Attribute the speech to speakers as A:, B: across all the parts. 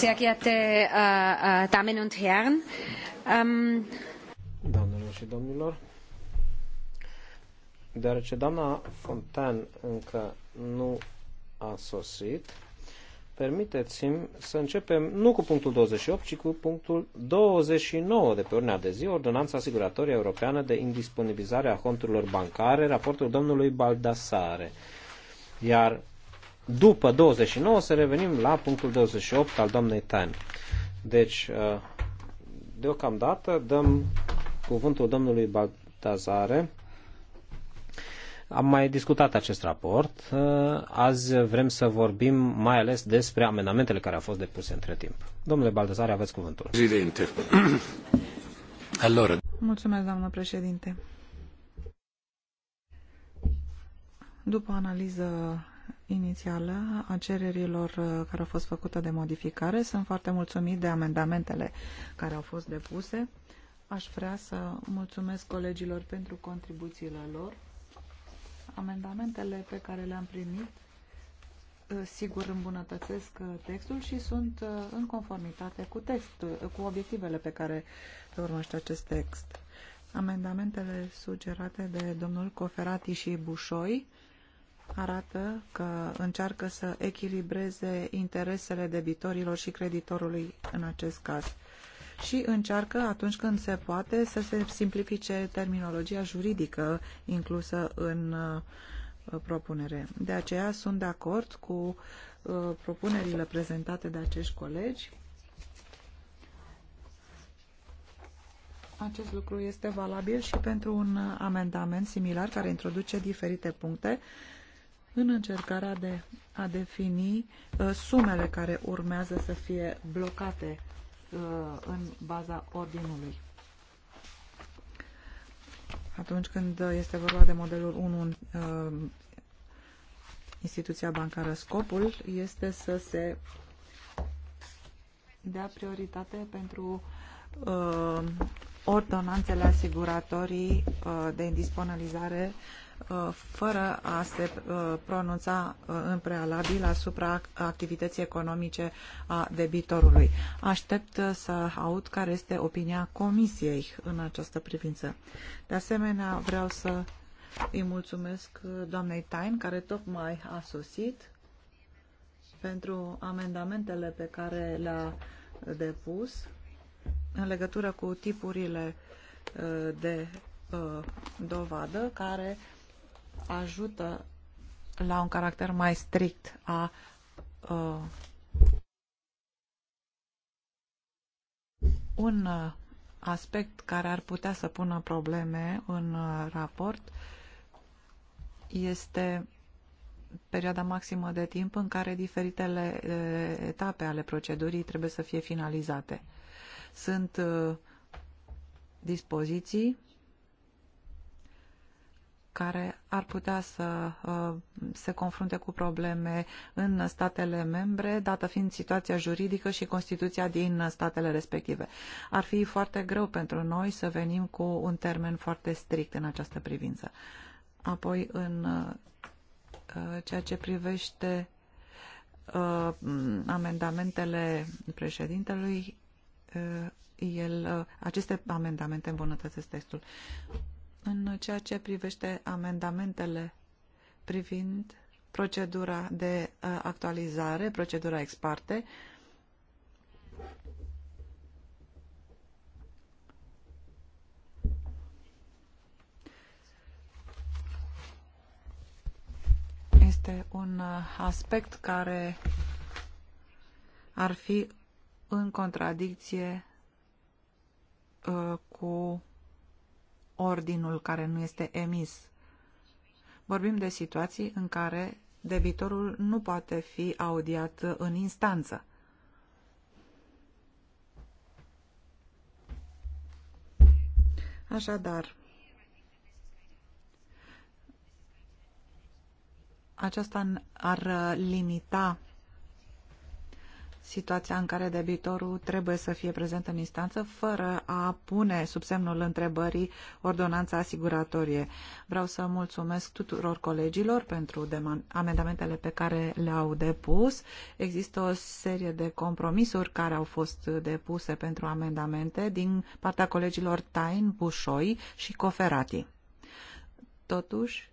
A: sehr geehrte äh, äh, Damen und Herren. Ähm,
B: Doamnelor și domnilor, deoarece doamna Fontan încă nu a sosit, permiteți-mi să începem nu cu punctul 28, ci cu punctul 29 de pe ordinea de zi, Ordonanța Asiguratorie Europeană de Indisponibilizare a Conturilor Bancare, raportul domnului Baldassare. Iar după 29 să revenim la punctul 28 al doamnei Tan. Deci, uh, deocamdată dăm cuvântul domnului Baltazare. Am mai discutat acest raport. Uh, azi vrem să vorbim mai ales despre amendamentele care au fost depuse între timp. Domnule Baltazare, aveți cuvântul. Președinte. Allora.
C: Mulțumesc, doamnă președinte. După analiză inițială a cererilor uh, care au fost făcute de modificare. Sunt foarte mulțumit de amendamentele care au fost depuse. Aș vrea să mulțumesc colegilor pentru contribuțiile lor. Amendamentele pe care le-am primit uh, sigur îmbunătățesc uh, textul și sunt în conformitate cu textul, cu obiectivele pe care le urmăște acest text. Amendamentele sugerate de domnul Coferati și Bușoi arată că încearcă să echilibreze interesele debitorilor și creditorului în acest caz și încearcă atunci când se poate să se simplifice terminologia juridică inclusă în uh, propunere. De aceea sunt de acord cu uh, propunerile prezentate de acești colegi. Acest lucru este valabil și pentru un amendament similar care introduce diferite puncte în încercarea de a defini uh, sumele care urmează să fie blocate uh, în baza ordinului. Atunci când uh, este vorba de modelul 1 în uh, instituția bancară, scopul este să se dea prioritate pentru uh, ordonanțele asiguratorii uh, de indisponibilizare Uh, fără a se uh, pronunța uh, în prealabil asupra activității economice a debitorului. Aștept să aud care este opinia Comisiei în această privință. De asemenea, vreau să îi mulțumesc doamnei Tain, care tocmai a sosit pentru amendamentele pe care le-a depus în legătură cu tipurile de dovadă care ajută la un caracter mai strict a uh, un uh, aspect care ar putea să pună probleme în uh, raport este perioada maximă de timp în care diferitele uh, etape ale procedurii trebuie să fie finalizate. Sunt uh, dispoziții care ar putea să uh, se confrunte cu probleme în statele membre, dată fiind situația juridică și Constituția din statele respective. Ar fi foarte greu pentru noi să venim cu un termen foarte strict în această privință. Apoi, în uh, ceea ce privește uh, amendamentele președintelui, el, aceste amendamente îmbunătățesc textul. În ceea ce privește amendamentele privind procedura de uh, actualizare, procedura ex parte, este un uh, aspect care ar fi în contradicție uh, cu ordinul care nu este emis. Vorbim de situații în care debitorul nu poate fi audiat în instanță. Așadar, aceasta ar limita situația în care debitorul trebuie să fie prezent în instanță fără a pune sub semnul întrebării ordonanța asiguratorie. Vreau să mulțumesc tuturor colegilor pentru amendamentele pe care le-au depus. Există o serie de compromisuri care au fost depuse pentru amendamente din partea colegilor Tain, Bușoi și Coferati. Totuși,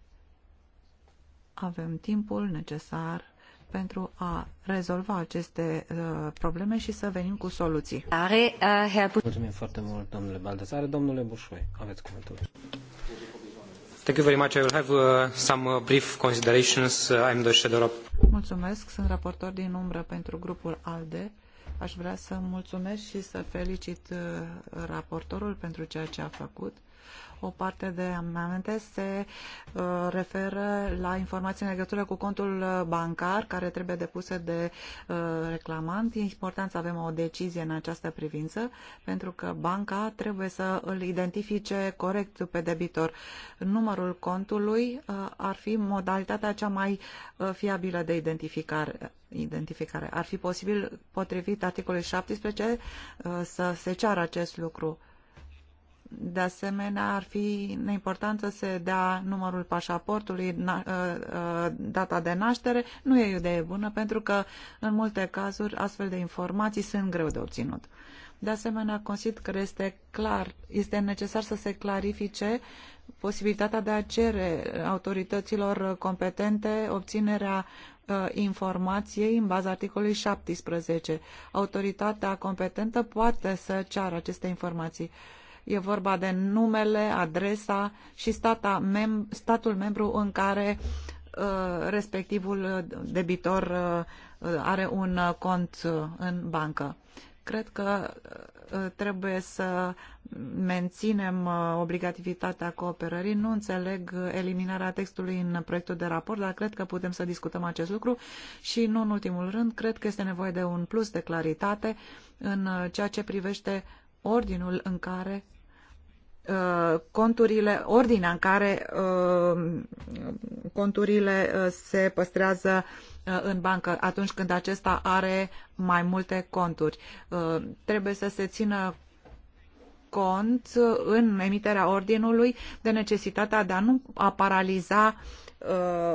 C: avem timpul necesar pentru a rezolva aceste uh, probleme și să venim cu soluții. Are, uh,
B: Mulțumim foarte mult, domnule Baldezare. Domnule Bușoi, aveți cuvântul. Thank you very much. I will have uh, some uh, brief considerations. Uh, I'm the shadow
C: Mulțumesc. Sunt raportor din umbră pentru grupul ALDE. Aș vrea să mulțumesc și să felicit uh, raportorul pentru ceea ce a făcut o parte de amendamente se uh, referă la informații în legătură cu contul uh, bancar care trebuie depuse de uh, reclamant. E important să avem o decizie în această privință pentru că banca trebuie să îl identifice corect pe debitor. Numărul contului ar fi modalitatea cea mai fiabilă de identificare identificare. Ar fi posibil, potrivit articolului 17, să se ceară acest lucru. De asemenea, ar fi important să se dea numărul pașaportului, uh, uh, data de naștere. Nu e o idee bună pentru că, în multe cazuri, astfel de informații sunt greu de obținut. De asemenea, consider că este clar, este necesar să se clarifice posibilitatea de a cere autorităților competente obținerea uh, informației în baza articolului 17. Autoritatea competentă poate să ceară aceste informații. E vorba de numele, adresa și stata mem statul membru în care uh, respectivul debitor uh, are un cont uh, în bancă. Cred că trebuie să menținem obligativitatea cooperării. Nu înțeleg eliminarea textului în proiectul de raport, dar cred că putem să discutăm acest lucru și, nu în ultimul rând, cred că este nevoie de un plus de claritate în ceea ce privește ordinul în care Uh, conturile, ordinea în care uh, conturile uh, se păstrează în bancă atunci când acesta are mai multe conturi. Trebuie să se țină cont în emiterea ordinului de necesitatea de a nu a paraliza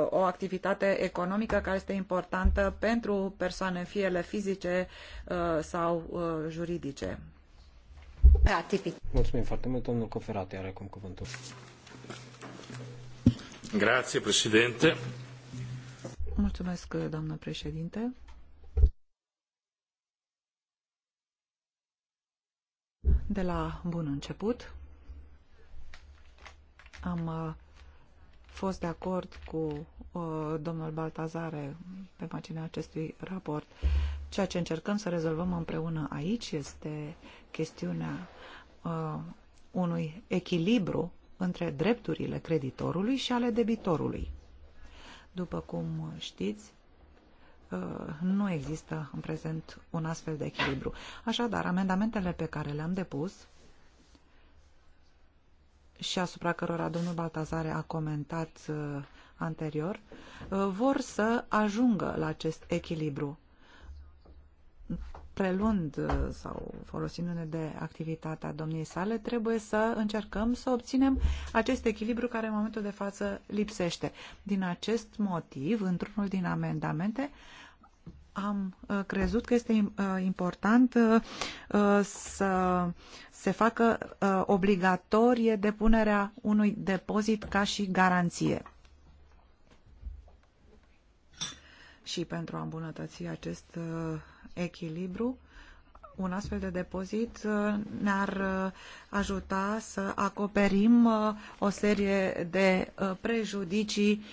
C: o activitate economică care este importantă pentru persoane, fie ele fizice sau juridice.
B: Atipic. Mulțumim foarte mult, domnul are acum cuvântul.
C: Grazie, președinte. Mulțumesc, doamnă președinte. De la bun început am uh, fost de acord cu Uh, domnul Baltazare pe marginea acestui raport. Ceea ce încercăm să rezolvăm împreună aici este chestiunea uh, unui echilibru între drepturile creditorului și ale debitorului. După cum știți, uh, nu există în prezent un astfel de echilibru. Așadar, amendamentele pe care le-am depus și asupra cărora domnul Baltazare a comentat uh, anterior, uh, vor să ajungă la acest echilibru. Preluând uh, sau folosindu-ne de activitatea domniei sale, trebuie să încercăm să obținem acest echilibru care în momentul de față lipsește. Din acest motiv, într-unul din amendamente, am uh, crezut că este important să se facă obligatorie depunerea unui depozit ca și garanție. și pentru a îmbunătăți acest uh, echilibru, un astfel de depozit uh, ne-ar uh, ajuta să acoperim o serie de prejudicii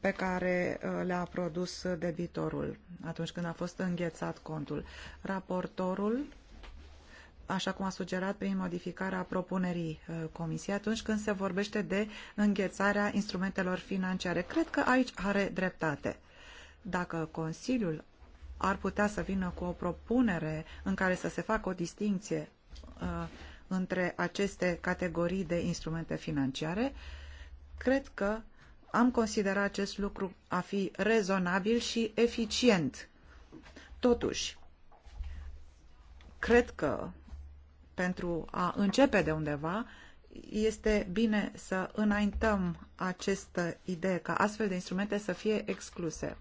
C: pe care le-a produs debitorul atunci când a fost înghețat contul. Raportorul, așa cum a sugerat prin modificarea propunerii comisiei, atunci când se vorbește de înghețarea instrumentelor financiare. Cred că aici are dreptate dacă Consiliul ar putea să vină cu o propunere în care să se facă o distinție uh, între aceste categorii de instrumente financiare, cred că am considerat acest lucru a fi rezonabil și eficient. Totuși, cred că pentru a începe de undeva, este bine să înaintăm această idee ca astfel de instrumente să fie excluse.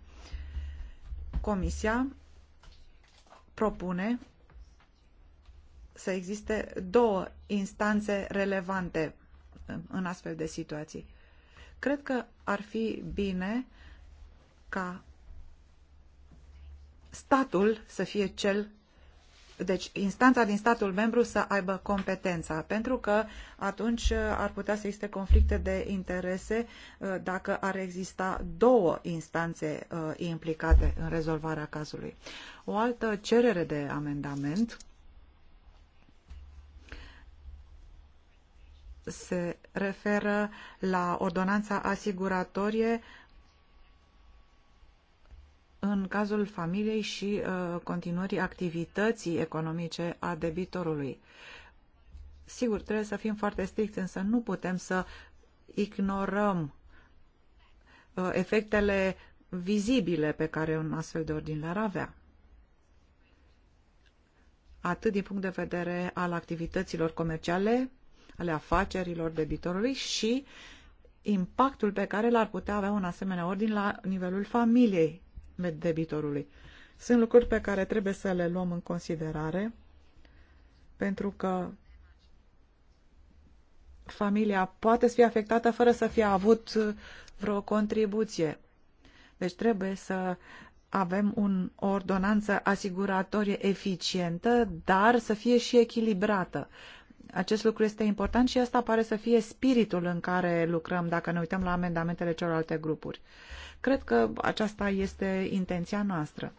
C: Comisia propune să existe două instanțe relevante în astfel de situații. Cred că ar fi bine ca statul să fie cel deci instanța din statul membru să aibă competența, pentru că atunci uh, ar putea să existe conflicte de interese uh, dacă ar exista două instanțe uh, implicate în rezolvarea cazului. O altă cerere de amendament se referă la ordonanța asiguratorie în cazul familiei și uh, continuării activității economice a debitorului. Sigur, trebuie să fim foarte stricți, însă nu putem să ignorăm uh, efectele vizibile pe care un astfel de ordin le-ar avea. Atât din punct de vedere al activităților comerciale, ale afacerilor debitorului și impactul pe care l-ar putea avea un asemenea ordin la nivelul familiei debitorului. Sunt lucruri pe care trebuie să le luăm în considerare, pentru că familia poate fi afectată fără să fie avut uh, vreo contribuție. Deci trebuie să avem un, o ordonanță asiguratorie eficientă, dar să fie și echilibrată. Acest lucru este important și asta pare să fie spiritul în care lucrăm dacă ne uităm la amendamentele celorlalte grupuri. Cred că aceasta este intenția noastră.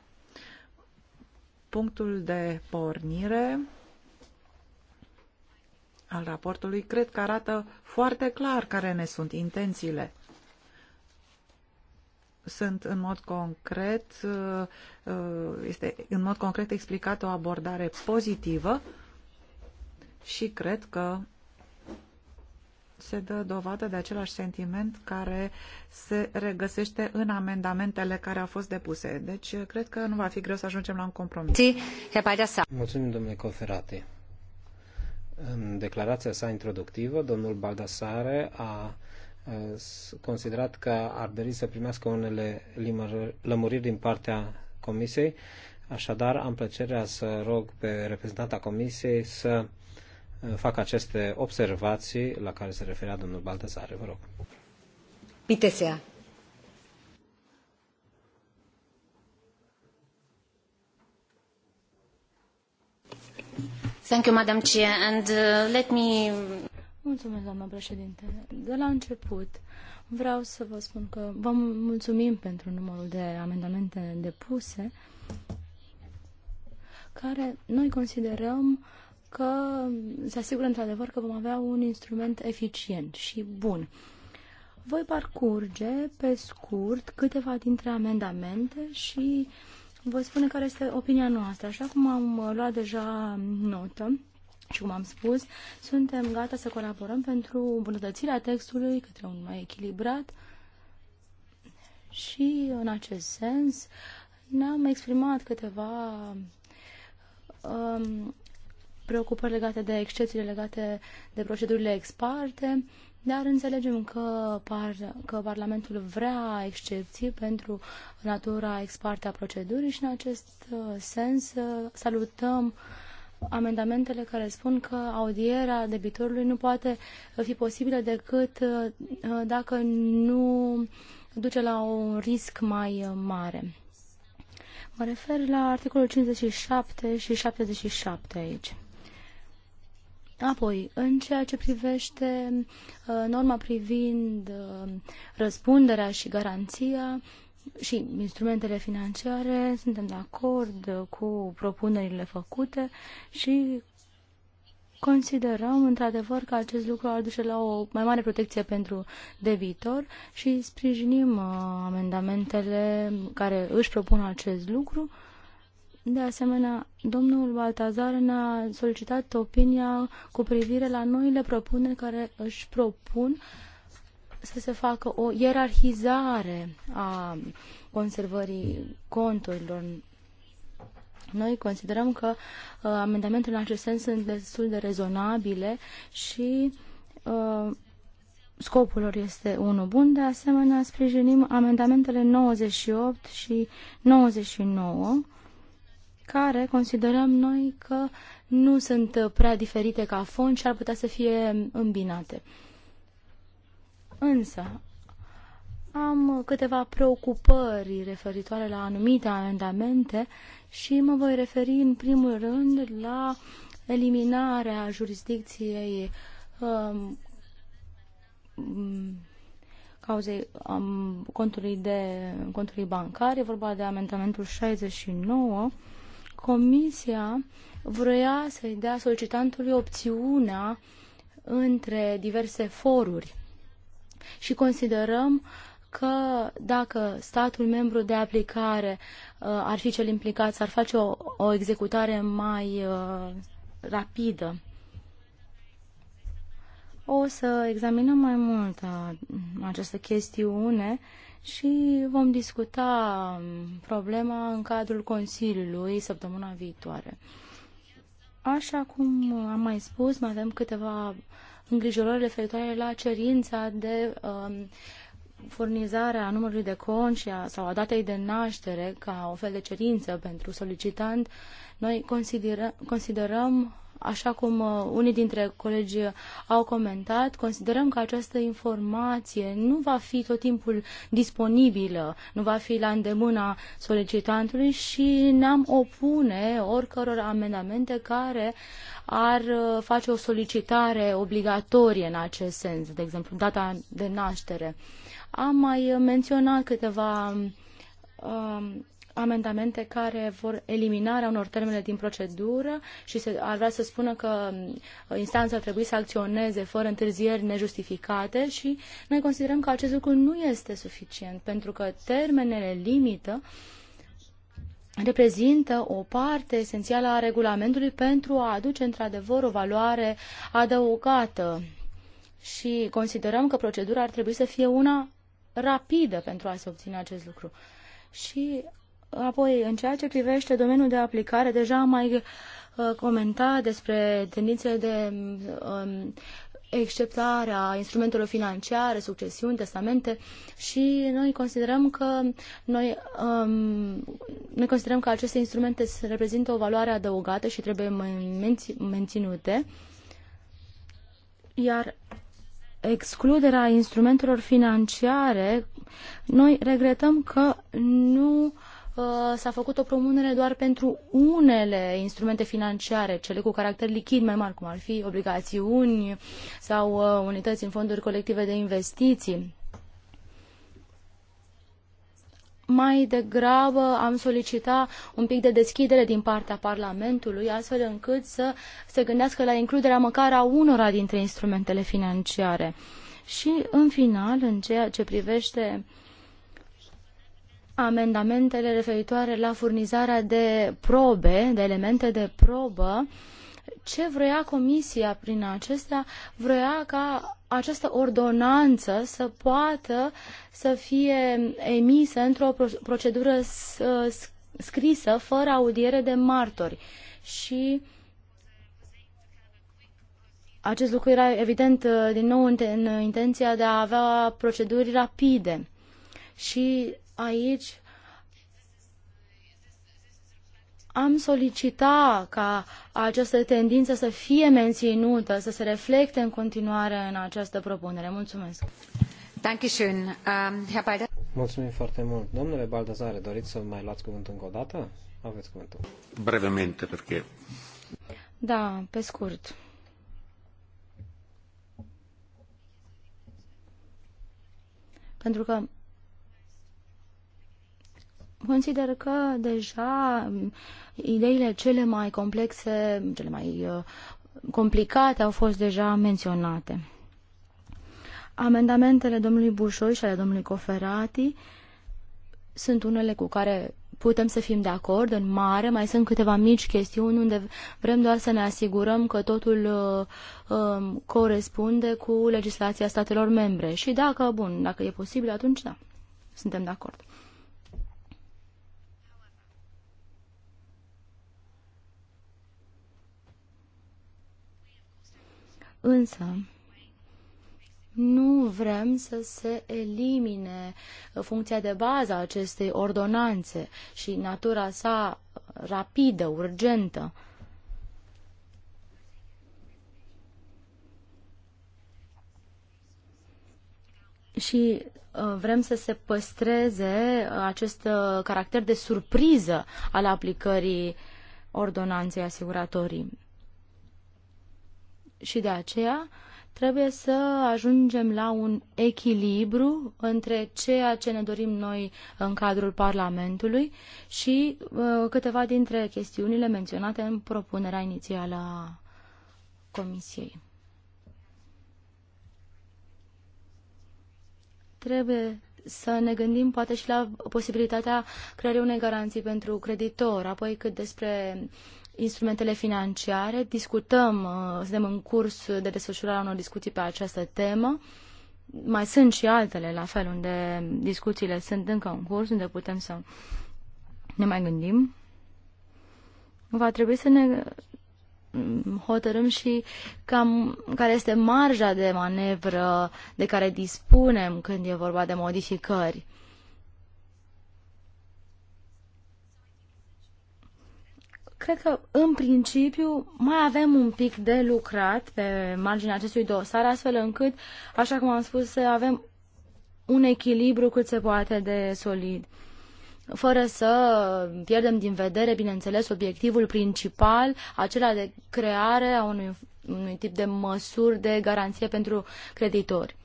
C: Punctul de pornire al raportului cred că arată foarte clar care ne sunt intențiile sunt în mod concret, uh, este în mod concret explicată o abordare pozitivă și cred că se dă dovadă de același sentiment care se regăsește în amendamentele care au fost depuse. Deci, cred că nu va fi greu să ajungem la un compromis.
B: Mulțumim, domnule Coferate. În declarația sa introductivă, domnul Baldassare a considerat că ar dori să primească unele lămuriri din partea Comisiei. Așadar, am plăcerea să rog pe reprezentanta Comisiei să fac aceste observații la care se referea domnul Baltazar. Vă rog.
A: Pitesea.
D: Thank you, Madam Chair, and uh, let me... Mulțumesc, doamna președinte. De la început vreau să vă spun că vă mulțumim pentru numărul de amendamente depuse, care noi considerăm uh, că se asigură într-adevăr că vom avea un instrument eficient și bun. Voi parcurge pe scurt câteva dintre amendamente și voi spune care este opinia noastră. Așa cum am luat deja notă, și cum am spus, suntem gata să colaborăm pentru îmbunătățirea textului către un mai echilibrat și în acest sens ne-am exprimat câteva um, preocupări legate de excepțiile legate de procedurile exparte, dar înțelegem că, par, că Parlamentul vrea excepții pentru natura exparte a procedurii și în acest uh, sens uh, salutăm amendamentele care spun că audierea debitorului nu poate fi posibilă decât uh, dacă nu duce la un risc mai mare. Mă refer la articolul 57 și 77 aici. Apoi, în ceea ce privește uh, norma privind uh, răspunderea și garanția și instrumentele financiare, suntem de acord uh, cu propunerile făcute și considerăm într-adevăr că acest lucru ar duce la o mai mare protecție pentru debitor și sprijinim amendamentele care își propun acest lucru de asemenea, domnul Baltazar ne-a solicitat opinia cu privire la noile propuneri care își propun să se facă o ierarhizare a conservării conturilor. Noi considerăm că uh, amendamentele în acest sens sunt destul de rezonabile și uh, scopul lor este unul bun. De asemenea, sprijinim amendamentele 98 și 99 care considerăm noi că nu sunt prea diferite ca fond și ar putea să fie îmbinate. Însă, am câteva preocupări referitoare la anumite amendamente și mă voi referi în primul rând la eliminarea jurisdicției um, um cauzei um, contului, de, contului bancar. E vorba de amendamentul 69 Comisia vrea să-i dea solicitantului opțiunea între diverse foruri și considerăm că dacă statul membru de aplicare uh, ar fi cel implicat, s-ar face o, o executare mai uh, rapidă. O să examinăm mai mult uh, această chestiune și vom discuta um, problema în cadrul Consiliului săptămâna viitoare. Așa cum am mai spus, mai avem câteva îngrijorări referitoare la cerința de um, furnizare a numărului de cont și a, sau a datei de naștere ca o fel de cerință pentru solicitant. Noi consideră, considerăm Așa cum uh, unii dintre colegi au comentat, considerăm că această informație nu va fi tot timpul disponibilă, nu va fi la îndemâna solicitantului și ne-am opune oricăror amendamente care ar uh, face o solicitare obligatorie în acest sens, de exemplu data de naștere. Am mai menționat câteva um, amendamente care vor eliminarea unor termene din procedură și se, ar vrea să spună că instanța ar trebui să acționeze fără întârzieri nejustificate și noi considerăm că acest lucru nu este suficient pentru că termenele limită reprezintă o parte esențială a regulamentului pentru a aduce într-adevăr o valoare adăugată și considerăm că procedura ar trebui să fie una rapidă pentru a se obține acest lucru. Și Apoi, în ceea ce privește domeniul de aplicare, deja am mai uh, comentat despre tendințele de um, a instrumentelor financiare, succesiuni, testamente și noi considerăm că noi, um, noi considerăm că aceste instrumente reprezintă o valoare adăugată și trebuie menț- menținute. Iar excluderea instrumentelor financiare, noi regretăm că nu Uh, s-a făcut o promunere doar pentru unele instrumente financiare, cele cu caracter lichid mai mari, cum ar fi obligațiuni sau uh, unități în fonduri colective de investiții. Mai degrabă am solicitat un pic de deschidere din partea Parlamentului, astfel încât să se gândească la includerea măcar a unora dintre instrumentele financiare. Și, în final, în ceea ce privește uh, amendamentele referitoare la furnizarea de probe, de elemente de probă, ce vroia Comisia prin acestea? Vroia ca această ordonanță să poată să fie emisă într-o procedură scrisă, fără audiere de martori. Și acest lucru era evident uh, din nou în intenția de a avea proceduri rapide. Și aici am solicitat ca această tendință să fie menținută, să se reflecte în continuare în această propunere. Mulțumesc! Um,
B: Mulțumim foarte mult. Domnule Baldazare, doriți să mai luați cuvântul încă o dată? Aveți cuvântul. Brevemente, perché...
D: Da, pe scurt. Pentru că Consider că deja mm, ideile cele mai complexe, cele mai uh, complicate au fost deja menționate. Amendamentele domnului Bușoi și ale domnului Coferati sunt unele cu care putem să fim de acord în mare, mai sunt câteva mici chestiuni unde vrem doar să ne asigurăm că totul uh, um, corespunde cu legislația statelor membre. Și dacă, bun, dacă e posibil, atunci da, suntem de acord. Însă, nu vrem să se elimine funcția de bază a acestei ordonanțe și natura sa rapidă, urgentă. Și uh, vrem să se păstreze uh, acest uh, caracter de surpriză al aplicării ordonanței asiguratorii și de aceea trebuie să ajungem la un echilibru între ceea ce ne dorim noi în cadrul Parlamentului și uh, câteva dintre chestiunile menționate în propunerea inițială a Comisiei. Trebuie să ne gândim poate și la posibilitatea creării unei garanții pentru creditor, apoi cât despre uh, instrumentele financiare. Discutăm, uh, suntem în curs de desfășurarea unor discuții pe această temă. Mai sunt și altele, la fel, unde discuțiile sunt încă în curs, unde putem să ne mai gândim. Va trebui să ne mm, hotărâm și cam care este marja de manevră de care dispunem când e vorba de modificări. Cred că, în principiu, mai avem un pic de lucrat pe marginea acestui dosar, astfel încât, așa cum am spus, să avem un echilibru cât se poate de solid. Fără să pierdem din vedere, bineînțeles, obiectivul principal, acela de creare a unui, unui tip de măsuri de garanție pentru creditori.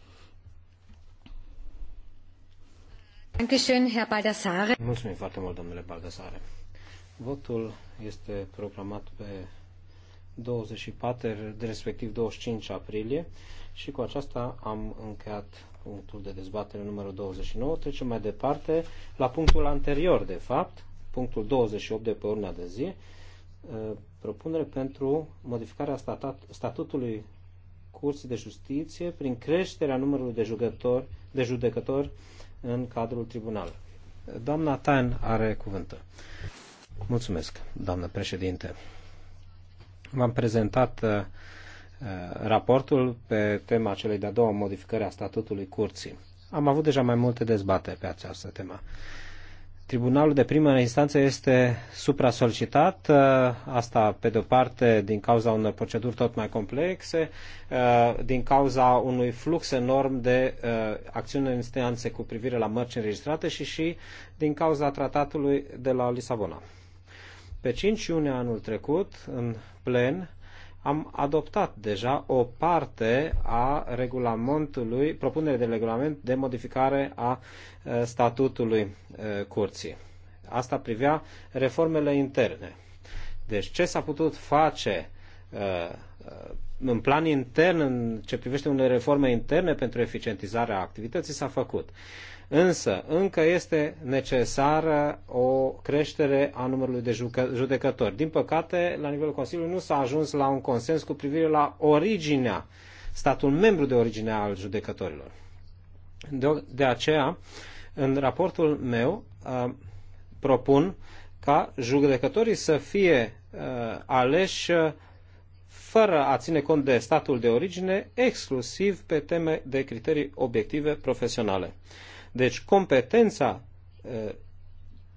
B: Mulțumim foarte mult, domnule Baldasare. Votul este programat pe 24, respectiv 25 aprilie și cu aceasta am încheiat punctul de dezbatere numărul 29. Trecem mai departe la punctul anterior, de fapt, punctul 28 de pe urmea de zi, uh, propunere pentru modificarea statat, statutului Curții de Justiție prin creșterea numărului de, jugători, de judecători în cadrul tribunal. Doamna Tan are cuvântul. Mulțumesc, doamnă președinte. V-am prezentat uh, raportul pe tema celei de-a doua modificări a statutului curții. Am avut deja mai multe dezbateri pe această temă. Tribunalul de primă instanță este supra-solicitat, uh, asta pe de-o parte din cauza unor proceduri tot mai complexe, uh, din cauza unui flux enorm de uh, acțiuni în instanțe cu privire la mărci înregistrate și și din cauza tratatului de la Lisabona. Pe 5 iunie anul trecut, în plen, am adoptat deja o parte a regulamentului, propunere de regulament de modificare a statutului curții. Asta privea reformele interne. Deci ce s-a putut face în plan intern, în ce privește unele reforme interne pentru eficientizarea activității, s-a făcut. Însă, încă este necesară o creștere a numărului de judecători. Din păcate, la nivelul Consiliului nu s-a ajuns la un consens cu privire la originea, statul membru de origine al judecătorilor. De, aceea, în raportul meu, uh, propun ca judecătorii să fie uh, aleși uh, fără a ține cont de statul de origine, exclusiv pe teme de criterii obiective profesionale. Deci competența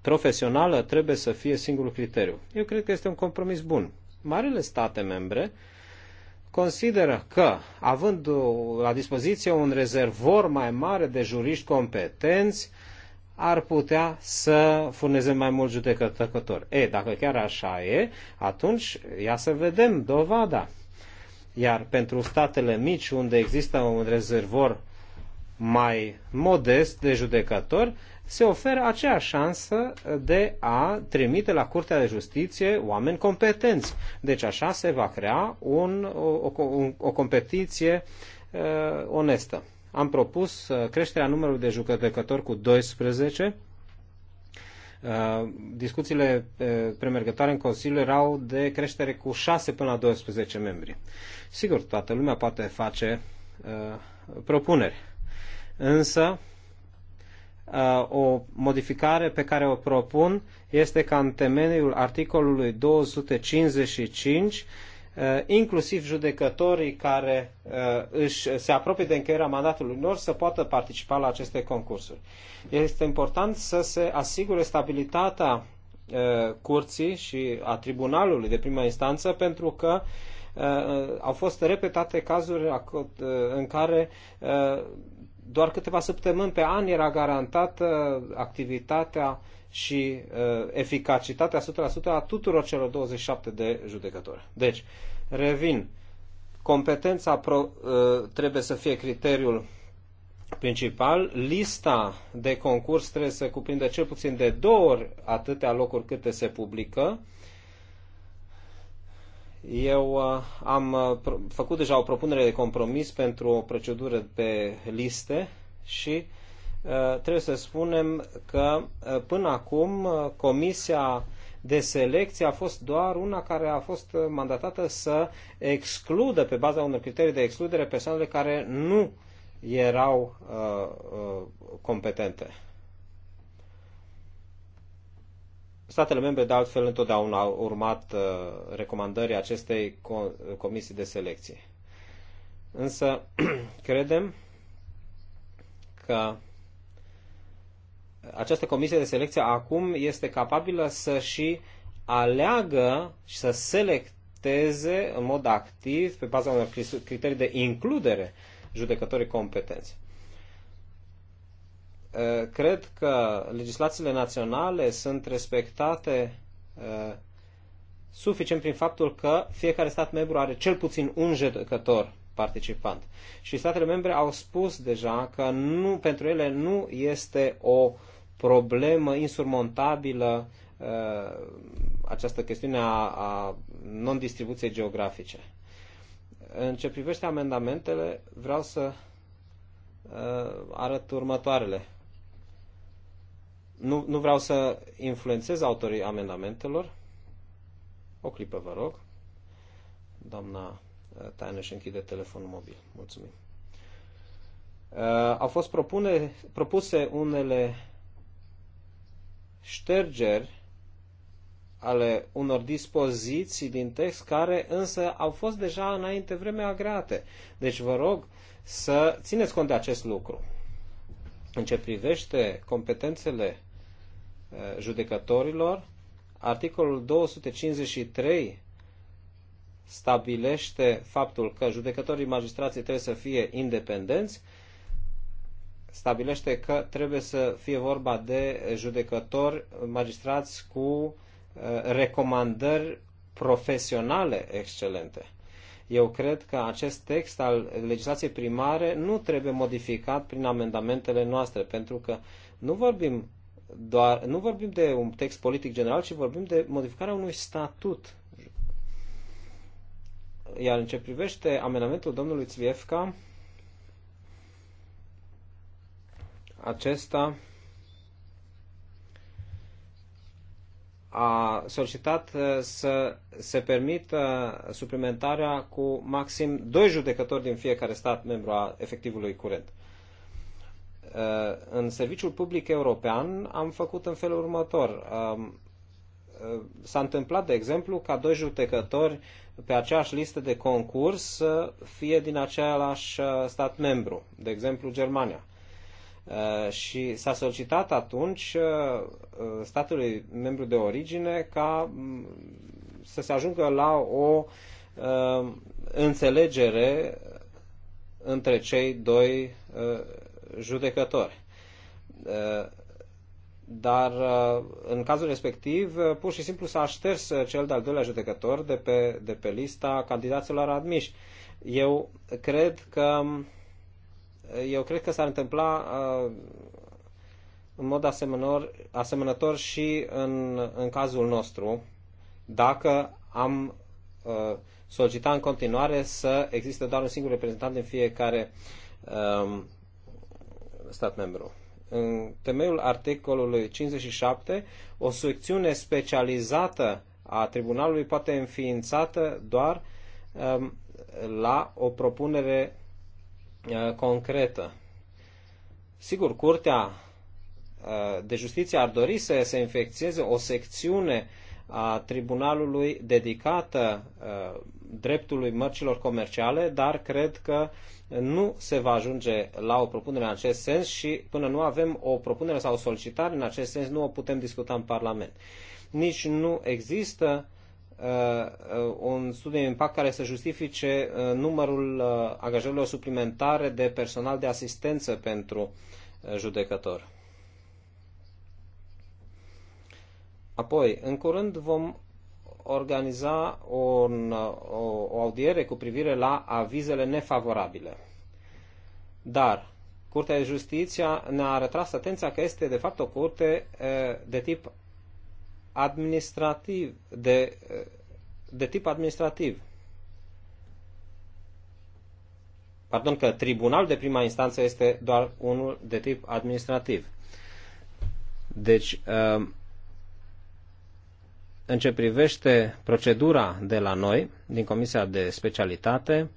B: profesională trebuie să fie singurul criteriu. Eu cred că este un compromis bun. Marele state membre consideră că, având la dispoziție un rezervor mai mare de juriști competenți, ar putea să furneze mai mult judecători. E, dacă chiar așa e, atunci ia să vedem dovada. Iar pentru statele mici, unde există un rezervor mai modest de judecător se oferă acea șansă de a trimite la Curtea de Justiție oameni competenți. Deci așa se va crea un, o, o, o competiție uh, onestă. Am propus uh, creșterea numărului de judecători cu 12. Uh, discuțiile uh, premergătoare în Consiliu erau de creștere cu 6 până la 12 membri. Sigur, toată lumea poate face uh, propuneri Însă, o modificare pe care o propun este ca în temeiul articolului 255, inclusiv judecătorii care își, se apropie de încheierea mandatului lor să poată participa la aceste concursuri. Este important să se asigure stabilitatea curții și a tribunalului de prima instanță pentru că au fost repetate cazuri în care doar câteva săptămâni pe an era garantată activitatea și uh, eficacitatea 100% a tuturor celor 27 de judecători. Deci, revin, competența pro, uh, trebuie să fie criteriul principal, lista de concurs trebuie să cuprindă cel puțin de două ori atâtea locuri câte se publică, uh, eu uh, am uh, făcut deja o propunere de compromis pentru o procedură pe liste și uh, trebuie să spunem că până acum Comisia de selecție a fost doar una care a fost mandatată să excludă, pe baza unor criterii de excludere, persoanele care nu erau uh, competente. Statele membre, de altfel, întotdeauna au urmat uh, recomandării acestei comisii de selecție. Însă, credem că această comisie de selecție acum este capabilă să și aleagă și să selecteze în mod activ, pe baza unor criterii de includere, judecătorii competenți. Uh, cred că legislațiile naționale sunt respectate uh, suficient prin faptul că fiecare stat membru are cel puțin un judecător participant. Și statele membre au spus deja că nu, pentru ele nu este o problemă insurmontabilă uh, această chestiune a, a non-distribuției geografice. În ce privește amendamentele, vreau să arăt următoarele. Nu, nu vreau să influențez autorii amendamentelor. O clipă, vă rog. Doamna uh, Taină și închide telefonul mobil. Mulțumim. Uh, au fost propune, propuse unele ștergeri ale unor dispoziții din text care însă au fost deja înainte vreme agreate. Deci vă rog să țineți cont de acest lucru. În ce privește competențele Uh, judecătorilor. Articolul 253 stabilește faptul că judecătorii magistrații trebuie să fie independenți, stabilește că trebuie să fie vorba de judecători magistrați cu uh, recomandări profesionale excelente. Eu cred că acest text al legislației primare nu trebuie modificat prin amendamentele noastre, pentru că nu vorbim doar, nu vorbim de un text politic general, ci vorbim de modificarea unui statut. Iar în ce privește amenamentul domnului Țviefca, acesta a solicitat uh, să se permită suplimentarea cu maxim doi judecători din fiecare stat membru a efectivului curent. Uh, în serviciul public european am făcut în felul următor. Um, uh, s-a întâmplat, de exemplu, ca doi judecători pe aceeași listă de concurs să fie din același uh, stat membru, de exemplu Germania. Și s-a solicitat atunci statului membru de origine ca mm, să se ajungă la o înțelegere între cei doi judecători. Dar în cazul respectiv, pur și simplu s-a șters cel de-al doilea judecător de pe, de pe lista candidaților admiși. Eu cred că eu cred că s-ar întâmpla în mod asemănător, asemănător și în, în cazul nostru, dacă am uh, solicitat în continuare să existe doar un singur reprezentant din fiecare uh, stat membru. În temeiul articolului 57, o secțiune specializată a tribunalului poate înființată doar um, la o propunere uh, concretă. Sigur, Curtea uh, de Justiție ar dori să se infecțieze o secțiune uh, a tribunalului dedicată uh, dreptului mărcilor comerciale, dar cred că nu se va ajunge la o propunere în acest sens și până nu avem o propunere sau o solicitare în acest sens nu o putem discuta în Parlament. Nici nu există uh, uh un studiu de impact care să justifice uh, numărul uh, angajărilor suplimentare de personal de asistență pentru uh, judecător. Apoi, în curând vom organiza un, o, o audiere cu privire la avizele nefavorabile. Dar Curtea de Justiție ne-a retras atenția că este de fapt o curte de tip administrativ, de, de tip administrativ. Pardon, că tribunal de prima instanță este doar unul de tip administrativ. Deci, uh, în ce privește procedura de la noi, din Comisia de Specialitate,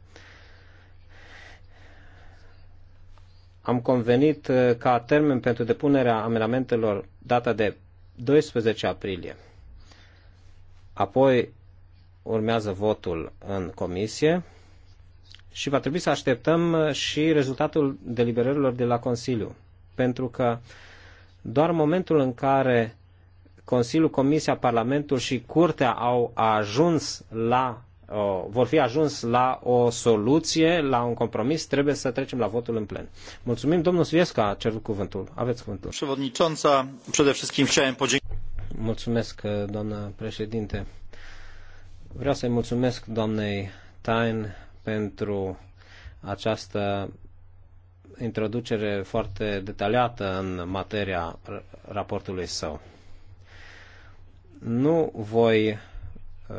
B: am convenit uh, ca termen pentru depunerea amendamentelor data de 12 aprilie. Apoi urmează votul în comisie și va trebui să așteptăm uh, și rezultatul deliberărilor de la Consiliu. Pentru că doar momentul în care Consiliul, Comisia, Parlamentul și Curtea au ajuns la vor fi ajuns la o soluție, la un compromis, trebuie să trecem la votul în plen. Mulțumim, domnul Sviescu a cerut cuvântul. Aveți cuvântul. Przewodnicząca, przede wszystkim chciałem podziękować. Mulțumesc, doamnă președinte. Vreau să-i mulțumesc doamnei Tain pentru această introducere foarte detaliată în materia raportului său. Nu voi uh,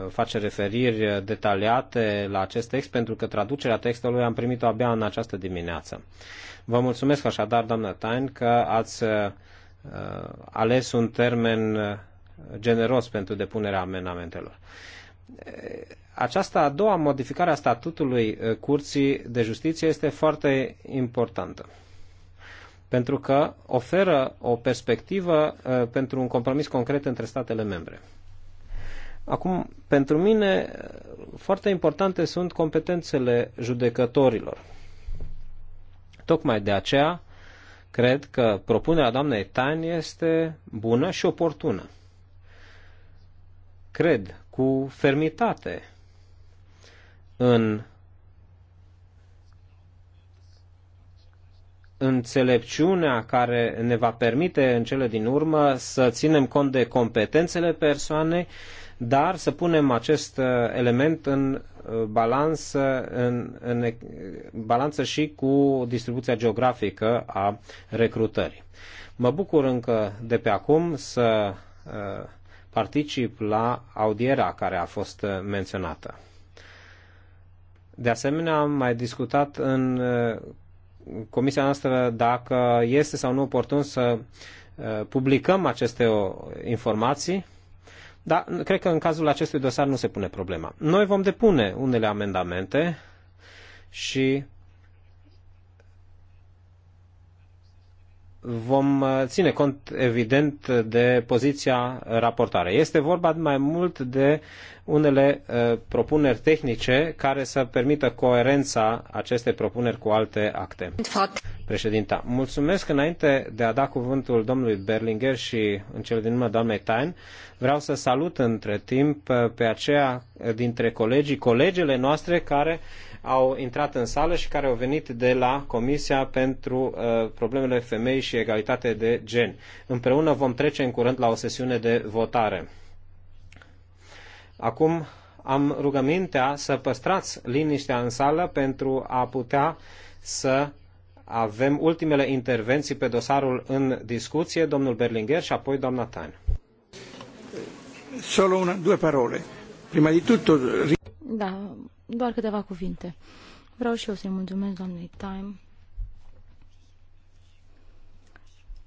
B: face referiri detaliate la acest text, pentru că traducerea textului am primit-o abia în această dimineață. Vă mulțumesc așadar, doamnă Tain, că ați uh, ales un termen uh, generos pentru depunerea amenamentelor. Aceasta a doua modificare a statutului Curții de Justiție este foarte importantă pentru că oferă o perspectivă uh, pentru un compromis concret între statele membre. Acum, pentru mine, uh, foarte importante sunt competențele judecătorilor. Tocmai de aceea, cred că propunerea doamnei Tan este bună și oportună. Cred cu fermitate în înțelepciunea care ne va permite în cele din urmă să ținem cont de competențele persoanei, dar să punem acest uh, element în uh, balanță, în, în balanță și cu distribuția geografică a recrutării. Mă bucur încă de pe acum să uh, particip la audiera care a fost menționată. De asemenea, am mai discutat în comisia noastră dacă este sau nu oportun să uh, publicăm aceste uh, informații, dar cred că în cazul acestui dosar nu se pune problema. Noi vom depune unele amendamente și vom uh, ține cont, evident, de poziția raportare. Este vorba mai mult de unele uh, propuneri tehnice care să permită coerența acestei propuneri cu alte acte. Președinta, mulțumesc înainte de a da cuvântul domnului Berlinger și în cel din urmă doamnei Tain. Vreau să salut între timp uh, pe aceea dintre colegii, colegele noastre care au intrat în sală și care au venit de la Comisia pentru uh, Problemele Femei și Egalitate de Gen. Împreună vom trece în curând la o sesiune de votare. Acum am rugămintea să păstrați liniștea în sală pentru a putea să avem ultimele intervenții pe dosarul în discuție, domnul Berlinger și apoi doamna Tan. Solo una, due parole. Prima di tutto...
D: Da, doar câteva cuvinte. Vreau și eu să-i mulțumesc doamnei Time.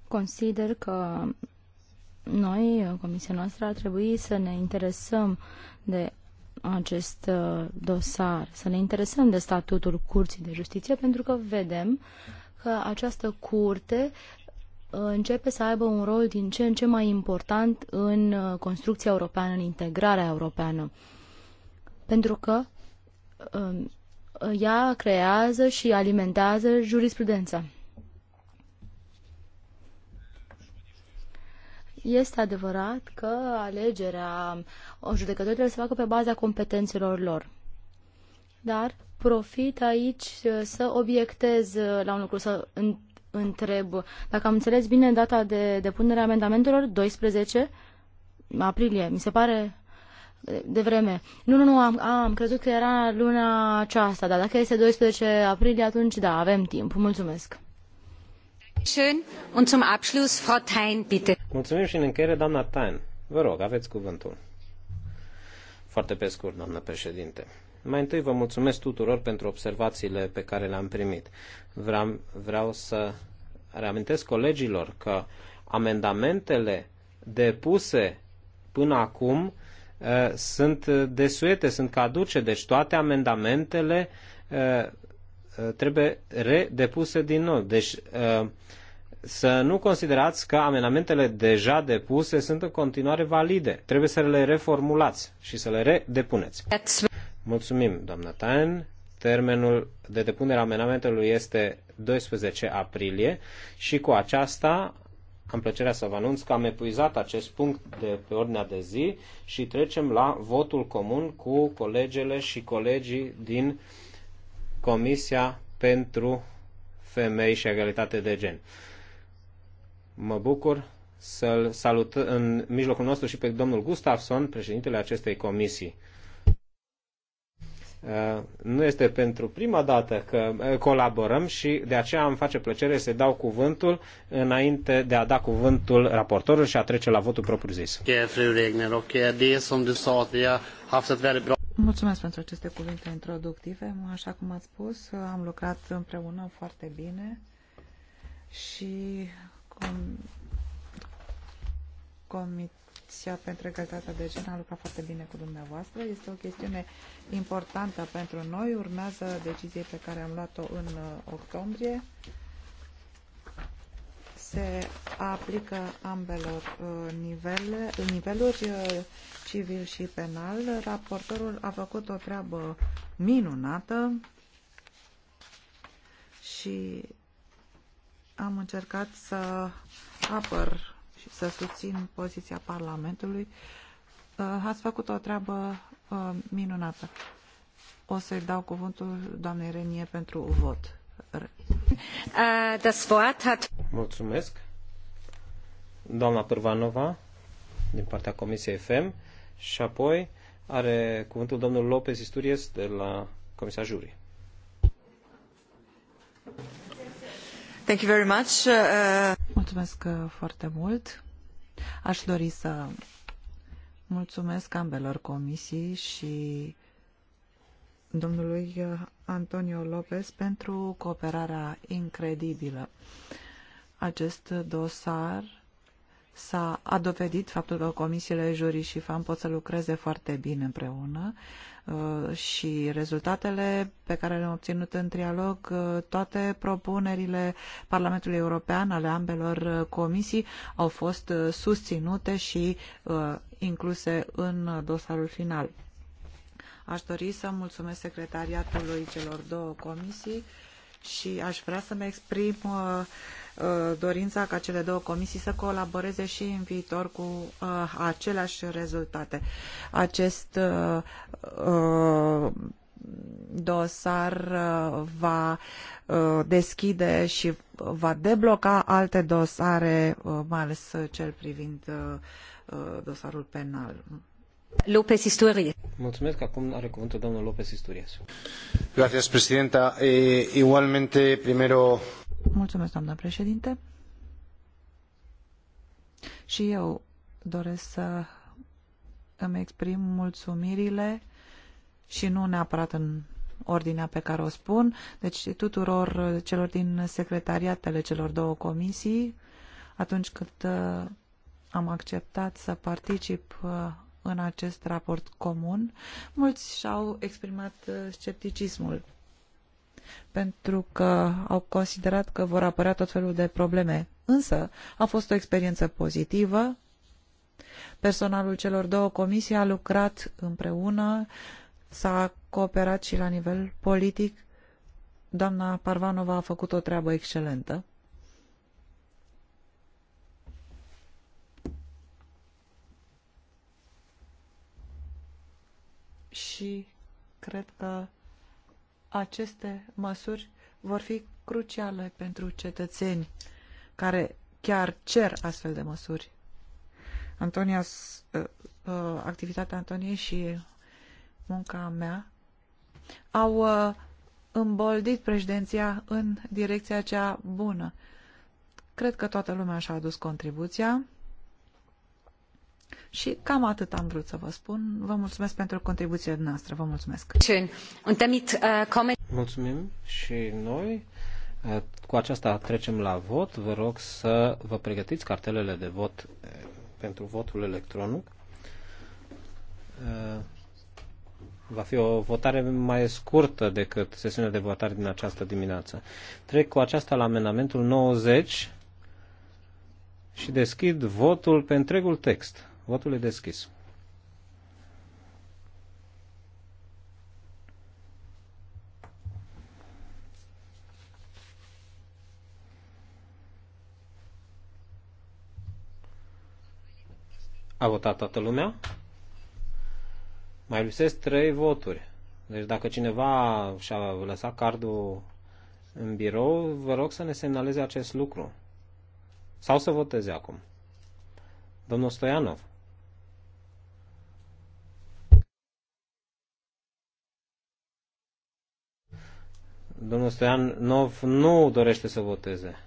D: Consider că noi, comisia noastră, ar trebui să ne interesăm de acest uh, dosar, să ne interesăm de statutul Curții de Justiție, pentru că vedem că această curte începe să aibă un rol din ce în ce mai important în uh, construcția europeană, în integrarea europeană. Pentru că Um, ea creează și alimentează jurisprudența. Este adevărat că alegerea judecătorilor se facă pe baza competențelor lor. Dar profit aici să obiectez la un lucru, să întreb. Dacă am înțeles bine data de depunere a amendamentelor, 12 aprilie, mi se pare de vreme. Nu, nu, nu, am, am crezut că era luna aceasta, dar dacă este 12 aprilie, atunci da, avem timp. Mulțumesc.
B: Mulțumim și în încheiere, doamna Tain. Vă rog, aveți cuvântul. Foarte pe scurt, doamnă președinte. Mai întâi vă mulțumesc tuturor pentru observațiile pe care le-am primit. Vreau, vreau să reamintesc colegilor că amendamentele depuse până acum Uh, sunt uh, desuete, sunt caduce, deci toate amendamentele uh, trebuie redepuse din nou. Deci să nu considerați că amendamentele deja depuse sunt în continuare valide. Trebuie să le reformulați și să le redepuneți. Mulțumim, doamna Tain. Termenul de depunere a amendamentului este 12 aprilie și cu aceasta am plăcerea să vă anunț că am epuizat acest punct de pe ordinea de zi și trecem la votul comun cu colegele și colegii din Comisia pentru Femei și Egalitate de Gen. Mă bucur să-l salut în mijlocul nostru și pe domnul Gustafsson, președintele acestei comisii. Uh, nu este pentru prima dată că uh, colaborăm și de aceea îmi face plăcere să dau cuvântul înainte de a da cuvântul raportorului și a trece la votul propriu-zis.
C: Mulțumesc pentru aceste cuvinte introductive. Așa cum ați spus, am lucrat împreună foarte bine și com... comit Comisia pentru Egalitatea de Gen a lucrat foarte bine cu dumneavoastră. Este o chestiune importantă pentru noi. Urmează decizie pe care am luat-o în uh, octombrie. Se aplică ambelor uh, nivele, niveluri uh, civil și penal. Raportorul a făcut o treabă minunată și am încercat să apăr să susțin poziția Parlamentului. Uh, ați făcut o treabă uh, minunată. O să-i dau cuvântul doamnei Renie pentru vot. Uh,
B: Mulțumesc. Doamna Pârvanova, din partea Comisiei FM, și apoi are cuvântul domnul Lopez Isturies de la Comisia Jurii.
C: Thank you very much. Uh... Mulțumesc uh, foarte mult. Aș dori să mulțumesc ambelor comisii și domnului uh, Antonio Lopez pentru cooperarea incredibilă. Acest dosar s-a dovedit faptul că comisiile juri și FAM pot să lucreze foarte bine împreună uh, și rezultatele pe care le-am obținut în trialog, uh, toate propunerile Parlamentului European ale ambelor uh, comisii au fost susținute și incluse în dosarul final. Aș dori să mulțumesc secretariatului celor două comisii și aș vrea să-mi exprim uh, uh, dorința ca cele două comisii să colaboreze și în viitor cu uh, aceleași rezultate. Acest uh, uh dosar va deschide și va debloca alte dosare, mai ales cel privind dosarul penal. López Isturiz.
B: Mulțumesc. Acum are cuvântul domnul López Isturiz. Gracias,
A: presidenta. E, eh, igualmente, primero...
C: Mulțumesc, doamna președinte. Și eu doresc să îmi exprim mulțumirile și nu neapărat în ordinea pe care o spun, deci tuturor celor din secretariatele celor două comisii, atunci când uh, am acceptat să particip uh, în acest raport comun, mulți și-au exprimat uh, scepticismul pentru că au considerat că vor apărea tot felul de probleme. Însă a fost o experiență pozitivă. Personalul celor două comisii a lucrat împreună, s-a cooperat și la nivel politic. Doamna Parvanova a făcut o treabă excelentă. și cred că aceste măsuri vor fi cruciale pentru cetățeni care chiar cer astfel de măsuri. Antonia, uh, uh, activitatea Antoniei și munca mea au uh, îmboldit președinția în direcția cea bună. Cred că toată lumea și-a adus contribuția. Și cam atât am vrut să vă spun. Vă mulțumesc pentru contribuția noastră. Vă mulțumesc. Uh,
B: Mulțumim și noi. Uh, cu aceasta trecem la vot. Vă rog să vă pregătiți cartelele de vot uh, pentru votul electronic. Va fi o votare mai scurtă decât sesiunea de votare din această dimineață. Trec cu aceasta la amendamentul 90 și deschid votul pe întregul text. Votul e deschis. A votat toată lumea? Mai lipsesc trei voturi. Deci dacă cineva și-a lăsat cardul în birou, vă rog să ne semnaleze acest lucru. Sau să voteze acum. Domnul Stoianov. Domnul Stoian Nov nu dorește să voteze.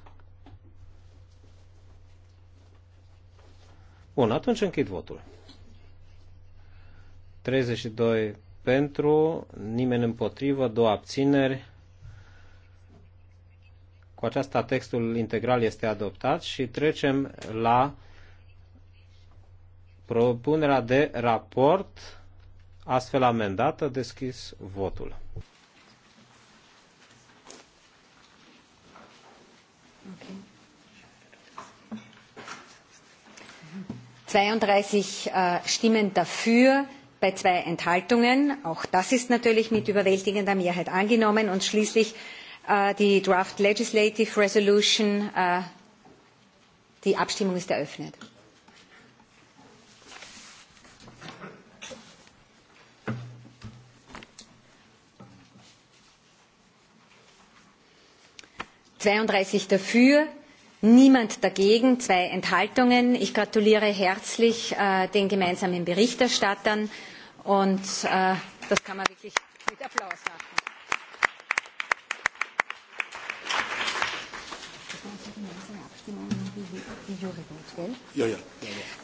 B: Bun, atunci închid votul. 32 pentru, nimeni împotrivă, două abțineri. Cu aceasta textul integral este adoptat și trecem la propunerea de raport astfel amendată. Deschis votul.
A: Okay. 32 äh, Stimmen dafür, bei zwei Enthaltungen. Auch das ist natürlich mit überwältigender Mehrheit angenommen. Und schließlich äh, die Draft Legislative Resolution. Äh, die Abstimmung ist eröffnet. zweiunddreißig dafür niemand dagegen zwei enthaltungen. ich gratuliere herzlich äh, den gemeinsamen berichterstattern und äh, das kann man wirklich mit applaus machen.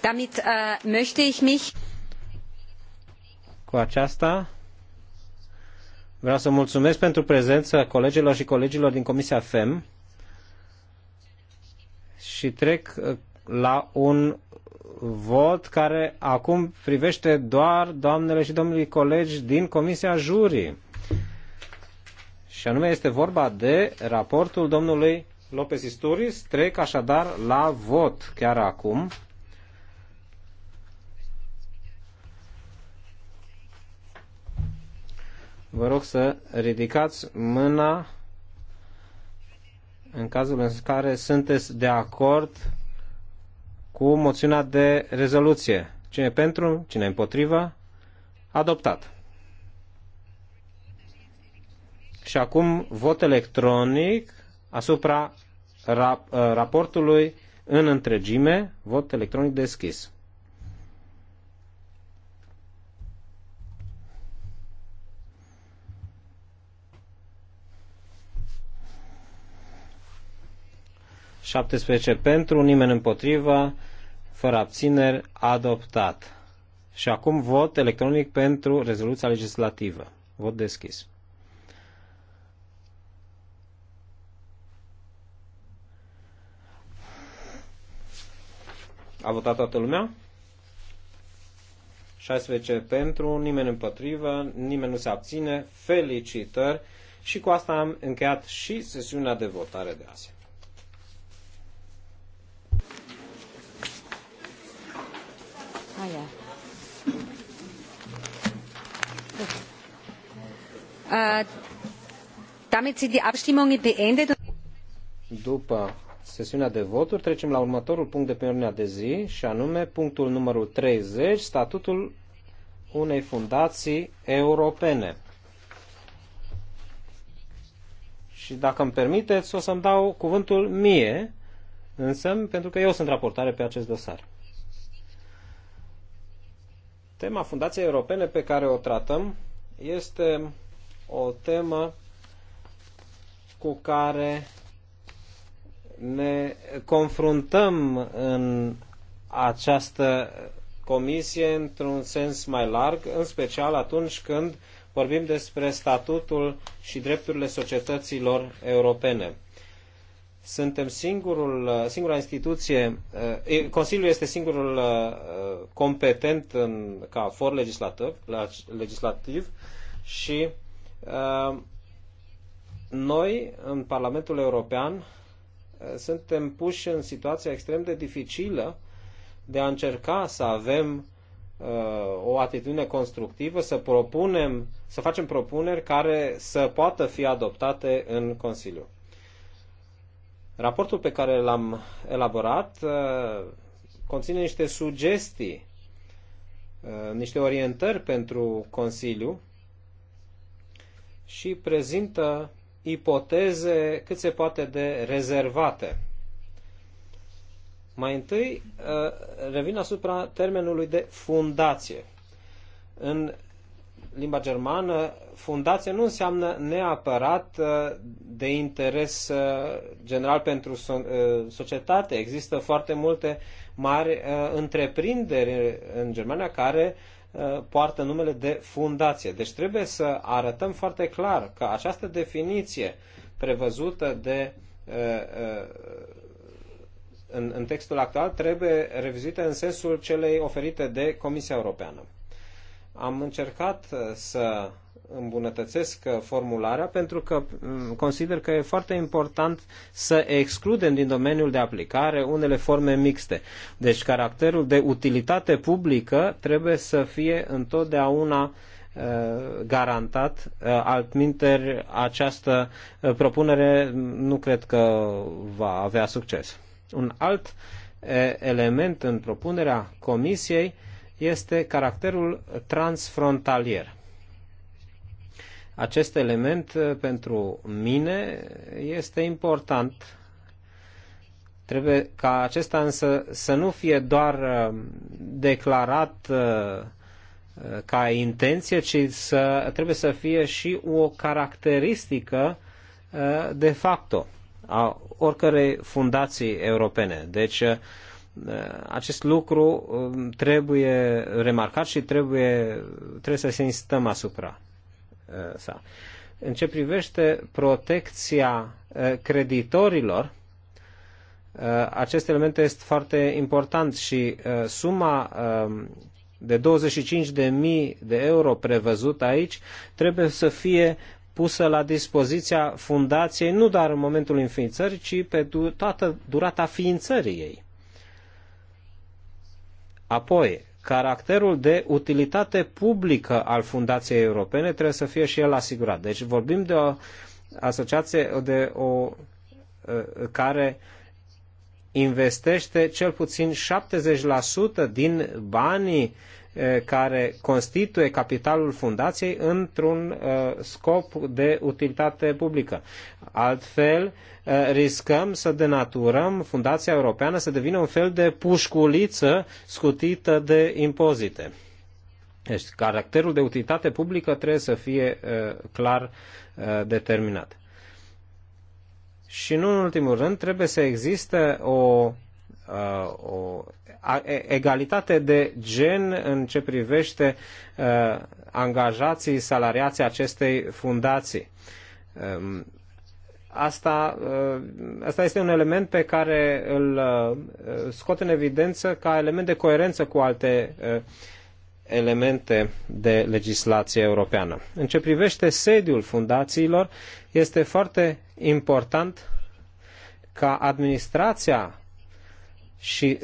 A: Damit äh, möchte ich mich.
B: Cu aceasta Vreau să mulțumesc pentru prezența colegilor și colegilor din Comisia FEM și trec uh, la un vot care acum privește doar doamnele și domnii colegi din Comisia Jurii. Și anume este vorba de raportul domnului Lopez Isturis. Trec așadar la vot chiar acum. vă rog să ridicați mâna în cazul în care sunteți de acord cu moțiunea de rezoluție. Cine pentru, cine împotrivă, împotriva? Adoptat. Și acum vot electronic asupra rap raportului în întregime, vot electronic deschis. 17 pentru, nimeni împotriva, fără abțineri, adoptat. Și acum vot electronic pentru rezoluția legislativă. Vot deschis. A votat toată lumea? 16 pentru, nimeni împotrivă, nimeni nu se abține. Felicitări! Și cu asta am încheiat și sesiunea de votare de azi.
D: Ah
A: Uh, damit sind die Abstimmungen beendet.
B: După sesiunea de voturi, trecem la următorul punct de pe ordinea de zi, și anume punctul numărul 30, statutul unei fundații europene. Și dacă îmi permiteți, o să-mi dau cuvântul mie, însă pentru că eu sunt raportare pe acest dosar. Tema Fundației Europene pe care o tratăm este o temă cu care ne confruntăm în această comisie într-un sens mai larg, în special atunci când vorbim despre statutul și drepturile societăților europene. Suntem singurul, uh, singura instituție, uh, Consiliul este singurul uh, competent în, ca for legislativ, legislativ și noi, în Parlamentul European, suntem puși în situația extrem de dificilă de a încerca să avem o atitudine constructivă, să propunem, să facem propuneri care să poată fi adoptate în Consiliu. Raportul pe care l-am elaborat uh, conține niște sugestii, uh, niște orientări pentru Consiliu și prezintă ipoteze cât se poate de rezervate. Mai întâi, uh, revin asupra termenului de fundație. În limba germană, fundație nu înseamnă neapărat uh, de interes uh, general pentru uh, societate. Există foarte multe mari întreprinderi în Germania care poartă numele de fundație. Deci trebuie să arătăm foarte clar că această definiție prevăzută de în, în textul actual trebuie revizuită în sensul celei oferite de Comisia Europeană. Am încercat uh, să îmbunătățesc uh, formularea pentru că mm, consider că e foarte important să excludem din domeniul de aplicare unele forme mixte. Deci caracterul de utilitate publică trebuie să fie întotdeauna uh, garantat. Altminteri, această propunere mm, nu cred că va avea succes. Un alt element în propunerea Comisiei este caracterul transfrontalier. Acest element uh, pentru mine este important. Trebuie ca acesta însă să nu fie doar uh, declarat uh, ca intenție, ci să, trebuie să fie și o caracteristică de facto a oricărei fundații europene. Deci acest lucru um, trebuie remarcat și trebuie, trebuie să se insistăm asupra uh, sa. În ce privește protecția uh, creditorilor, uh, acest element este foarte important și suma um, de 25.000 de euro prevăzut aici trebuie să fie pusă la dispoziția fundației nu doar în momentul înființării, ci pe toată durata ființării ei. Apoi, caracterul de utilitate publică al Fundației Europene trebuie să fie și el asigurat. Deci vorbim de o asociație de o, uh, care investește cel puțin 70% din banii Eh, care constituie capitalul fundației într-un eh, scop de utilitate publică. Altfel, eh, riscăm să denaturăm Fundația Europeană să devină un fel de pușculiță scutită de impozite. Deci, caracterul de utilitate publică trebuie să fie clar determinat. Și nu în ultimul rând, trebuie să existe o, o egalitate de gen în ce privește uh, angajații, salariații acestei fundații. Um, asta, uh, asta este un element pe care îl uh, scot în evidență ca element de coerență cu alte elemente de legislație europeană. În ce privește sediul fundațiilor, este foarte important ca administrația și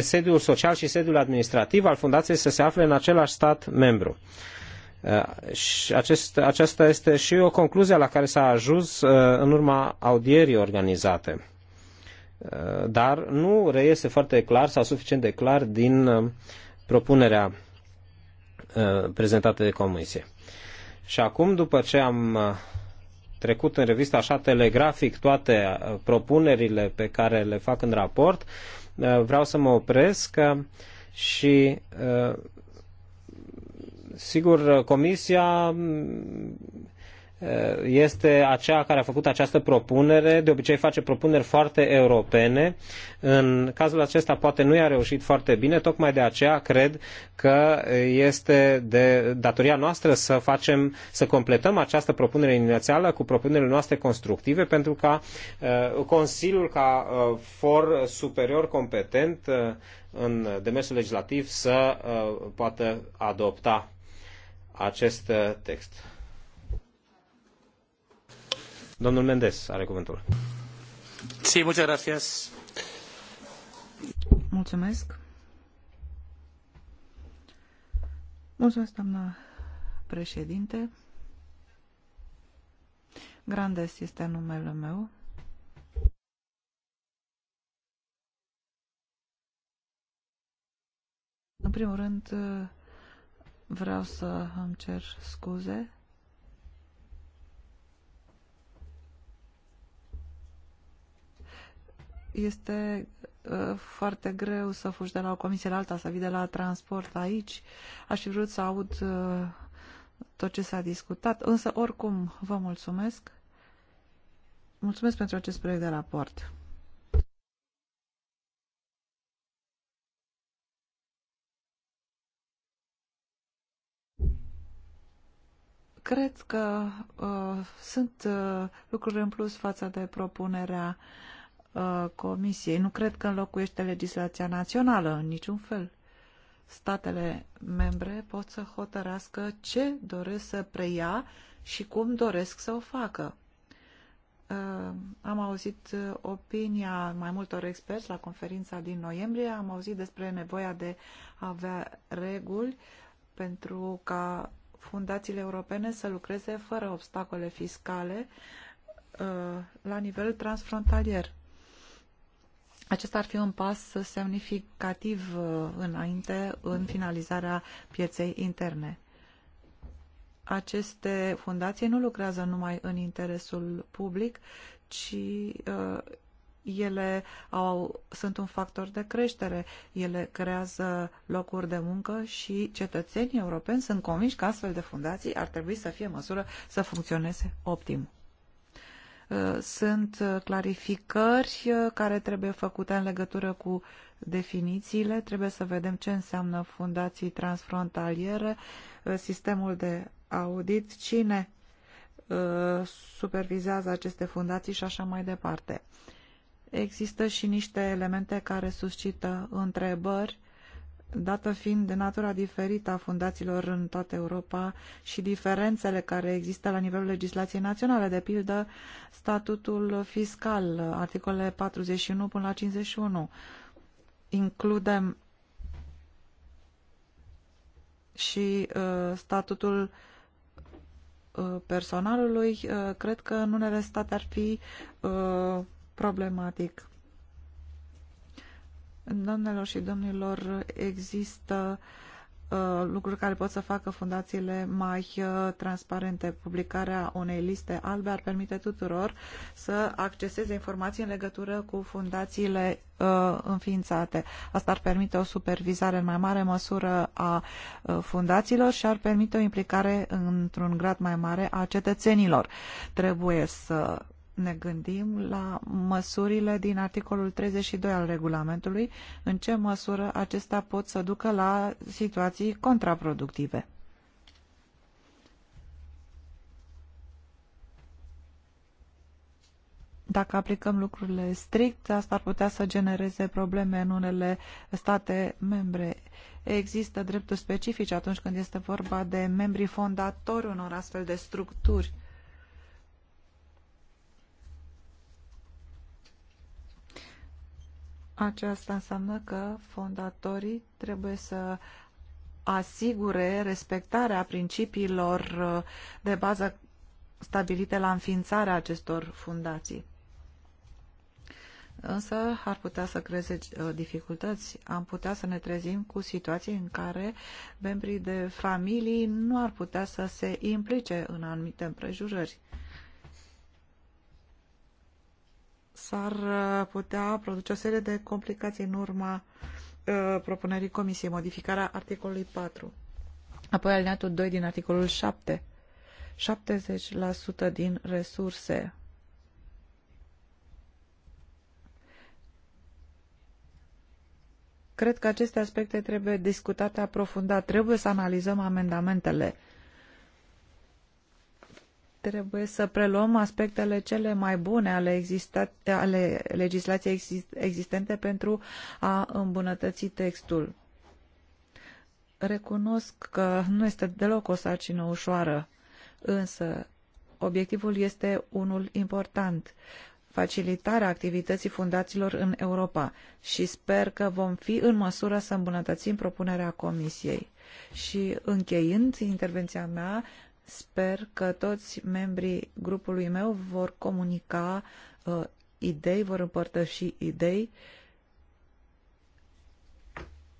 B: sediul social și sediul administrativ al fundației să se afle în același stat membru. Uh, și acest, aceasta este și o concluzie la care s-a ajuns uh, în urma audierii organizate. Uh, dar nu reiese foarte clar sau suficient de clar din propunerea prezentată de comisie. Și acum, după ce am trecut în revistă așa telegrafic toate propunerile pe care le fac în raport, Eh, vreau să mă opresc eh, și eh, sigur comisia mm, Eh, este aceea care a făcut această propunere. De obicei face propuneri foarte europene. În cazul acesta poate nu i-a reușit foarte bine, tocmai de aceea cred că este de datoria noastră să facem, să completăm această propunere inițială cu propunerile noastre constructive pentru ca eh, Consiliul ca eh, for superior competent în demersul legislativ să poată adopta acest text. Domnul Mendes are cuvântul. Sí, muchas gracias.
C: Mulțumesc. Mulțumesc, doamna președinte. Grandes este numele meu. În primul rând, vreau să îmi cer scuze este uh, foarte greu să fugi de la o comisie la alta, să vii de la transport aici. Aș fi vrut să aud uh, tot ce s-a discutat, însă oricum vă mulțumesc. Mulțumesc pentru acest proiect de raport. Cred că uh, sunt uh, lucruri în plus față de propunerea uh, Uh, Comisiei. Nu cred că înlocuiește legislația națională în niciun fel. Statele membre pot să hotărească ce doresc să preia și cum doresc să o facă. Uh, am auzit uh, opinia mai multor experți la conferința din noiembrie, am auzit despre nevoia de a avea reguli pentru ca fundațiile europene să lucreze fără obstacole fiscale la nivel transfrontalier. Acesta ar fi un pas semnificativ uh, înainte în finalizarea pieței interne. Aceste fundații nu lucrează numai în interesul public, ci uh, ele au, sunt un factor de creștere. Ele creează locuri de muncă și cetățenii europeni sunt convinși că astfel de fundații ar trebui să fie măsură să funcționeze optim. Sunt uh, clarificări uh, care trebuie făcute în legătură cu definițiile. Trebuie să vedem ce înseamnă fundații transfrontaliere, uh, sistemul de audit, cine supervizează aceste fundații și așa mai departe. Există și niște elemente care suscită întrebări dată fiind de natura diferită a fundațiilor în toată Europa și diferențele care există la nivelul legislației naționale, de pildă statutul fiscal, articolele 41 până la 51. Includem și uh, statutul uh, personalului, uh, cred că în unele state ar fi uh, problematic Doamnelor și domnilor, există uh, lucruri care pot să facă fundațiile mai uh, transparente. Publicarea unei liste albe ar permite tuturor să acceseze informații în legătură cu fundațiile uh, înființate. Asta ar permite o supervizare în mai mare măsură a uh, fundațiilor și ar permite o implicare într-un grad mai mare a cetățenilor. Trebuie să ne gândim la măsurile din articolul 32 al regulamentului, în ce măsură acestea pot să ducă la situații contraproductive. Dacă aplicăm lucrurile strict, asta ar putea să genereze probleme în unele state membre. Există drepturi specifice atunci când este vorba de membrii fondatori unor astfel de structuri Aceasta înseamnă că fondatorii trebuie să asigure respectarea principiilor uh, de bază stabilite la înființarea acestor fundații. Însă ar putea să creeze uh, dificultăți. Am putea să ne trezim cu situații în care membrii de familii nu ar putea să se implice în anumite împrejurări. s-ar uh, putea produce o serie de complicații în urma uh, propunerii comisiei, modificarea articolului 4. Apoi alineatul 2 din articolul 7. 70% din resurse Cred că aceste aspecte trebuie discutate aprofundat. Trebuie să analizăm amendamentele trebuie să preluăm aspectele cele mai bune ale, ale legislației exist, existente pentru a îmbunătăți textul. Recunosc că nu este deloc o sarcină ușoară, însă obiectivul este unul important, facilitarea activității fundațiilor în Europa și sper că vom fi în măsură să îmbunătățim propunerea Comisiei. Și încheiind intervenția mea, Sper că toți membrii grupului meu vor comunica uh, idei, vor împărtăși idei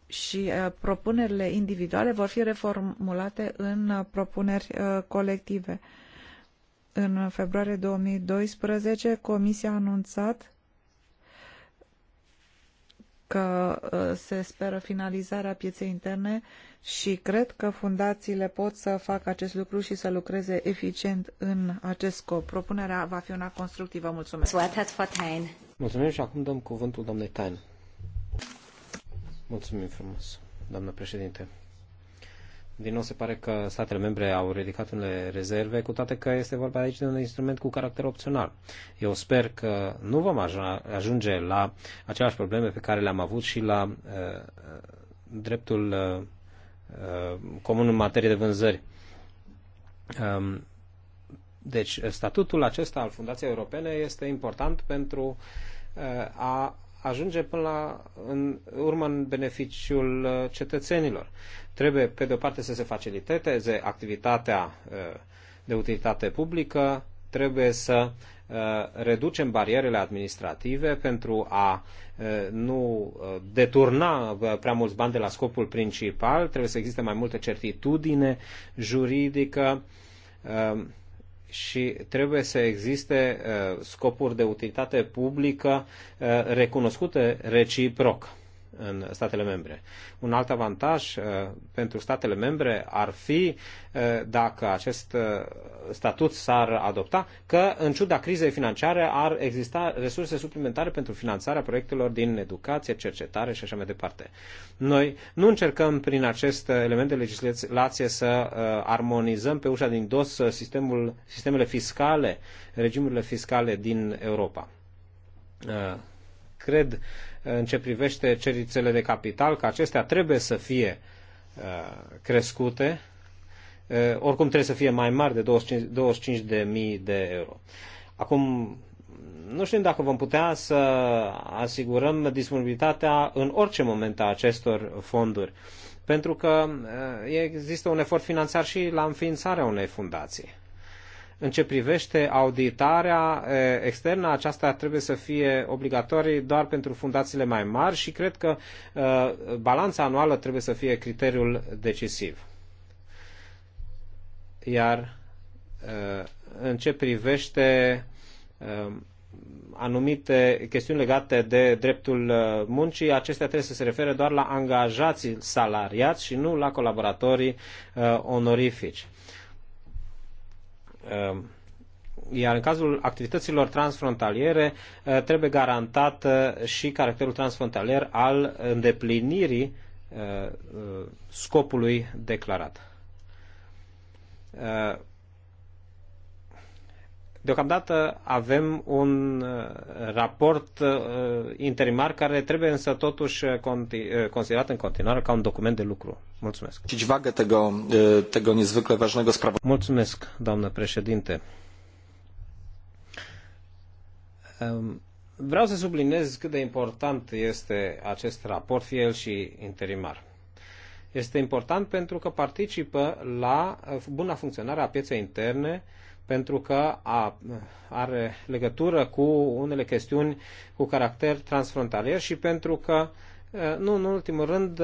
C: și uh, propunerile individuale vor fi reformulate în uh, propuneri uh, colective. În februarie 2012, Comisia a anunțat că uh, se speră finalizarea pieței interne și cred că fundațiile pot să facă acest lucru și să lucreze eficient în acest scop. Propunerea va fi una constructivă. Mulțumesc.
B: Mulțumim și acum dăm cuvântul doamnei Tain. Mulțumim frumos, doamnă președinte. Din nou se pare că statele membre au ridicat unele rezerve, cu toate că este vorba aici de un instrument cu caracter opțional. Eu sper că nu vom ajunge la aceleași probleme pe care le-am avut și la uh, dreptul uh, uh, comun în materie de vânzări. Um, deci, statutul acesta al Fundației Europene este important pentru uh, a ajunge până la în urmă în beneficiul uh, cetățenilor. Trebuie, pe de o parte, să se faciliteze activitatea uh, de utilitate publică, trebuie să uh, reducem barierele administrative pentru a nu deturna prea mulți bani de la scopul principal, trebuie să existe mai multă certitudine juridică, și trebuie să existe uh, scopuri de utilitate publică uh, recunoscute reciproc în statele membre. Un alt avantaj uh, pentru statele membre ar fi, uh, dacă acest uh, statut s-ar adopta, că în ciuda crizei financiare ar exista resurse suplimentare pentru finanțarea proiectelor din educație, cercetare și așa mai departe. Noi nu încercăm prin acest element de legislație să armonizăm pe ușa din dos sistemul, sistemele fiscale, regimurile fiscale din Europa. Cred în ce privește cerințele de capital, că acestea trebuie să fie uh, crescute, uh, oricum trebuie să fie mai mari de 25.000 de, de euro. Acum, nu știm dacă vom putea să asigurăm disponibilitatea în orice moment a acestor fonduri, pentru că uh, există un efort financiar și la înființarea unei fundații. În ce privește auditarea externă, aceasta trebuie să fie obligatorie doar pentru fundațiile mai mari și cred că balanța anuală trebuie să fie criteriul decisiv. Iar în ce privește anumite chestiuni legate de dreptul muncii, acestea trebuie să se refere doar la angajații salariați și nu la colaboratorii onorifici. Ehm, iar în cazul activităților transfrontaliere eh, trebuie garantat eh, și caracterul transfrontalier al îndeplinirii eh, scopului declarat Deocamdată avem un uh, raport uh, interimar care trebuie însă totuși uh, considerat în continuare ca un document de lucru. Mulțumesc. Și wagę tego, tego niezwykle ważnego sprawozdania. Mulțumesc, doamnă președinte. Um, vreau să subliniez cât de important este acest raport, fie el și interimar. Este important pentru că participă la buna funcționare a pieței interne, pentru că a, are legătură cu unele chestiuni cu caracter transfrontalier și pentru că, nu în ultimul rând,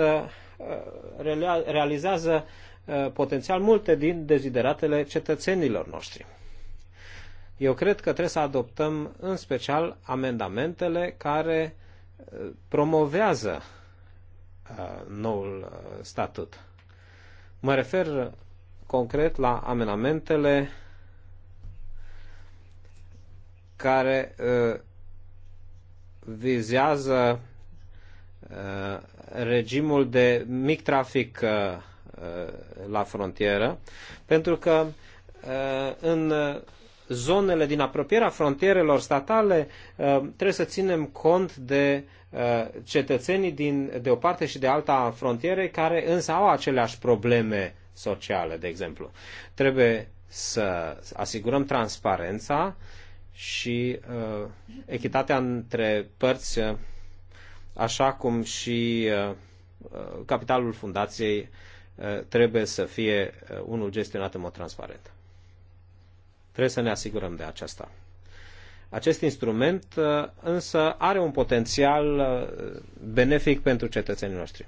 B: realizează potențial multe din dezideratele cetățenilor noștri. Eu cred că trebuie să adoptăm în special amendamentele care promovează noul statut. Mă refer concret la amendamentele care uh, vizează uh, regimul de mic trafic uh, la frontieră, pentru că în zonele din apropierea frontierelor statale trebuie să ținem cont de cetățenii din, de o parte și de alta a frontierei care însă au aceleași probleme sociale, de exemplu. Trebuie să asigurăm transparența, și uh, echitatea între părți, uh, așa cum și uh, uh, capitalul fundației, uh, trebuie să fie uh, unul gestionat în mod transparent. Trebuie să ne asigurăm de aceasta. Acest instrument uh, însă are un potențial benefic pentru cetățenii noștri.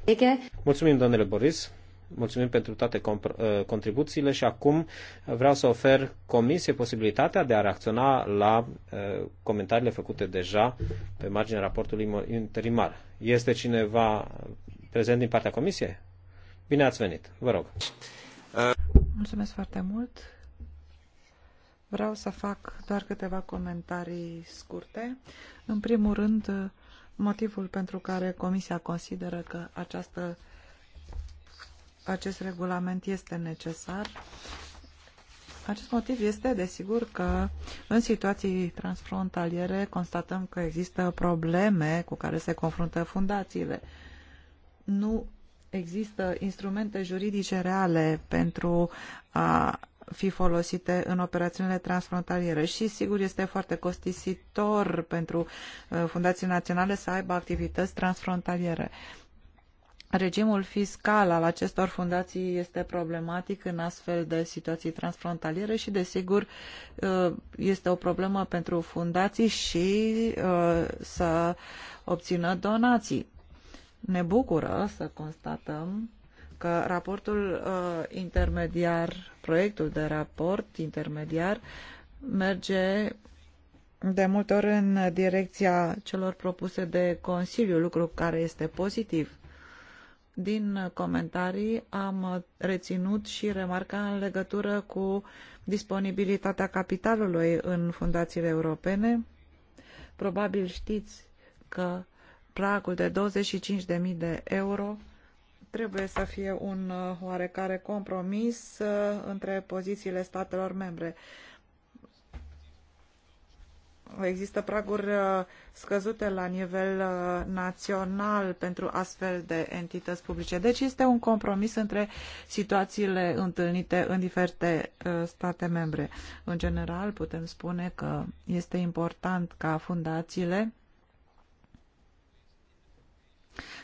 B: Mulțumim, domnule Boris. Mulțumim pentru toate uh, contribuțiile și acum vreau să ofer comisiei posibilitatea de a reacționa la uh, comentariile făcute deja pe marginea raportului interimar. Este cineva prezent din partea comisiei? Bine ați venit, vă rog.
C: Mulțumesc foarte mult. Vreau să fac doar câteva comentarii scurte. În primul rând, motivul pentru care Comisia consideră că această uh, acest regulament este necesar. Acest motiv este, desigur, că în situații transfrontaliere constatăm că există probleme cu care se confruntă fundațiile. Nu există instrumente juridice reale pentru a fi folosite în operațiunile transfrontaliere și sigur este foarte costisitor pentru uh, fundații naționale să aibă activități transfrontaliere. Regimul fiscal al acestor fundații este problematic în astfel de situații transfrontaliere și, desigur, uh, este o problemă pentru fundații și uh, să obțină donații. Ne bucură să constatăm că raportul uh, intermediar, proiectul de raport intermediar, merge de multe ori în direcția celor propuse de Consiliu, lucru care este pozitiv din comentarii am reținut și remarca în legătură cu disponibilitatea capitalului în fundațiile europene. Probabil știți că pragul de 25.000 de euro trebuie să fie un uh, oarecare compromis uh, între pozițiile statelor membre există praguri uh, scăzute la nivel uh, național pentru astfel de entități publice. Deci este un compromis între situațiile întâlnite în diferite uh, state membre. În general, putem spune că este important ca fundațiile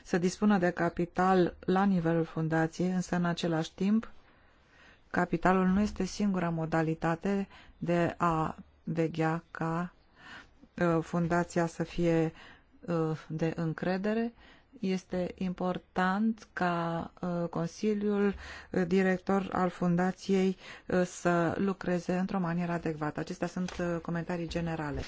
C: să dispună de capital la nivelul fundației, însă în același timp capitalul nu este singura modalitate de a veghea ca Uh, fundația să fie uh, de încredere. Este important ca uh, Consiliul Director al Fundației să lucreze într-o manieră adecvată. Acestea sunt comentarii generale.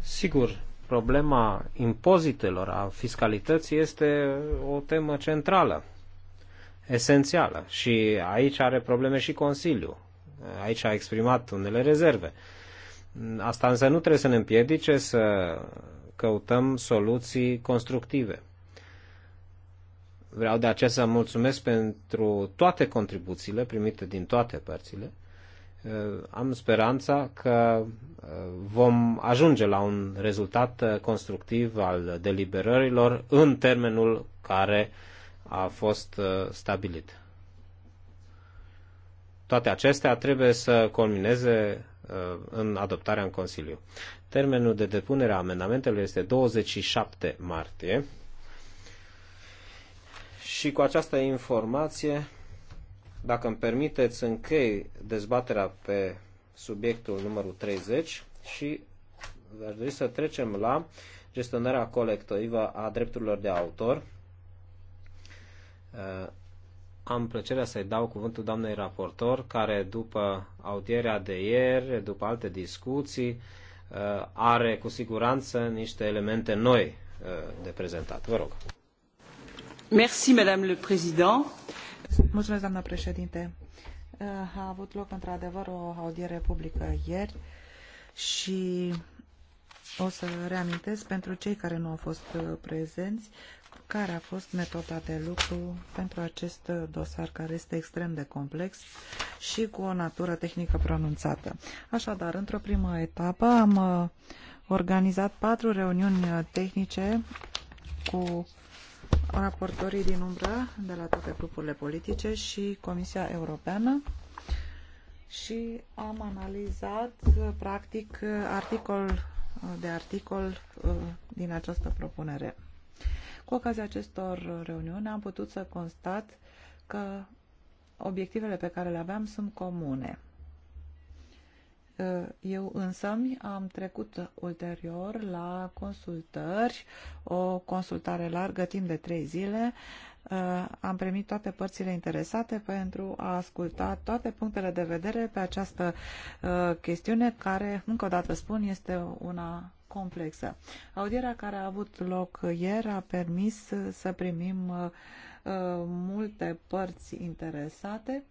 B: Sigur, problema impozitelor, a fiscalității este o temă centrală, esențială și aici are probleme și Consiliul aici a exprimat unele rezerve. Asta însă nu trebuie să ne împiedice să căutăm soluții constructive. Vreau de aceea să mulțumesc pentru toate contribuțiile primite din toate părțile. Uh, am speranța că uh, vom ajunge la un rezultat uh, constructiv al deliberărilor în termenul care a fost stabilit. Toate acestea trebuie să culmineze uh, în adoptarea în Consiliu. Termenul de depunere a amendamentelor este 27 martie. Și cu această informație, dacă îmi permiteți, închei dezbaterea pe subiectul numărul 30 și aș dori să trecem la gestionarea colectivă a drepturilor de autor uh, am plăcerea să-i dau cuvântul doamnei raportor, care după audierea de ieri, după alte discuții, uh, are cu siguranță niște elemente noi uh, de prezentat. Vă rog. Merci, Madame le Président.
C: Mulțumesc, doamna președinte. Uh, a avut loc, într-adevăr, o audiere publică ieri și o să reamintesc pentru cei care nu au fost prezenți care a fost metoda de lucru pentru acest dosar care este extrem de complex și cu o natură tehnică pronunțată. Așadar, într-o primă etapă am uh, organizat patru reuniuni uh, tehnice cu raportorii din umbră de la toate grupurile politice și Comisia Europeană și am analizat uh, practic articol de articol din această propunere. Cu ocazia acestor reuniuni am putut să constat că obiectivele pe care le aveam sunt comune. Eu însămi am trecut ulterior la consultări, o consultare largă timp de trei zile. Am primit toate părțile interesate pentru a asculta toate punctele de vedere pe această uh, chestiune care, încă o dată spun, este una complexă. Audierea care a avut loc ieri a permis să primim uh, uh, multe părți interesate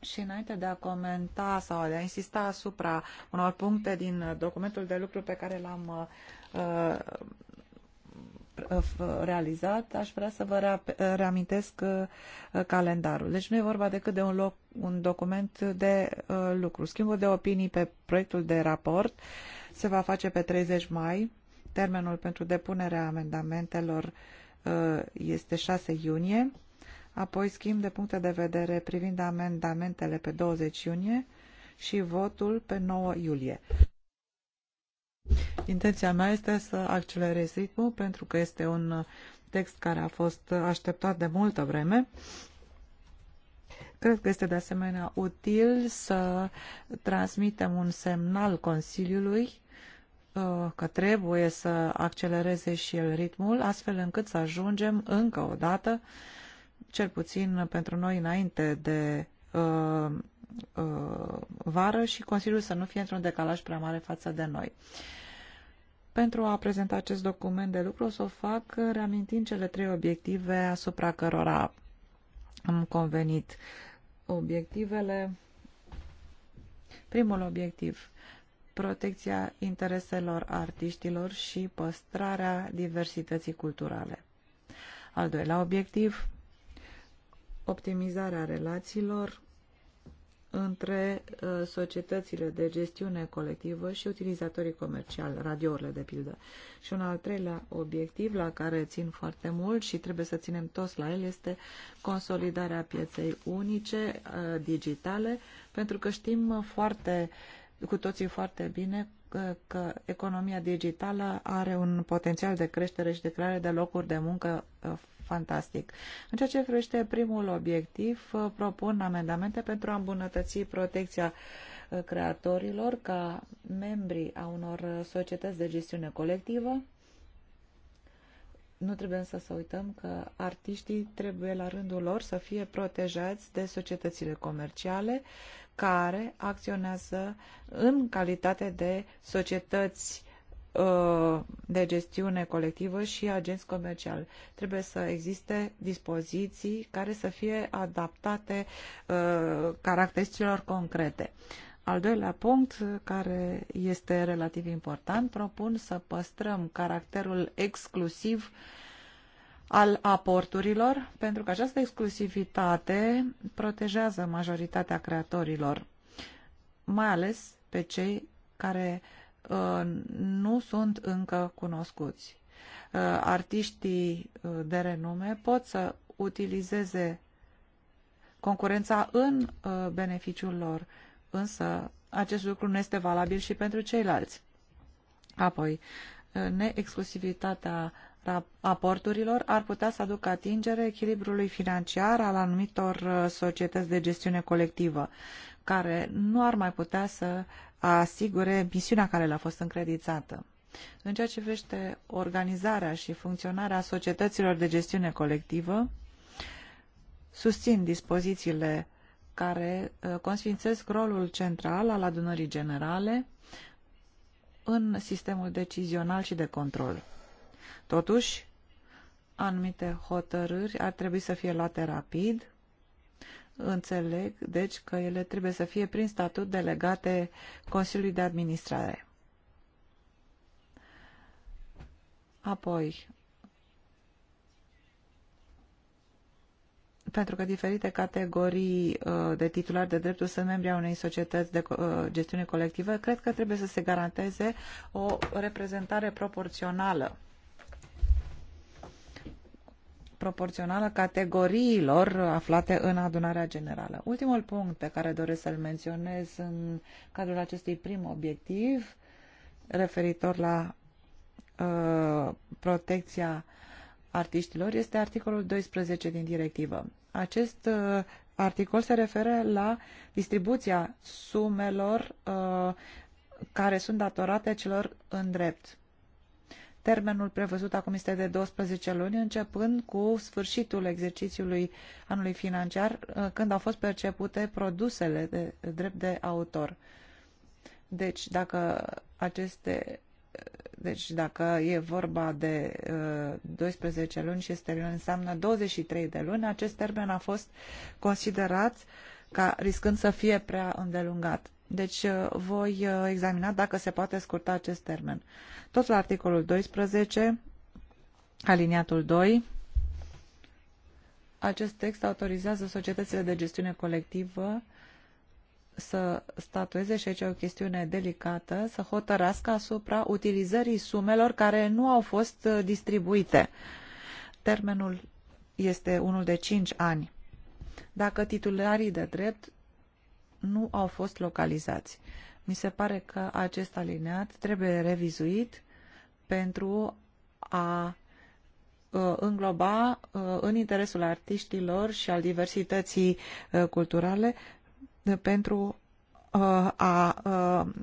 C: și înainte de a comenta sau de a insista asupra unor puncte din documentul de lucru pe care l-am uh, realizat, aș vrea să vă reamintesc calendarul. Deci nu e vorba decât de un, loc, un document de lucru. Schimbul de opinii pe proiectul de raport se va face pe 30 mai. Termenul pentru depunerea amendamentelor uh, este 6 iunie, apoi schimb de puncte de vedere privind amendamentele pe 20 iunie și votul pe 9 iulie. Intenția mea este să accelerez ritmul pentru că este un text care a fost așteptat de multă vreme. Cred că este de asemenea util să transmitem un semnal Consiliului Uh, că trebuie să accelereze și el ritmul, astfel încât să ajungem încă o dată, cel puțin pentru noi înainte de uh, uh, vară și Consiliul să nu fie într-un decalaj prea mare față de noi. Pentru a prezenta acest document de lucru, o să o fac reamintind cele trei obiective asupra cărora am convenit. Obiectivele Primul obiectiv protecția intereselor artiștilor și păstrarea diversității culturale. Al doilea obiectiv, optimizarea relațiilor între uh, societățile de gestiune colectivă și utilizatorii comerciali, radiourile de pildă. Și un al treilea obiectiv la care țin foarte mult și trebuie să ținem toți la el este consolidarea pieței unice uh, digitale, pentru că știm foarte cu toții foarte bine că, că economia digitală are un potențial de creștere și de creare de locuri de muncă uh, fantastic. În ceea ce privește primul obiectiv, uh, propun amendamente pentru a îmbunătăți protecția uh, creatorilor ca membri a unor societăți de gestiune colectivă. Nu trebuie să să uităm că artiștii trebuie la rândul lor să fie protejați de societățile comerciale care acționează în calitate de societăți uh, de gestiune colectivă și agenți comerciali. Trebuie să existe dispoziții care să fie adaptate uh, caracteristicilor concrete. Al doilea punct, care este relativ important, propun să păstrăm caracterul exclusiv uh, al aporturilor, pentru că această exclusivitate protejează majoritatea creatorilor, mai ales pe cei care uh, nu sunt încă cunoscuți. Uh, artiștii uh, de renume pot să utilizeze concurența în uh, beneficiul lor, însă acest lucru nu este valabil și pentru ceilalți. Apoi, uh, neexclusivitatea aporturilor ar putea să aducă atingere echilibrului financiar al anumitor uh, societăți de gestiune colectivă, care nu ar mai putea să asigure misiunea care le-a fost încredițată. În ceea ce privește organizarea și funcționarea societăților de gestiune colectivă, susțin dispozițiile care uh, consfințesc rolul central al adunării generale în sistemul decizional și de control. Totuși, anumite hotărâri ar trebui să fie luate rapid. Înțeleg, deci, că ele trebuie să fie prin statut delegate Consiliului de Administrare. Apoi, pentru că diferite categorii uh, de titulari de dreptul sunt membri a unei societăți de uh, gestiune colectivă, cred că trebuie să se garanteze o reprezentare proporțională proporțională categoriilor aflate în adunarea generală. Ultimul punct pe care doresc să-l menționez în cadrul acestui prim obiectiv referitor la uh, protecția artiștilor este articolul 12 din directivă. Acest uh, articol se referă la distribuția sumelor uh, care sunt datorate celor în drept. Termenul prevăzut acum este de 12 luni, începând cu sfârșitul exercițiului anului financiar, uh, când au fost percepute produsele de drept de autor. Deci, dacă aceste deci dacă e vorba de uh, 12 luni și este luni, înseamnă 23 de luni, acest termen a fost considerat ca riscând să fie prea îndelungat. Deci uh, voi uh, examina dacă se poate scurta acest termen. Tot la articolul 12, aliniatul 2, acest text autorizează societățile de gestiune colectivă să statueze, și aici e o chestiune delicată, să hotărască asupra utilizării sumelor care nu au fost uh, distribuite. Termenul este unul de 5 ani. Dacă titularii de drept nu au fost localizați. Mi se pare că acest alineat trebuie revizuit pentru a uh, îngloba uh, în interesul artiștilor și al diversității uh, culturale pentru a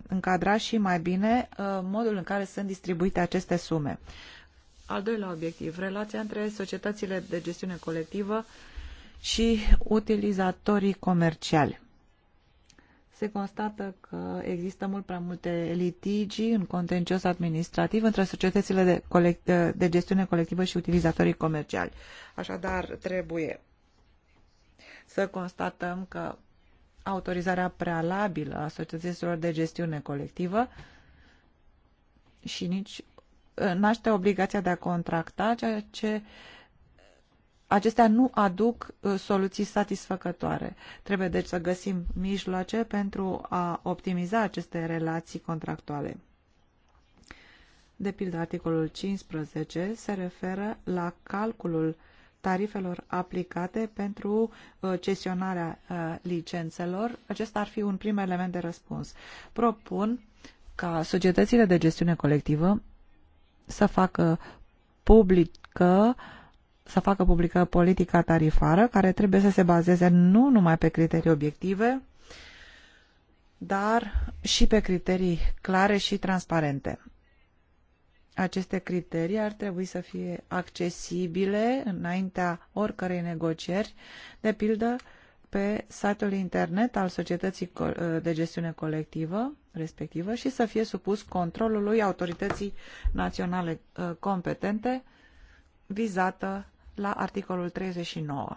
C: încadra și mai bine modul în care sunt distribuite aceste sume. Al doilea obiectiv, relația între societățile de gestiune colectivă și utilizatorii comerciali se constată că există mult prea multe litigii în contencios administrativ între societățile de, colect de gestiune colectivă și utilizatorii comerciali. Așadar, trebuie să constatăm că autorizarea prealabilă a societăților de gestiune colectivă și nici naște obligația de a contracta, ceea ce uh, acestea nu aduc uh, soluții satisfăcătoare. Trebuie deci să găsim mijloace pentru a optimiza aceste relații contractuale. De pildă, articolul 15 se referă la calculul tarifelor aplicate pentru cesionarea uh, uh, licențelor. Acesta ar fi un prim element de răspuns. Propun ca societățile de gestiune colectivă să facă publică uh, să facă publică politica tarifară, care trebuie să se bazeze nu numai pe criterii obiective, dar și pe criterii clare și transparente. Aceste criterii ar trebui să fie accesibile înaintea oricărei negocieri, de pildă pe site-ul internet al societății de gestiune colectivă respectivă și să fie supus controlului autorității naționale uh, competente vizată la articolul 39.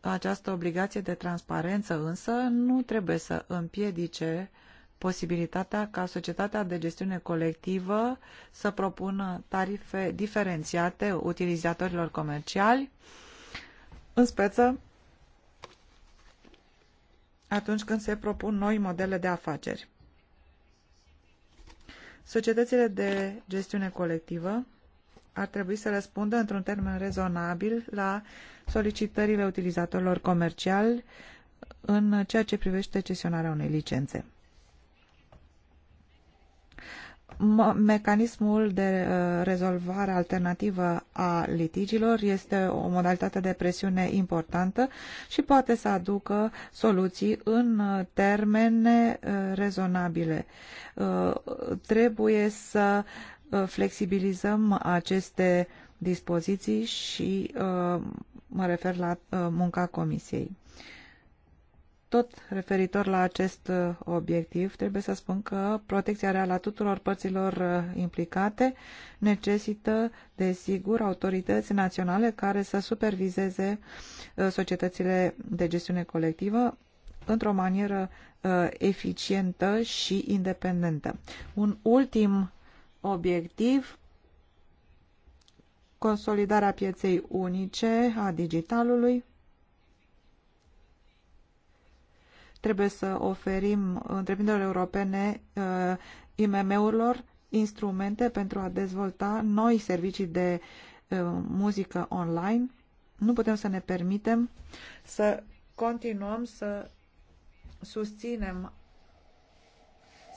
C: Această obligație de transparență însă nu trebuie să împiedice posibilitatea ca societatea de gestiune colectivă să propună tarife diferențiate utilizatorilor comerciali, în speță atunci când se propun noi modele de afaceri. Societățile de gestiune colectivă ar trebui să răspundă într-un termen rezonabil la solicitările utilizatorilor comerciali în ceea ce privește cesionarea unei licențe. Mecanismul de uh, rezolvare alternativă a litigiilor este o modalitate de presiune importantă și poate să aducă soluții în uh, termene uh, rezonabile. Trebuie să Uh, flexibilizăm aceste dispoziții și uh, mă refer la uh, munca comisiei. Tot referitor la acest obiectiv, trebuie să spun că protecția reală a tuturor părților implicate necesită, desigur, autorități naționale care să supervizeze societățile de gestiune colectivă într-o manieră eficientă și independentă. Un ultim obiectiv consolidarea pieței unice a digitalului. Trebuie să oferim întreprinderilor europene, uh, IMM-urilor, instrumente pentru a dezvolta noi servicii de uh, muzică online. Nu putem să ne permitem să continuăm să susținem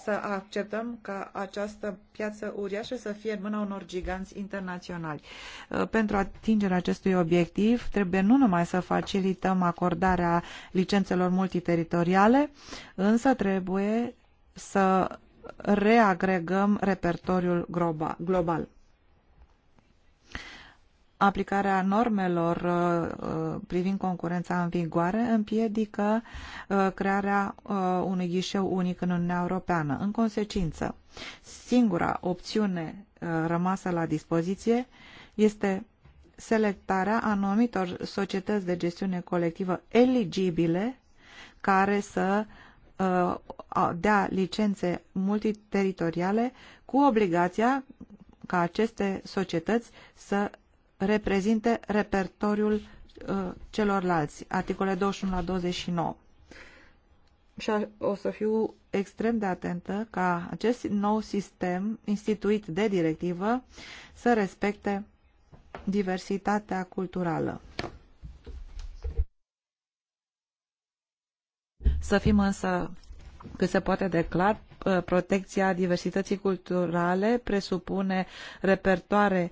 C: să acceptăm ca această piață uriașă să fie în mâna unor giganți internaționali. Uh, pentru atingerea acestui obiectiv, trebuie nu numai să facilităm acordarea licențelor multiteritoriale, însă trebuie să reagregăm repertoriul global aplicarea normelor uh, uh, privind concurența în vigoare împiedică uh, crearea unui ghișeu unic în Uniunea Europeană. În consecință, singura opțiune rămasă la dispoziție este selectarea anumitor societăți de gestiune colectivă eligibile care să dea licențe multiteritoriale cu obligația ca aceste societăți să reprezinte repertoriul uh, celorlalți, articole 21 la 29. Și o să fiu extrem de atentă ca acest nou sistem instituit de directivă să respecte diversitatea culturală. Să fim însă cât se poate declar, uh, protecția diversității culturale presupune repertoare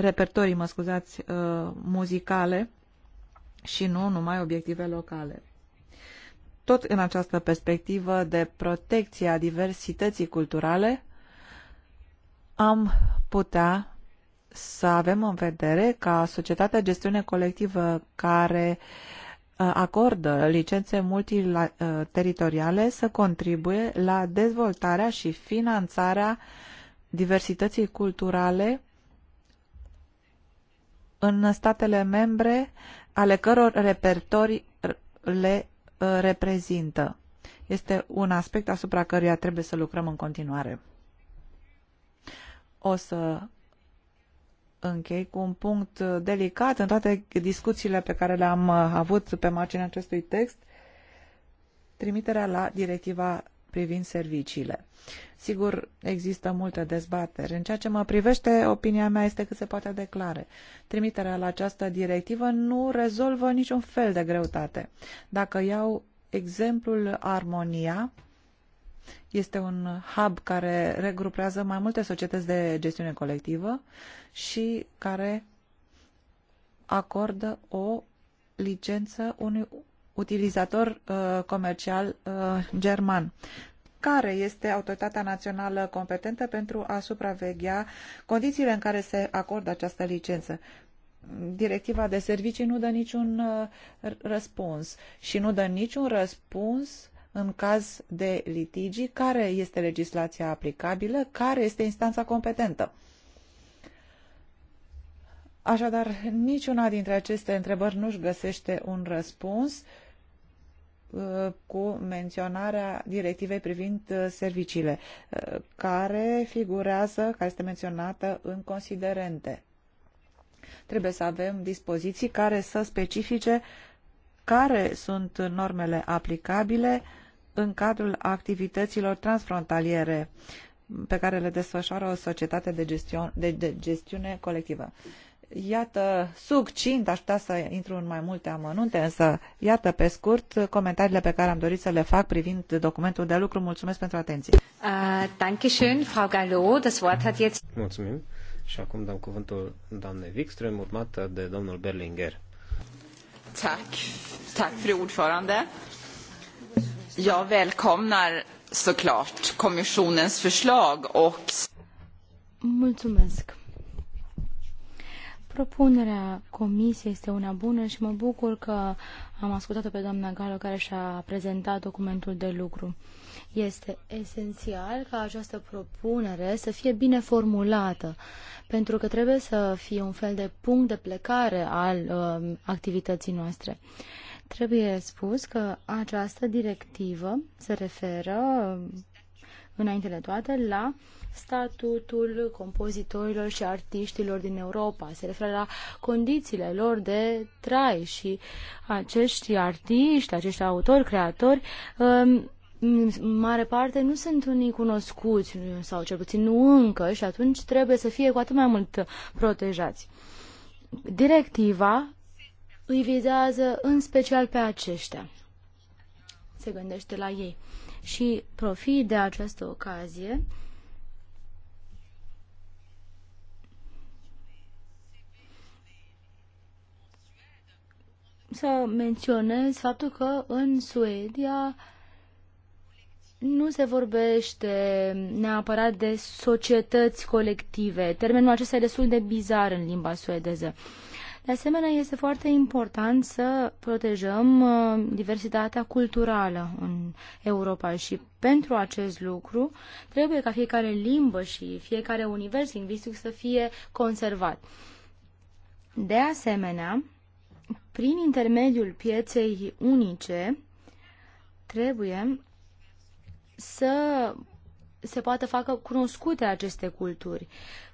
C: repertorii, mă scuzați, uh, muzicale și nu numai obiective locale. Tot în această perspectivă de protecție a diversității culturale, am putea să avem în vedere ca societatea gestiune colectivă care uh, acordă licențe multiteritoriale să contribuie la dezvoltarea și finanțarea diversității culturale în statele membre ale căror repertori le uh, reprezintă. Este un aspect asupra căruia trebuie să lucrăm în continuare. O să închei cu un punct delicat în toate discuțiile pe care le-am uh, avut pe marginea acestui text, trimiterea la directiva privind serviciile. Sigur, există multe dezbateri. În ceea ce mă privește, opinia mea este că se poate declare. Trimiterea la această directivă nu rezolvă niciun fel de greutate. Dacă iau exemplul Armonia, este un hub care regrupează mai multe societăți de gestiune colectivă și care acordă o licență unui utilizator uh, comercial uh, german care este autoritatea națională competentă pentru a supraveghea condițiile în care se acordă această licență. Directiva de servicii nu dă niciun uh, răspuns și nu dă niciun răspuns în caz de litigi, care este legislația aplicabilă, care este instanța competentă. Așadar, niciuna dintre aceste întrebări nu-și găsește un răspuns uh, Uh, cu menționarea directivei privind uh, serviciile, uh, care figurează, care este menționată în considerente. Trebuie să avem dispoziții care să specifice care sunt normele aplicabile în cadrul activităților transfrontaliere pe care le desfășoară o societate de, gestion, de, de gestiune colectivă. Iată, succint, aș putea să intru în mai multe amănunte, însă iată pe scurt comentariile pe care am dorit să le fac privind documentul de lucru. Mulțumesc pentru atenție.
A: Uh, Dankeschön, Frau Gallo. Das Wort hat jetzt...
B: Mulțumim. Și acum dăm cuvântul doamnei Wikström, urmată de domnul Berlinger.
C: Tack. Tack, fru ordförande. Jag välkomnar såklart kommissionens förslag och...
D: Mulțumesc. Propunerea comisiei este una bună și mă bucur că am ascultat-o pe doamna Galo care și-a prezentat documentul de lucru. Este esențial ca această propunere să fie bine formulată, pentru că trebuie să fie un fel de punct de plecare al uh, activității noastre. Trebuie spus că această directivă se referă, uh, înainte de toate, la statutul compozitorilor și artiștilor din Europa, se referă la condițiile lor de trai și acești artiști, acești autori, creatori, um, în mare parte nu sunt unii cunoscuți sau cel puțin nu încă și atunci trebuie să fie cu atât mai mult protejați. Directiva îi vizează în special pe aceștia. Se gândește la ei și profit de această ocazie să menționez faptul că în Suedia nu se vorbește neapărat de societăți colective. Termenul acesta e destul de bizar în limba suedeză. De asemenea, este foarte important să protejăm uh, diversitatea culturală în Europa și pentru acest lucru trebuie ca fiecare limbă și fiecare univers lingvistic să fie conservat. De asemenea, prin intermediul pieței unice, trebuie să se poată facă cunoscute aceste culturi.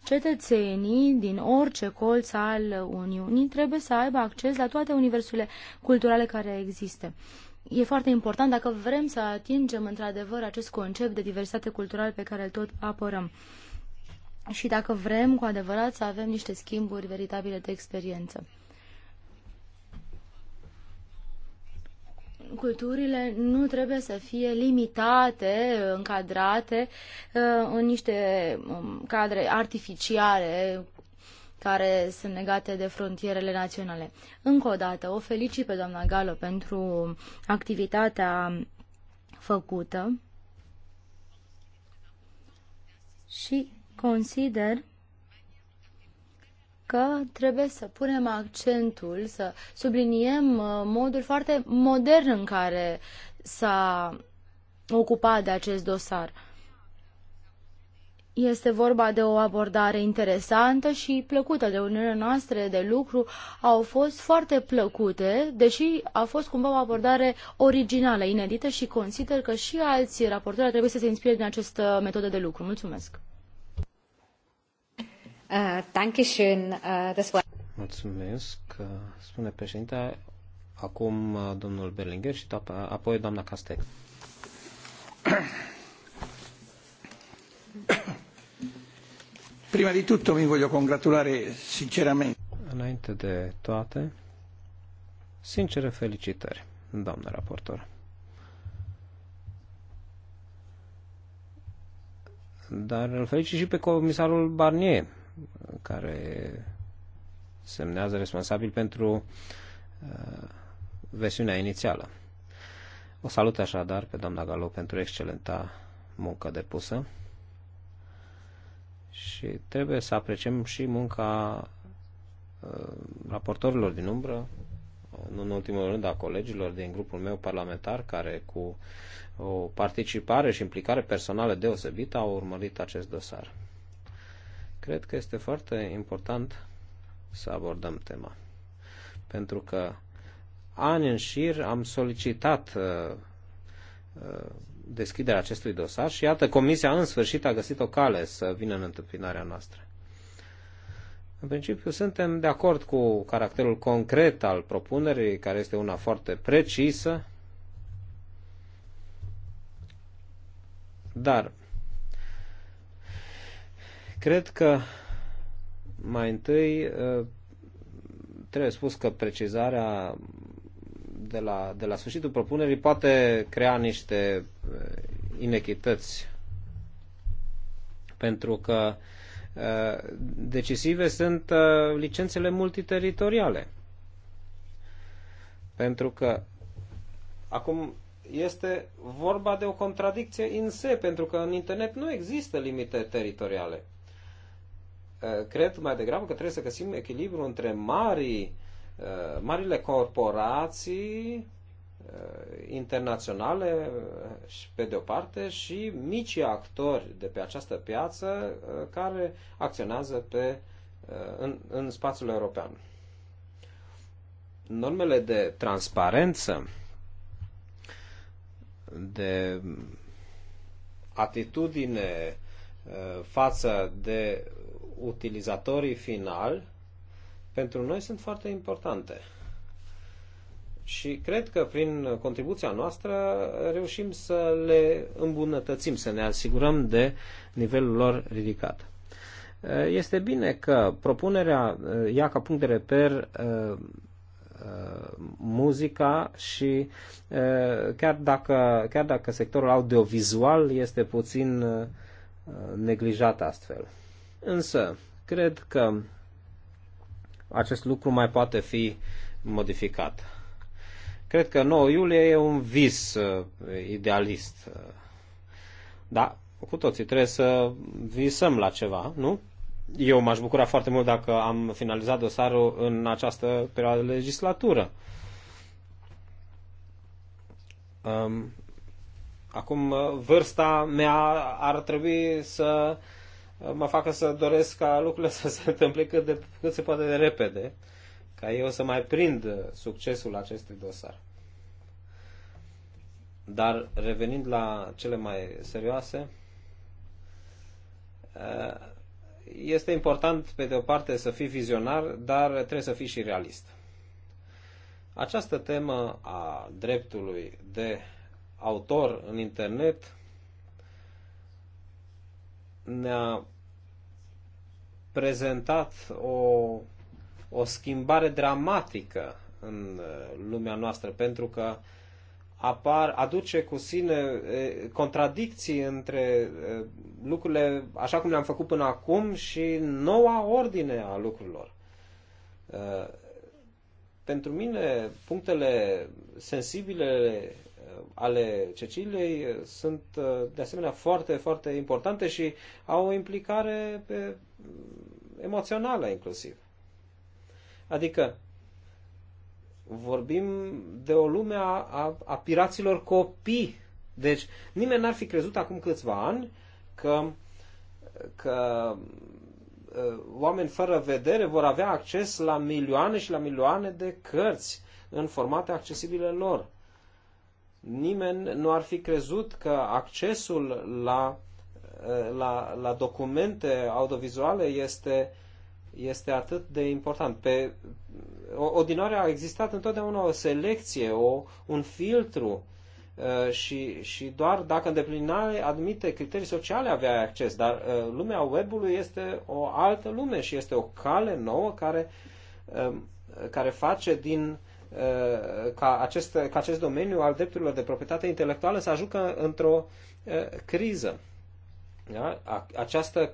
D: Cetățenii din orice colț al Uniunii trebuie să aibă acces la toate universurile culturale care există. E foarte important dacă vrem să atingem într-adevăr acest concept de diversitate culturală pe care îl tot apărăm. Și dacă vrem cu adevărat să avem niște schimburi veritabile de experiență. culturile nu trebuie să fie limitate, încadrate uh, în niște um, cadre artificiale care sunt legate de frontierele naționale. Încă o dată, o felicit pe doamna Galo pentru activitatea făcută și consider că trebuie să punem accentul, să subliniem uh, modul foarte modern în care s-a ocupat de acest dosar. Este vorba de o abordare interesantă și plăcută. de Reuniunile noastre de lucru au fost foarte plăcute, deși a fost cumva o abordare originală, inedită și consider că și alții raportori trebuie să se inspire din această metodă de lucru. Mulțumesc! Uh, uh,
B: Mulțumesc, uh, spune președinte. Acum domnul Berlinger și apoi doamna Castex. Prima di tutto mi
C: voglio congratulare sinceramente.
B: Înainte de toate, sincere felicitări, doamnă raportor. Dar îl felicit și pe comisarul Barnier care semnează responsabil pentru uh, versiunea inițială. O salut așadar pe doamna Galo pentru excelenta muncă depusă și trebuie să apreciem și munca uh, raportorilor din umbră, nu în ultimul rând a colegilor din grupul meu parlamentar, care cu o participare și implicare personală deosebită au urmărit acest dosar. Cred că este foarte important să abordăm tema. Pentru că ani în șir am solicitat uh, uh, deschiderea acestui dosar și iată, Comisia în sfârșit a găsit o cale să vină în întâmpinarea noastră. În principiu, suntem de acord cu caracterul concret al propunerii, care este una foarte precisă, dar Cred că mai întâi uh, trebuie spus că precizarea de la, de la sfârșitul propunerii poate crea niște uh, inechități pentru că uh, decisive sunt licențele multiteritoriale. Pentru că acum este vorba de o contradicție în se, pentru că în internet nu există limite teritoriale. Eh, cred mai degrabă că trebuie să găsim echilibru între mari, eh, marile corporații eh, internaționale pe de o parte și mici actori de pe această piață care acționează pe, în, în spațiul european. Normele de transparență, de atitudine față de utilizatorii finali pentru noi sunt foarte importante. Și cred că prin contribuția noastră reușim să le îmbunătățim, să ne asigurăm de nivelul lor ridicat. Eh, este bine că propunerea eh, ia ca punct de reper eh, muzica și chiar dacă, chiar dacă sectorul audiovizual este puțin neglijat astfel. Însă, cred că acest lucru mai poate fi modificat. Cred că 9 iulie e un vis uh, idealist. Da, cu toții trebuie să visăm la ceva, nu? Eu m-aș bucura foarte mult dacă am finalizat dosarul în această perioadă de legislatură. Um, acum, uh, vârsta mea ar trebui să uh, mă facă să doresc ca lucrurile să se întâmple cât, de, cât se poate de repede, ca eu să mai prind succesul acestui dosar. Dar revenind la cele mai serioase, eh, este important, pe de o parte, să fii vizionar, dar trebuie să fii și realist. Această temă a dreptului de autor în internet ne-a prezentat o, o schimbare dramatică în uh, lumea noastră, pentru că apar, aduce cu sine contradicții între lucrurile așa cum le-am făcut până acum și noua ordine a lucrurilor. Pentru mine, punctele sensibile Uh, ale Ceciliei uh, sunt uh, de asemenea foarte, foarte importante și au o implicare pe, mm, emoțională inclusiv. Adică vorbim de o lume a, a, a piraților copii. Deci nimeni n-ar fi crezut acum câțiva ani că, că oameni fără vedere vor avea acces la milioane și la milioane de cărți în formate accesibile lor nimeni nu ar fi crezut că accesul la, eh, la, la documente audiovizuale este, este atât de important. Pe Odinoare a existat întotdeauna o selecție, o, un filtru eh, și, și doar dacă îndeplinare admite criterii sociale avea acces, dar eh, lumea webului este o altă lume și este o cale nouă care, care face din uh, Uh, ca acest, ca acest domeniu al drepturilor de proprietate intelectuală să ajungă într-o uh, criză. Da? Această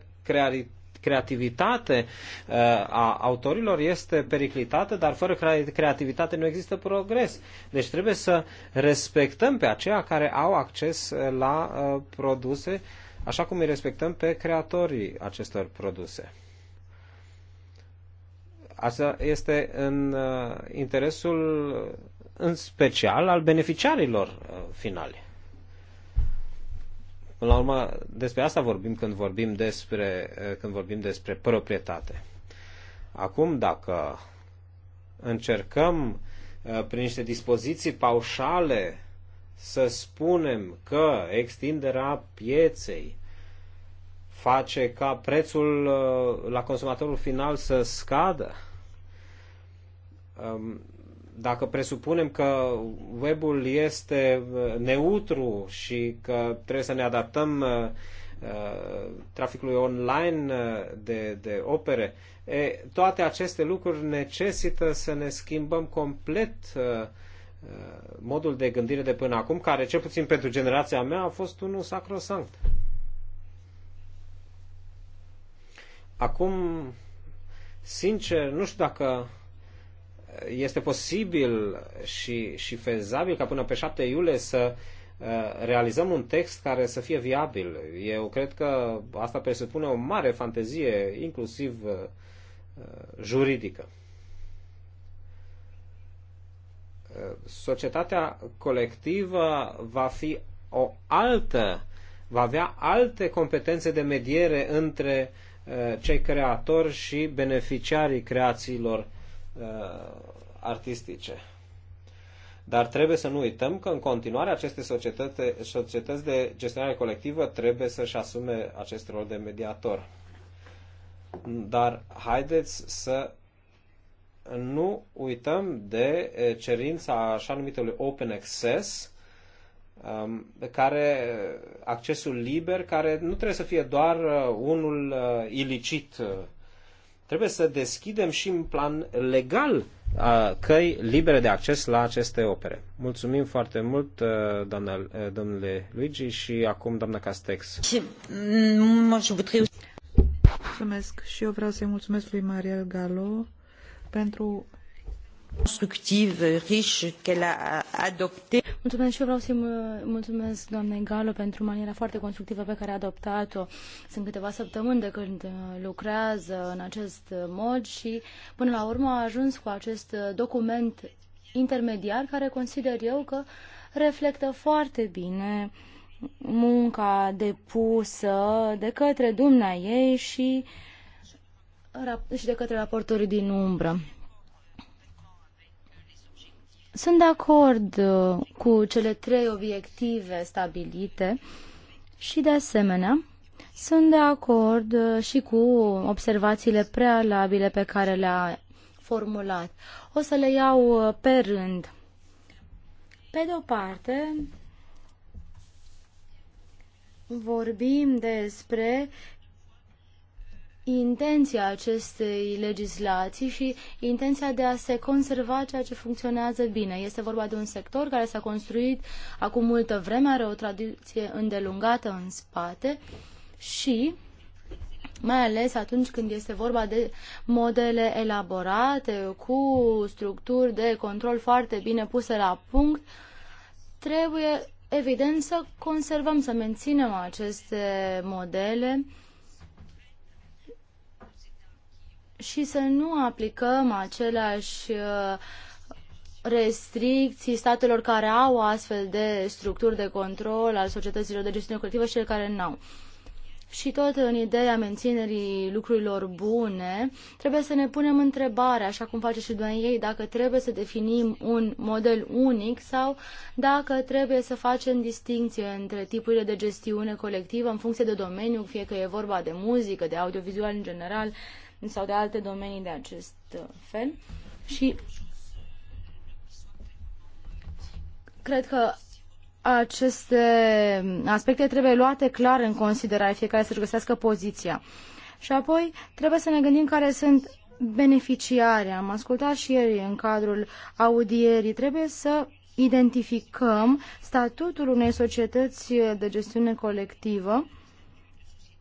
B: creativitate uh, a autorilor este periclitată, dar fără creativitate nu există progres. Deci trebuie să respectăm pe aceia care au acces la produse, așa cum îi respectăm pe creatorii acestor produse. Asta este în uh, interesul uh, în special al beneficiarilor uh, finale. Până la urmă, despre asta vorbim când vorbim despre, când vorbim despre proprietate. Acum, dacă încercăm prin niște dispoziții paușale să spunem că extinderea pieței face ca prețul la consumatorul final să scadă, Um, dacă presupunem că webul este uh, neutru și că trebuie să ne adaptăm uh, uh, traficului online de, de opere, e, toate aceste lucruri necesită să ne schimbăm complet modul de gândire de până acum, care cel puțin pentru generația mea a fost unul sacrosanct. Acum, sincer, nu știu dacă este posibil și, și fezabil ca până pe 7 iulie să uh, realizăm un text care să fie viabil. Eu cred că asta presupune o mare fantezie, inclusiv uh, uh, juridică. Societatea colectivă va fi o altă, va avea alte competențe de mediere între cei creatori și beneficiarii creațiilor Uh, artistice. Dar trebuie să nu uităm că în continuare aceste societăți, societăți de gestionare colectivă trebuie să-și asume acest rol de mediator. Dar haideți să nu uităm de cerința așa numitului open access, um, care, accesul liber, care nu trebuie să fie doar uh, unul uh, ilicit Trebuie să deschidem și în plan legal căi libere de acces la aceste opere. Mulțumim foarte mult, doamna, domnule Luigi, și acum doamna Castex.
C: Mm, mulțumesc și eu vreau să-i mulțumesc lui Mariel Galo pentru constructive, riche
A: qu'elle a adoptée.
D: Mulțumesc și eu vreau să-i mulțumesc doamnei Galo pentru maniera foarte constructivă pe care a adoptat-o. Sunt câteva săptămâni de când uh, lucrează în acest mod și până la urmă a ajuns cu acest document intermediar care consider eu că reflectă foarte bine munca depusă de către dumnea ei și, și de către raportorii din umbră. Sunt de acord uh, cu cele trei obiective stabilite și, de asemenea, sunt de acord uh, și cu observațiile prealabile pe care le-a formulat. O să le iau uh, pe rând. Pe de o parte, vorbim despre intenția acestei legislații și intenția de a se conserva ceea ce funcționează bine. Este vorba de un sector care s-a construit acum multă vreme, are o tradiție îndelungată în spate și mai ales atunci când este vorba de modele elaborate cu structuri de control foarte bine puse la punct, trebuie evident să conservăm, să menținem aceste modele și să nu aplicăm aceleași uh, restricții statelor care au astfel de structuri de control al societăților de gestiune colectivă și cele care nu au. Și tot în ideea menținerii lucrurilor bune, trebuie să ne punem întrebarea, așa cum face și doamna ei, dacă trebuie să definim un model unic sau dacă trebuie să facem distinție între tipurile de gestiune colectivă în funcție de domeniu, fie că e vorba de muzică, de audiovizual în general, sau de alte domenii de acest uh, fel și cred că aceste aspecte trebuie luate clar în considerare, fiecare să-și găsească poziția. Și apoi trebuie să ne gândim care sunt beneficiarii. Am ascultat și ieri în cadrul audierii. Trebuie să identificăm statutul unei societăți de gestiune colectivă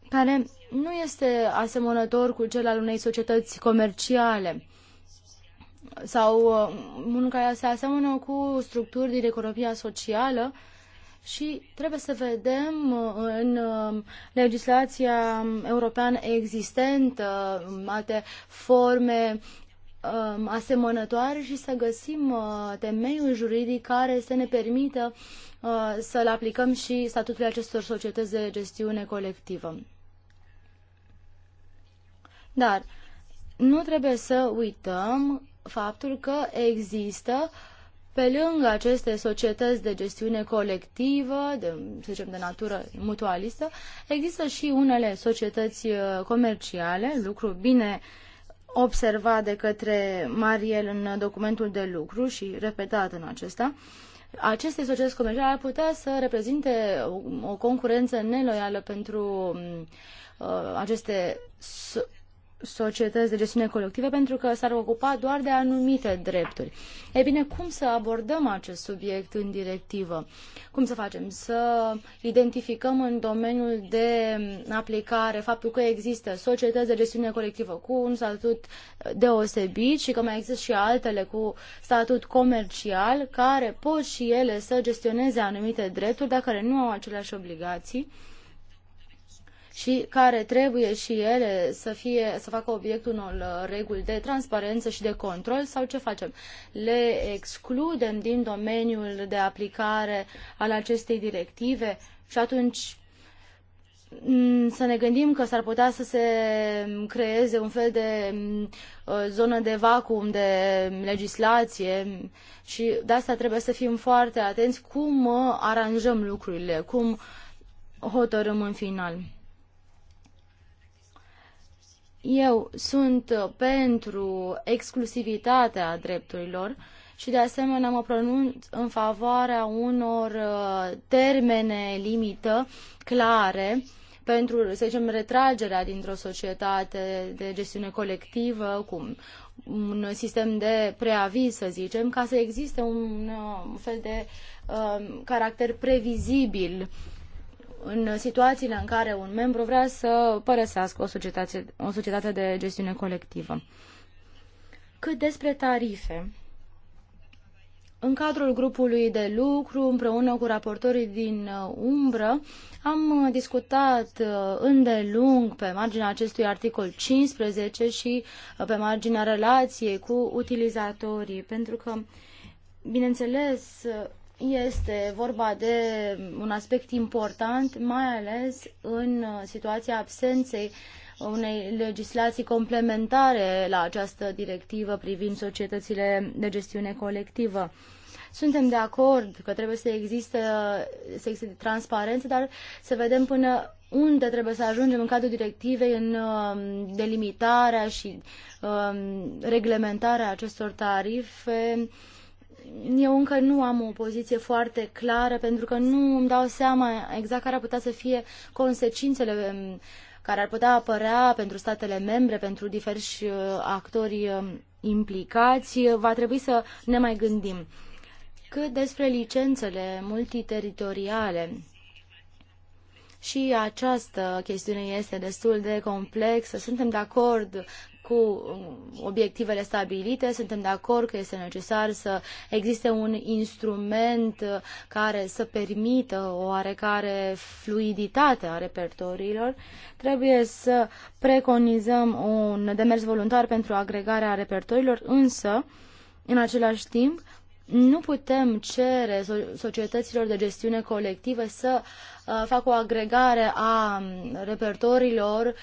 D: care nu este asemănător cu cel al unei societăți comerciale sau uh, unul care se asemănă cu structuri din economia socială și trebuie să vedem uh, în uh, legislația europeană existentă um, alte forme um, asemănătoare și să găsim temeiul juridic care să ne permită să-l aplicăm și statutului acestor societăți de gestiune colectivă. Dar nu trebuie să uităm faptul că există pe lângă aceste societăți de gestiune colectivă, de, să zicem de natură mutualistă, există și unele societăți uh, comerciale, lucru bine observat de către Mariel în documentul de lucru și repetat în acesta, aceste societăți comerciale ar putea să reprezinte o, o concurență neloială pentru mm, uh, aceste societăți de gestiune colectivă, pentru că s-ar ocupa doar de anumite drepturi. E bine, cum să abordăm acest subiect în directivă? Cum să facem? Să identificăm în domeniul de aplicare faptul că există societăți de gestiune colectivă cu un statut deosebit și că mai există și altele cu statut comercial care pot și ele să gestioneze anumite drepturi, dar care nu au aceleași obligații și care trebuie și ele să, fie, să facă obiectul unor uh, reguli de transparență și de control sau ce facem? Le excludem din domeniul de aplicare al acestei directive și atunci mm, să ne gândim că s-ar putea să se creeze un fel de mm, uh, zonă de vacuum de legislație și de asta trebuie să fim foarte atenți cum aranjăm lucrurile, cum hotărâm în final. Eu sunt pentru exclusivitatea drepturilor și de asemenea mă pronunț în favoarea unor uh, termene limită clare pentru, să zicem, retragerea dintr-o societate de gestiune colectivă, cu un sistem de preaviz, să zicem, ca să existe un uh, fel de uh, caracter previzibil în situațiile în care un membru vrea să părăsească o societate, o societate de gestiune colectivă. Cât despre tarife, în cadrul grupului de lucru, împreună cu raportorii din uh, umbră, am uh, discutat uh, îndelung pe marginea acestui articol 15 și pe marginea relației cu utilizatorii, pentru că, bineînțeles, este vorba de un aspect important, mai ales în situația absenței unei legislații complementare la această directivă privind societățile de gestiune colectivă. Suntem de acord că trebuie să existe, să existe transparență, dar să vedem până unde trebuie să ajungem în cadrul directivei în um, delimitarea și um, reglementarea acestor tarife eu încă nu am o poziție foarte clară pentru că nu îmi dau seama exact care ar putea să fie consecințele um, care ar putea apărea pentru statele membre, pentru diferiți uh, actori um, implicați. Va trebui să ne mai gândim. Cât despre licențele multiteritoriale, și această chestiune este destul de complexă. Suntem de acord cu um, obiectivele stabilite. Suntem de acord că este necesar să existe un instrument uh, care să permită o oarecare fluiditate a repertoriilor. Trebuie să preconizăm un demers voluntar pentru agregarea repertoriilor, însă, în același timp, nu putem cere societăților de gestiune colectivă să uh, facă o agregare a um, repertorilor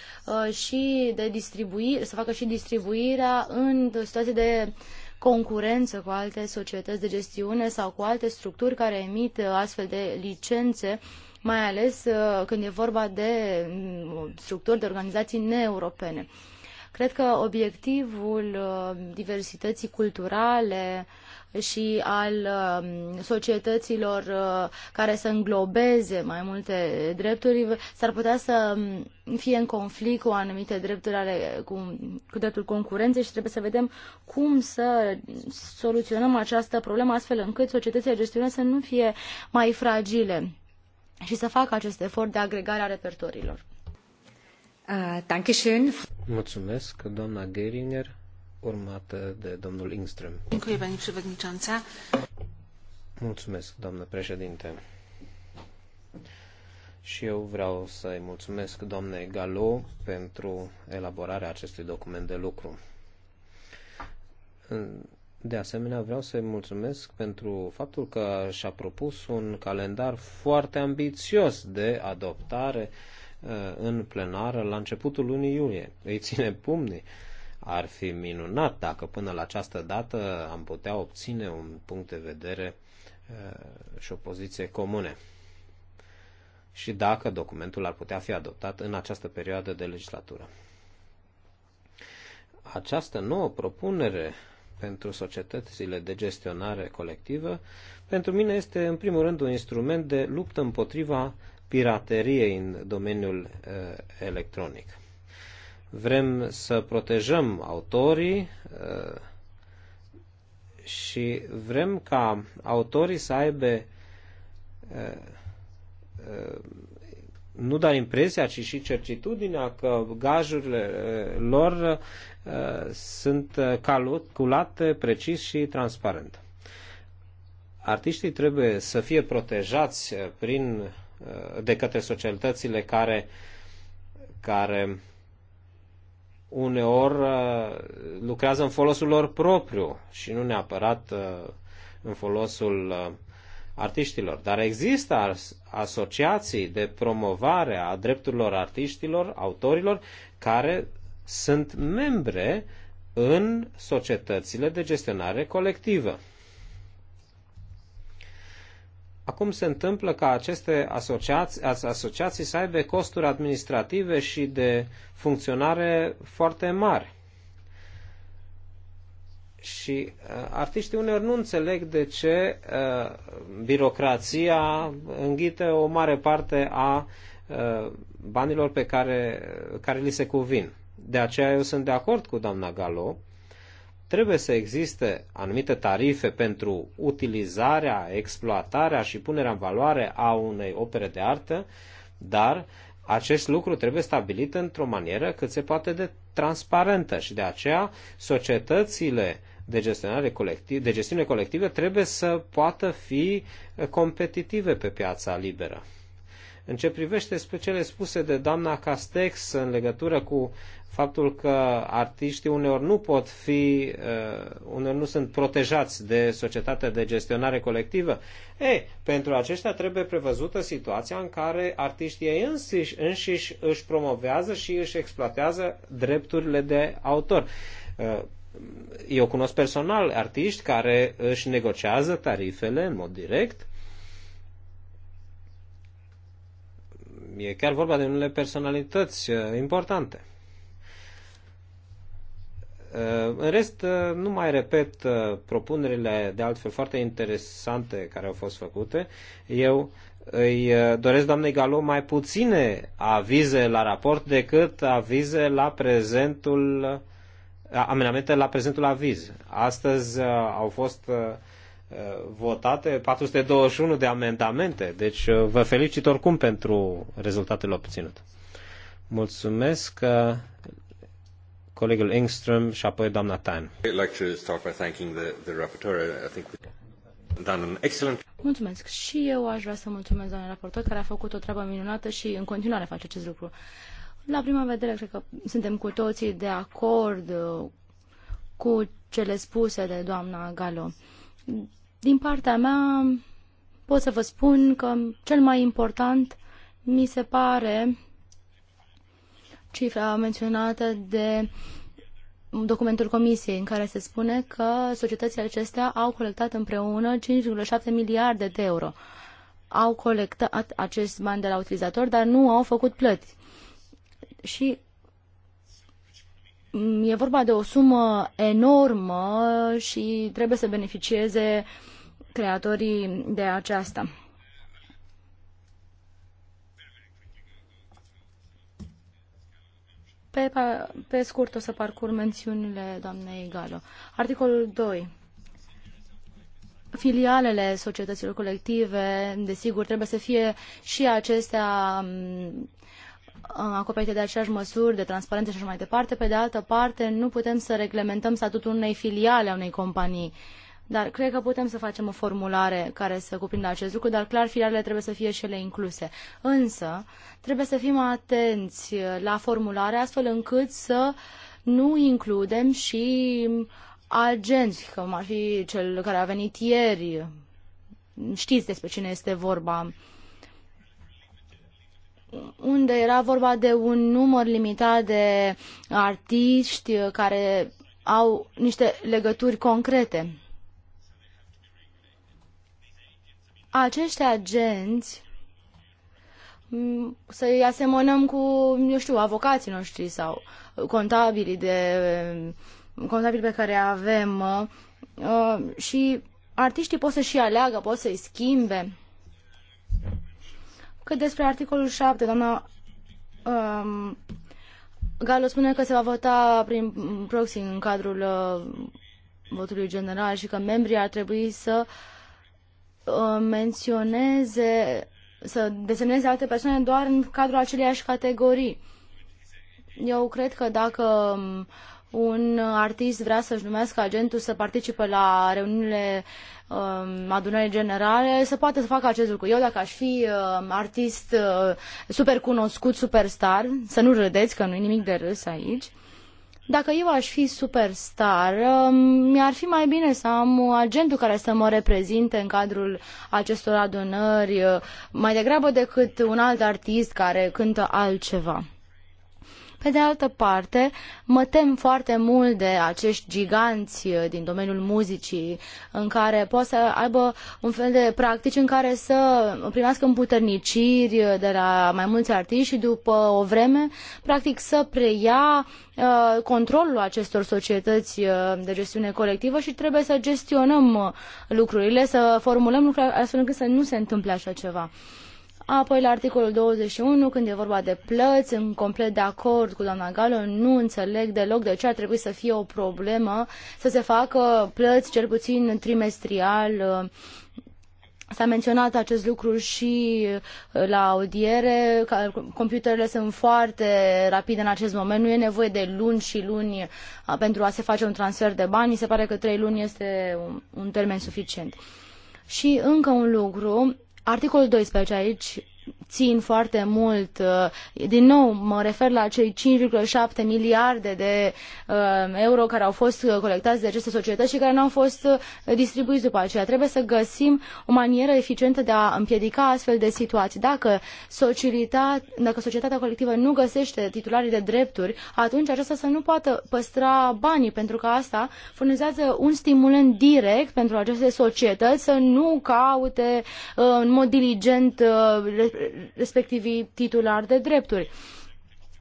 D: uh, și de distribuire, să facă și distribuirea în situații de concurență cu alte societăți de gestiune sau cu alte structuri care emit uh, astfel de licențe, mai ales când e vorba de um, structuri de organizații neeuropene. Cred că obiectivul diversității culturale, și al um, societăților uh, care să înglobeze mai multe drepturi, s-ar putea să um, fie în conflict cu anumite drepturi ale, cu, cu dreptul concurenței și trebuie să vedem cum să soluționăm această problemă astfel încât societățile gestionate să nu fie mai fragile și să facă acest efort de agregare a repertorilor. Uh,
B: Mulțumesc, doamna Geringer urmată de domnul Ingström. Mulțumesc, doamnă președinte. Și eu vreau să-i mulțumesc doamnei Galo pentru elaborarea acestui document de lucru. De asemenea, vreau să-i mulțumesc pentru faptul că și-a propus un calendar foarte ambițios de adoptare uh, în plenară la începutul lunii iulie. Îi ține pumnii ar fi minunat dacă până la această dată am putea obține un punct de vedere uh, și o poziție comune. Și dacă documentul ar putea fi adoptat în această perioadă de legislatură. Această nouă propunere pentru societățile de gestionare colectivă, pentru mine este în primul rând un instrument de luptă împotriva pirateriei în domeniul uh, electronic. Vrem să protejăm autorii uh, și vrem ca autorii să aibă uh, uh, nu doar impresia, ci și certitudinea că gajurile lor sunt calculate precis și transparent. Artiștii trebuie să fie protejați prin, de către societățile care, care uneori uh, lucrează în folosul lor propriu și nu neapărat uh, în folosul uh, artiștilor. Dar există asociații de promovare a drepturilor artiștilor, autorilor, care sunt membre în societățile de gestionare colectivă. Acum se întâmplă ca aceste asociații, asociații să aibă costuri administrative și de funcționare foarte mari. Și uh, artiștii uneori nu înțeleg de ce uh, birocrația înghite o mare parte a uh, banilor pe care, care li se cuvin. De aceea eu sunt de acord cu doamna Galo Trebuie să existe anumite tarife pentru utilizarea, exploatarea și punerea în valoare a unei opere de artă, dar acest lucru trebuie stabilit într-o manieră cât se poate de transparentă și de aceea societățile de gestionare colectiv, de gestiune colectivă trebuie să poată fi competitive pe piața liberă. În ce privește spre cele spuse de doamna Castex în legătură cu faptul că artiștii uneori nu pot fi, uh, uneori nu sunt protejați de societatea de gestionare colectivă, e, pentru aceștia trebuie prevăzută situația în care artiștii ei înșiși, înșiși își promovează și își exploatează drepturile de autor uh, eu cunosc personal artiști care își negociază tarifele în mod direct e chiar vorba de unele personalități uh, importante. Uh, în rest, uh, nu mai repet propunerile de altfel foarte interesante care au fost făcute. Eu îi doresc doamnei Galo mai puține avize la raport decât avize la prezentul amenamente la prezentul aviz. Astăzi au fost Uh, votate 421 de amendamente. Deci uh, vă felicit oricum pentru rezultatele obținute. Mulțumesc uh, colegul Engström și apoi doamna Tan.
D: Mulțumesc. Și eu aș vrea să mulțumesc doamna raportor care a făcut o treabă minunată și în continuare face acest lucru. La prima vedere, cred că suntem cu toții de acord cu cele spuse de doamna Galo. Din partea mea pot să vă spun că cel mai important mi se pare cifra menționată de documentul Comisiei, în care se spune că societățile acestea au colectat împreună 5,7 miliarde de euro. Au colectat acest bani de la utilizatori, dar nu au făcut plăți. Și e vorba de o sumă enormă și trebuie să beneficieze uh, creatorii de aceasta. Pe, pe scurt o să parcur mențiunile doamnei Galo. Articolul 2. Filialele societăților colective, desigur, trebuie să fie și acestea mm, acoperite de aceeași măsuri de transparență și așa mai departe. Pe de altă parte, nu putem să reglementăm statutul unei filiale a unei companii. Uh, dar cred că putem să facem o formulare care să cuprindă acest lucru, dar clar filialele trebuie să fie și ele incluse. Însă, trebuie să fim atenți la formulare astfel încât să nu includem și agenți, cum ar fi cel care a venit ieri. Știți despre cine este vorba unde era vorba de un număr limitat de artiști care au niște legături concrete. acești agenți mm, să-i asemănăm cu, nu știu, avocații noștri sau contabilii de contabili pe care avem uh, și artiștii pot să-și aleagă, pot să-i schimbe. Cât despre articolul 7, doamna um, Galo spune că se va vota prin proxy în cadrul uh, votului general și că membrii ar trebui să uh, Uh, menționeze, să desemneze alte persoane doar în cadrul aceleiași categorii. Eu cred că dacă um, un artist vrea să-și numească agentul să participe la reuniunile um, adunării generale, se poate să facă acest lucru. Eu, dacă aș fi um, artist uh, super cunoscut, superstar, să nu râdeți, că nu i nimic de râs aici, dacă eu aș fi superstar, um, mi-ar fi mai bine să am agentul care să mă reprezinte în cadrul acestor adunări, uh, mai degrabă decât un alt artist care cântă altceva. Pe de altă parte, mă tem foarte mult de acești giganți uh, din domeniul muzicii, în care poate să aibă un fel de practici în care să primească împuterniciri uh, de la mai mulți artiști și după o vreme, practic, să preia uh, controlul acestor societăți de gestiune colectivă și trebuie să gestionăm lucrurile, să formulăm lucrurile astfel încât să nu se întâmple așa ceva. Apoi la articolul 21, când e vorba de plăți, în complet de acord cu doamna Galo, nu înțeleg deloc de ce ar trebui să fie o problemă să se facă plăți cel puțin trimestrial. S-a menționat acest lucru și uh, la audiere, că computerele sunt foarte rapide în acest moment, nu e nevoie de luni și luni uh, pentru a se face un transfer de bani, mi se pare că trei luni este un termen suficient. Și încă un lucru, Articolul doisprezece aici țin foarte mult. Uh, din nou, mă refer la cei 5,7 miliarde de uh, euro care au fost uh, colectați de aceste societăți și care nu au fost distribuiți după aceea. Trebuie să găsim o manieră eficientă de a împiedica astfel de situații. Dacă, dacă societatea colectivă nu găsește titularii de drepturi, atunci aceasta să nu poată păstra banii, pentru că asta furnizează un stimulant direct pentru aceste societăți să nu caute în mod diligent respectivii titulari de drepturi.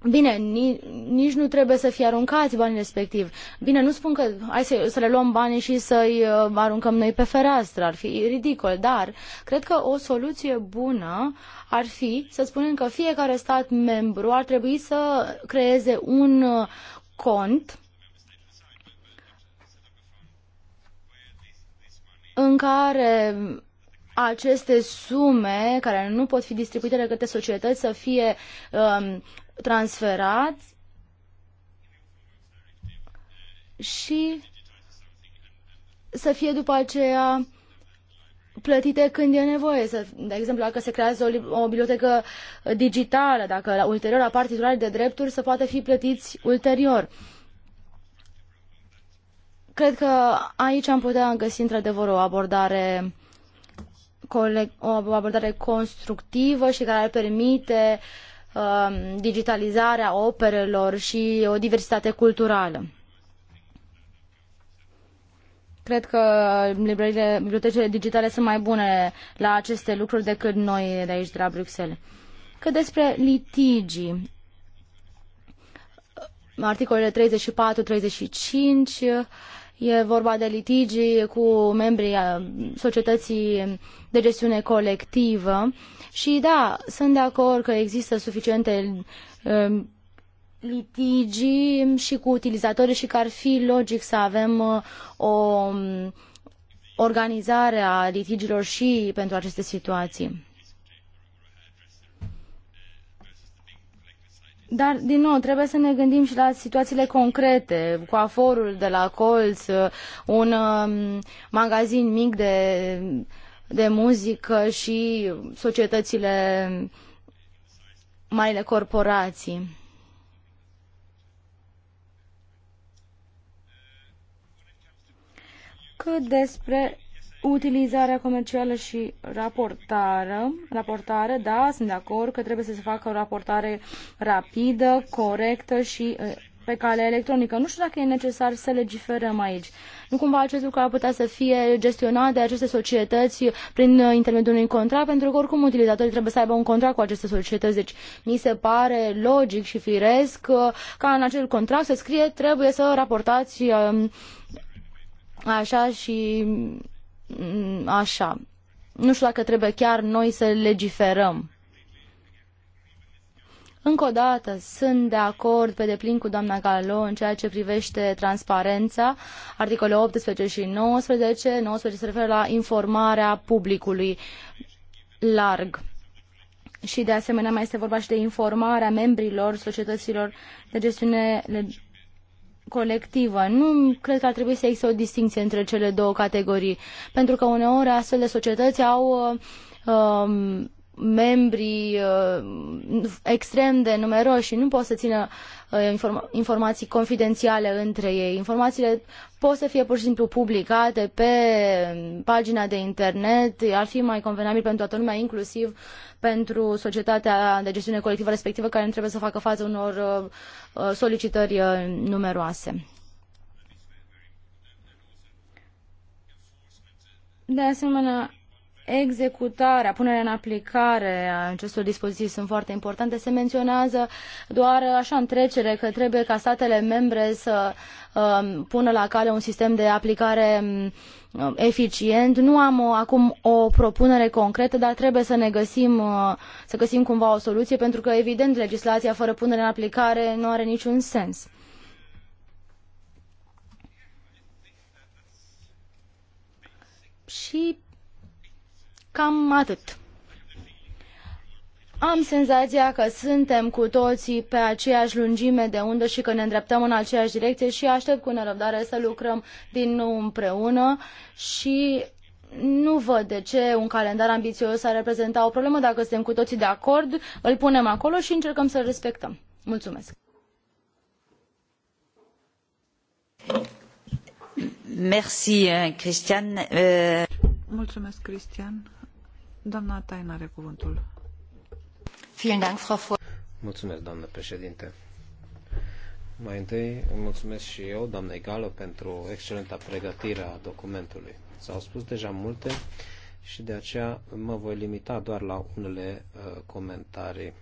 D: Bine, ni, nici nu trebuie să fie aruncați banii respectiv. Bine, nu spun că hai să, să le luăm banii și să-i uh, aruncăm noi pe fereastră, ar fi ridicol, dar cred că o soluție bună ar fi să spunem că fiecare stat membru ar trebui să creeze un uh, cont în care aceste sume care nu pot fi distribuite de către societăți să fie um, transferați și să fie după aceea plătite când e nevoie. Să, de exemplu, dacă se creează o, o bibliotecă digitală, dacă ulterior apar titulari de drepturi, să poată fi plătiți ulterior. Cred că aici am putea găsi într-adevăr o abordare o abordare constructivă și care ar permite uh, digitalizarea operelor și o diversitate culturală. Cred că bibliotecile digitale sunt mai bune la aceste lucruri decât noi de aici, de la Bruxelles. Că despre litigii, articolele 34-35, E vorba de litigii cu membrii uh, societății de gestiune colectivă și da, sunt de acord că există suficiente uh, litigii și cu utilizatorii și că ar fi logic să avem uh, o um, organizare a litigilor și pentru aceste situații. Dar, din nou, trebuie să ne gândim și la situațiile concrete, cu aforul de la colț, un um, magazin mic de, de muzică și societățile, marile corporații. Cât despre Utilizarea comercială și raportare, raportare, da, sunt de acord că trebuie să se facă o raportare rapidă, corectă și pe cale electronică. Nu știu dacă e necesar să legiferăm aici. Nu cumva acest lucru ar putea să fie gestionat de aceste societăți prin uh, intermediul unui contract, pentru că oricum utilizatorii trebuie să aibă un contract cu aceste societăți. Deci mi se pare logic și firesc uh, ca în acel contract să scrie trebuie să raportați um, așa și Mm, așa. Nu știu dacă trebuie chiar noi să legiferăm. Încă o dată, sunt de acord pe deplin cu doamna Galo în ceea ce privește transparența, articole 18 și 19. 19 se referă la informarea publicului larg. Și de asemenea mai este vorba și de informarea membrilor societăților de gestiune colectivă. Nu cred că ar trebui să existe o distinție între cele două categorii, pentru că uneori astfel de societăți au uh, membri uh, extrem de numeroși și nu pot să țină uh, informații confidențiale între ei. Informațiile pot să fie pur și simplu publicate pe pagina de internet, ar fi mai convenabil pentru toată lumea, inclusiv pentru societatea de gestiune colectivă respectivă care nu trebuie să facă față unor uh, solicitări numeroase. De asemenea, executarea, punerea în aplicare a acestor dispoziții sunt foarte importante. Se menționează doar așa în trecere că trebuie ca statele membre să uh, pună la cale un sistem de aplicare uh, eficient. Nu am uh, acum o propunere concretă, dar trebuie să ne găsim, uh, să găsim cumva o soluție, pentru că evident legislația fără punere în aplicare nu are niciun sens. Și Cam atât. Am senzația că suntem cu toții pe aceeași lungime de undă și că ne îndreptăm în aceeași direcție și aștept cu nerăbdare să lucrăm din nou împreună și nu văd de ce un calendar ambițios ar reprezenta o problemă. Dacă suntem cu toții de acord, îl punem acolo și încercăm să-l respectăm. Mulțumesc!
C: Merci, Cristian. Euh, Mulțumesc, Cristian. Doamna Tain are cuvântul.
B: Mulțumesc, doamnă președinte. Mai întâi mulțumesc și eu, doamnei Galo, pentru excelenta pregătire a documentului. S-au spus deja multe și de aceea mă voi limita doar la unele uh, comentarii.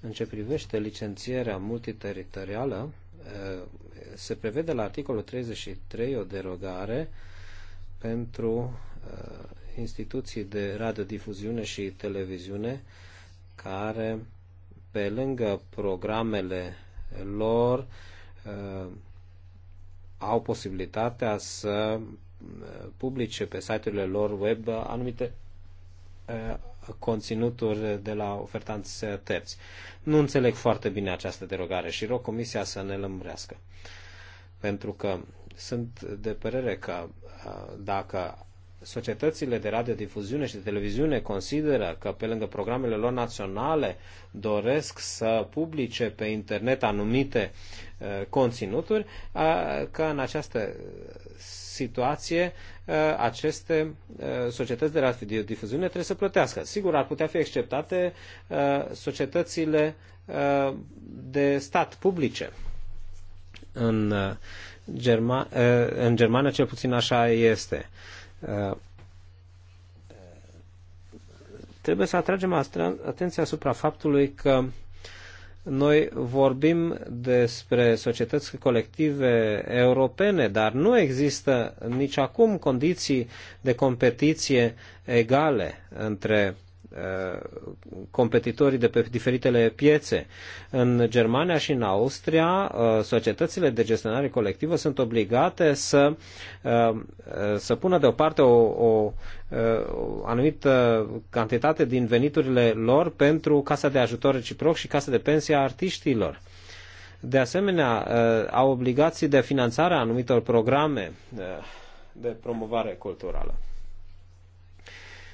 B: În ce privește licențierea multiteritorială, uh, se prevede la articolul 33 o derogare pentru uh, instituții de radiodifuziune și televiziune care, pe lângă programele lor, uh, au posibilitatea să uh, publice pe site-urile lor web anumite uh, conținuturi de la ofertanți terți. Nu înțeleg foarte bine această derogare și rog Comisia să ne lămurească. Pentru că sunt de părere că dacă societățile de radiodifuziune și de televiziune consideră că pe lângă programele lor naționale doresc să publice pe internet anumite uh, conținuturi, că în această situație uh, aceste uh, societăți de radiodifuziune trebuie să plătească. Sigur, ar putea fi exceptate societățile de stat publice în, Germa- în Germania cel puțin așa este. Trebuie să atragem atenția asupra faptului că noi vorbim despre societăți colective europene, dar nu există nici acum condiții de competiție egale între Uh, competitorii de pe diferitele piețe. În Germania și în Austria, uh, societățile de gestionare colectivă sunt obligate să, uh, să pună deoparte o, o anumită cantitate din veniturile lor pentru casa de ajutor reciproc și casa de pensie a artiștilor. De asemenea, au obligații de finanțare a anumitor programe de promovare culturală.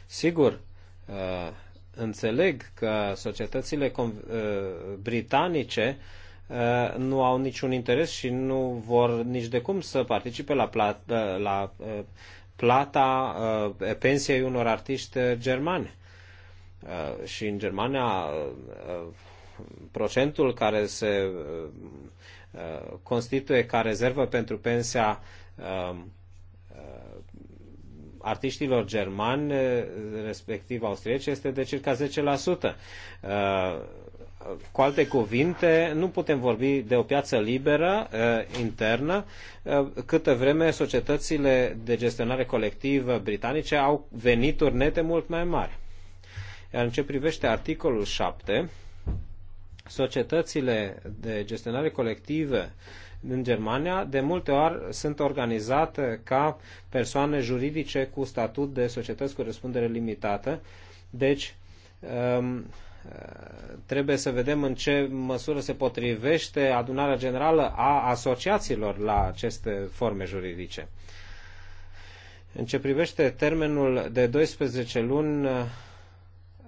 B: Sigur, Uh, înțeleg că societățile uh, britanice uh, nu au niciun interes și nu vor nici de cum să participe la, plata, la plata pensiei unor artiști germani. Și în Germania procentul care se constituie ca rezervă pentru pensia artiștilor germani, eh, respectiv austrieci, este de circa 10%. Eh, cu alte cuvinte, nu putem vorbi de o piață liberă, eh, internă, câtă vreme societățile de gestionare colectivă britanice au venituri nete mult mai mari. Iar în ce privește articolul 7, Societățile de gestionare colective în Germania de multe ori sunt organizate ca persoane juridice cu statut de societăți cu răspundere limitată. Deci, um, trebuie să vedem în ce măsură se potrivește adunarea generală a asociațiilor la aceste forme juridice. În ce privește termenul de 12 luni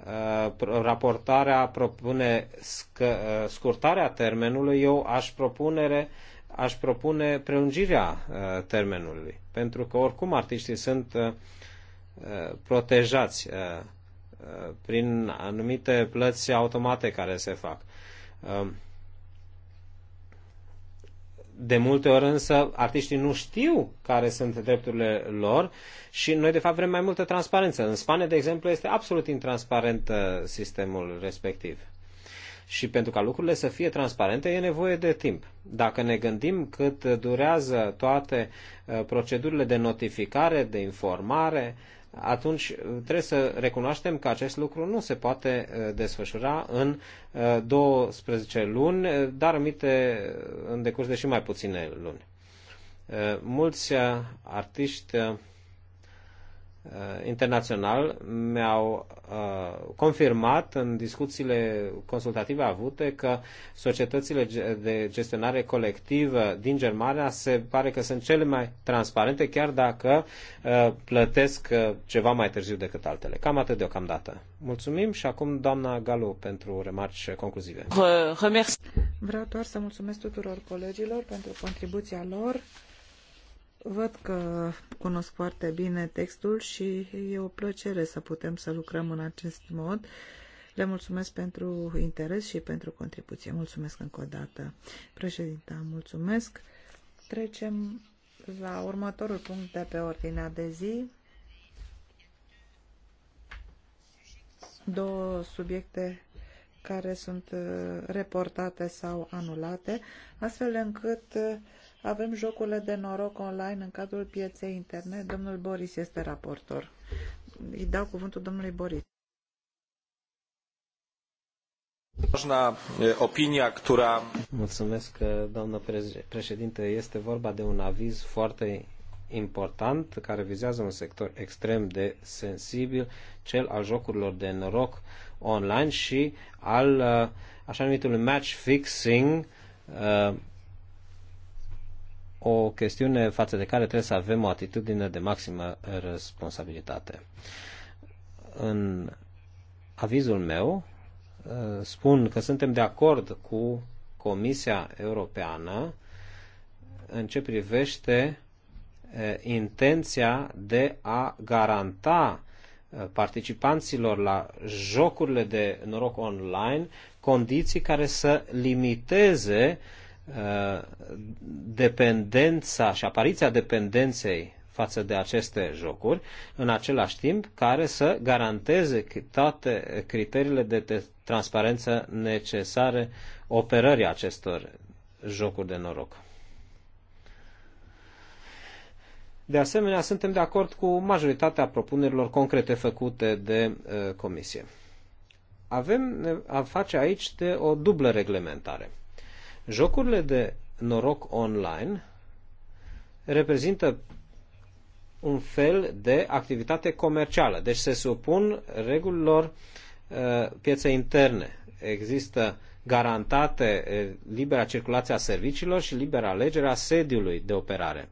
B: Uh, raportarea propune uh, scurtarea termenului, eu aș, propunere, aș propune prelungirea uh, termenului, pentru că oricum artiștii sunt protejați prin anumite plăți automate care se fac. De multe ori însă artiștii nu știu care sunt drepturile lor și noi de fapt vrem mai multă transparență. În Spania, de exemplu, este absolut intransparent uh, sistemul respectiv. Și pentru ca lucrurile să fie transparente e nevoie de timp. Dacă ne gândim cât durează toate uh, procedurile de notificare, de informare, atunci trebuie să recunoaștem că acest lucru nu se poate uh, desfășura în 12 uh, luni, uh, dar aminte în decurs de și mai puține luni. Mulți artiști Uh, internațional mi-au uh, confirmat în discuțiile consultative avute că societățile de gestionare colectivă din Germania se pare că sunt cele mai transparente, chiar dacă uh, plătesc ceva mai târziu decât altele. Cam atât deocamdată. Mulțumim și acum doamna Galu pentru remarci concluzive.
C: Vreau doar să mulțumesc tuturor colegilor pentru contribuția lor Văd că cunosc foarte bine textul și e o plăcere să putem să lucrăm în acest mod. Le mulțumesc pentru interes și pentru contribuție. Mulțumesc încă o dată. Președinta, mulțumesc. Trecem la următorul punct de pe ordinea de zi. Două subiecte care sunt uh, reportate sau anulate, astfel încât uh, avem jocurile de noroc online în cadrul pieței internet. Domnul Boris este raportor.
B: Îi dau cuvântul domnului Boris. Ważna opinia, która... Mulțumesc, doamnă președinte. Este vorba de un aviz foarte important care vizează un sector extrem de sensibil, cel al jocurilor de noroc online și al așa numitului match fixing o chestiune față de care trebuie să avem o atitudine de maximă responsabilitate. În avizul meu uh, spun că suntem de acord cu Comisia Europeană în ce privește uh, intenția de a garanta uh, participanților la jocurile de noroc online condiții care să limiteze uh, dependența și apariția dependenței față de aceste jocuri, în același timp care să garanteze toate criteriile de transparență necesare operării acestor jocuri de noroc. De asemenea, suntem de acord cu majoritatea propunerilor concrete făcute de uh, comisie. Avem a face aici de o dublă reglementare. Jocurile de noroc online reprezintă un fel de activitate comercială, deci se supun regulilor uh, pieței interne. Există garantate uh, libera circulație a serviciilor și libera alegere a sediului de operare.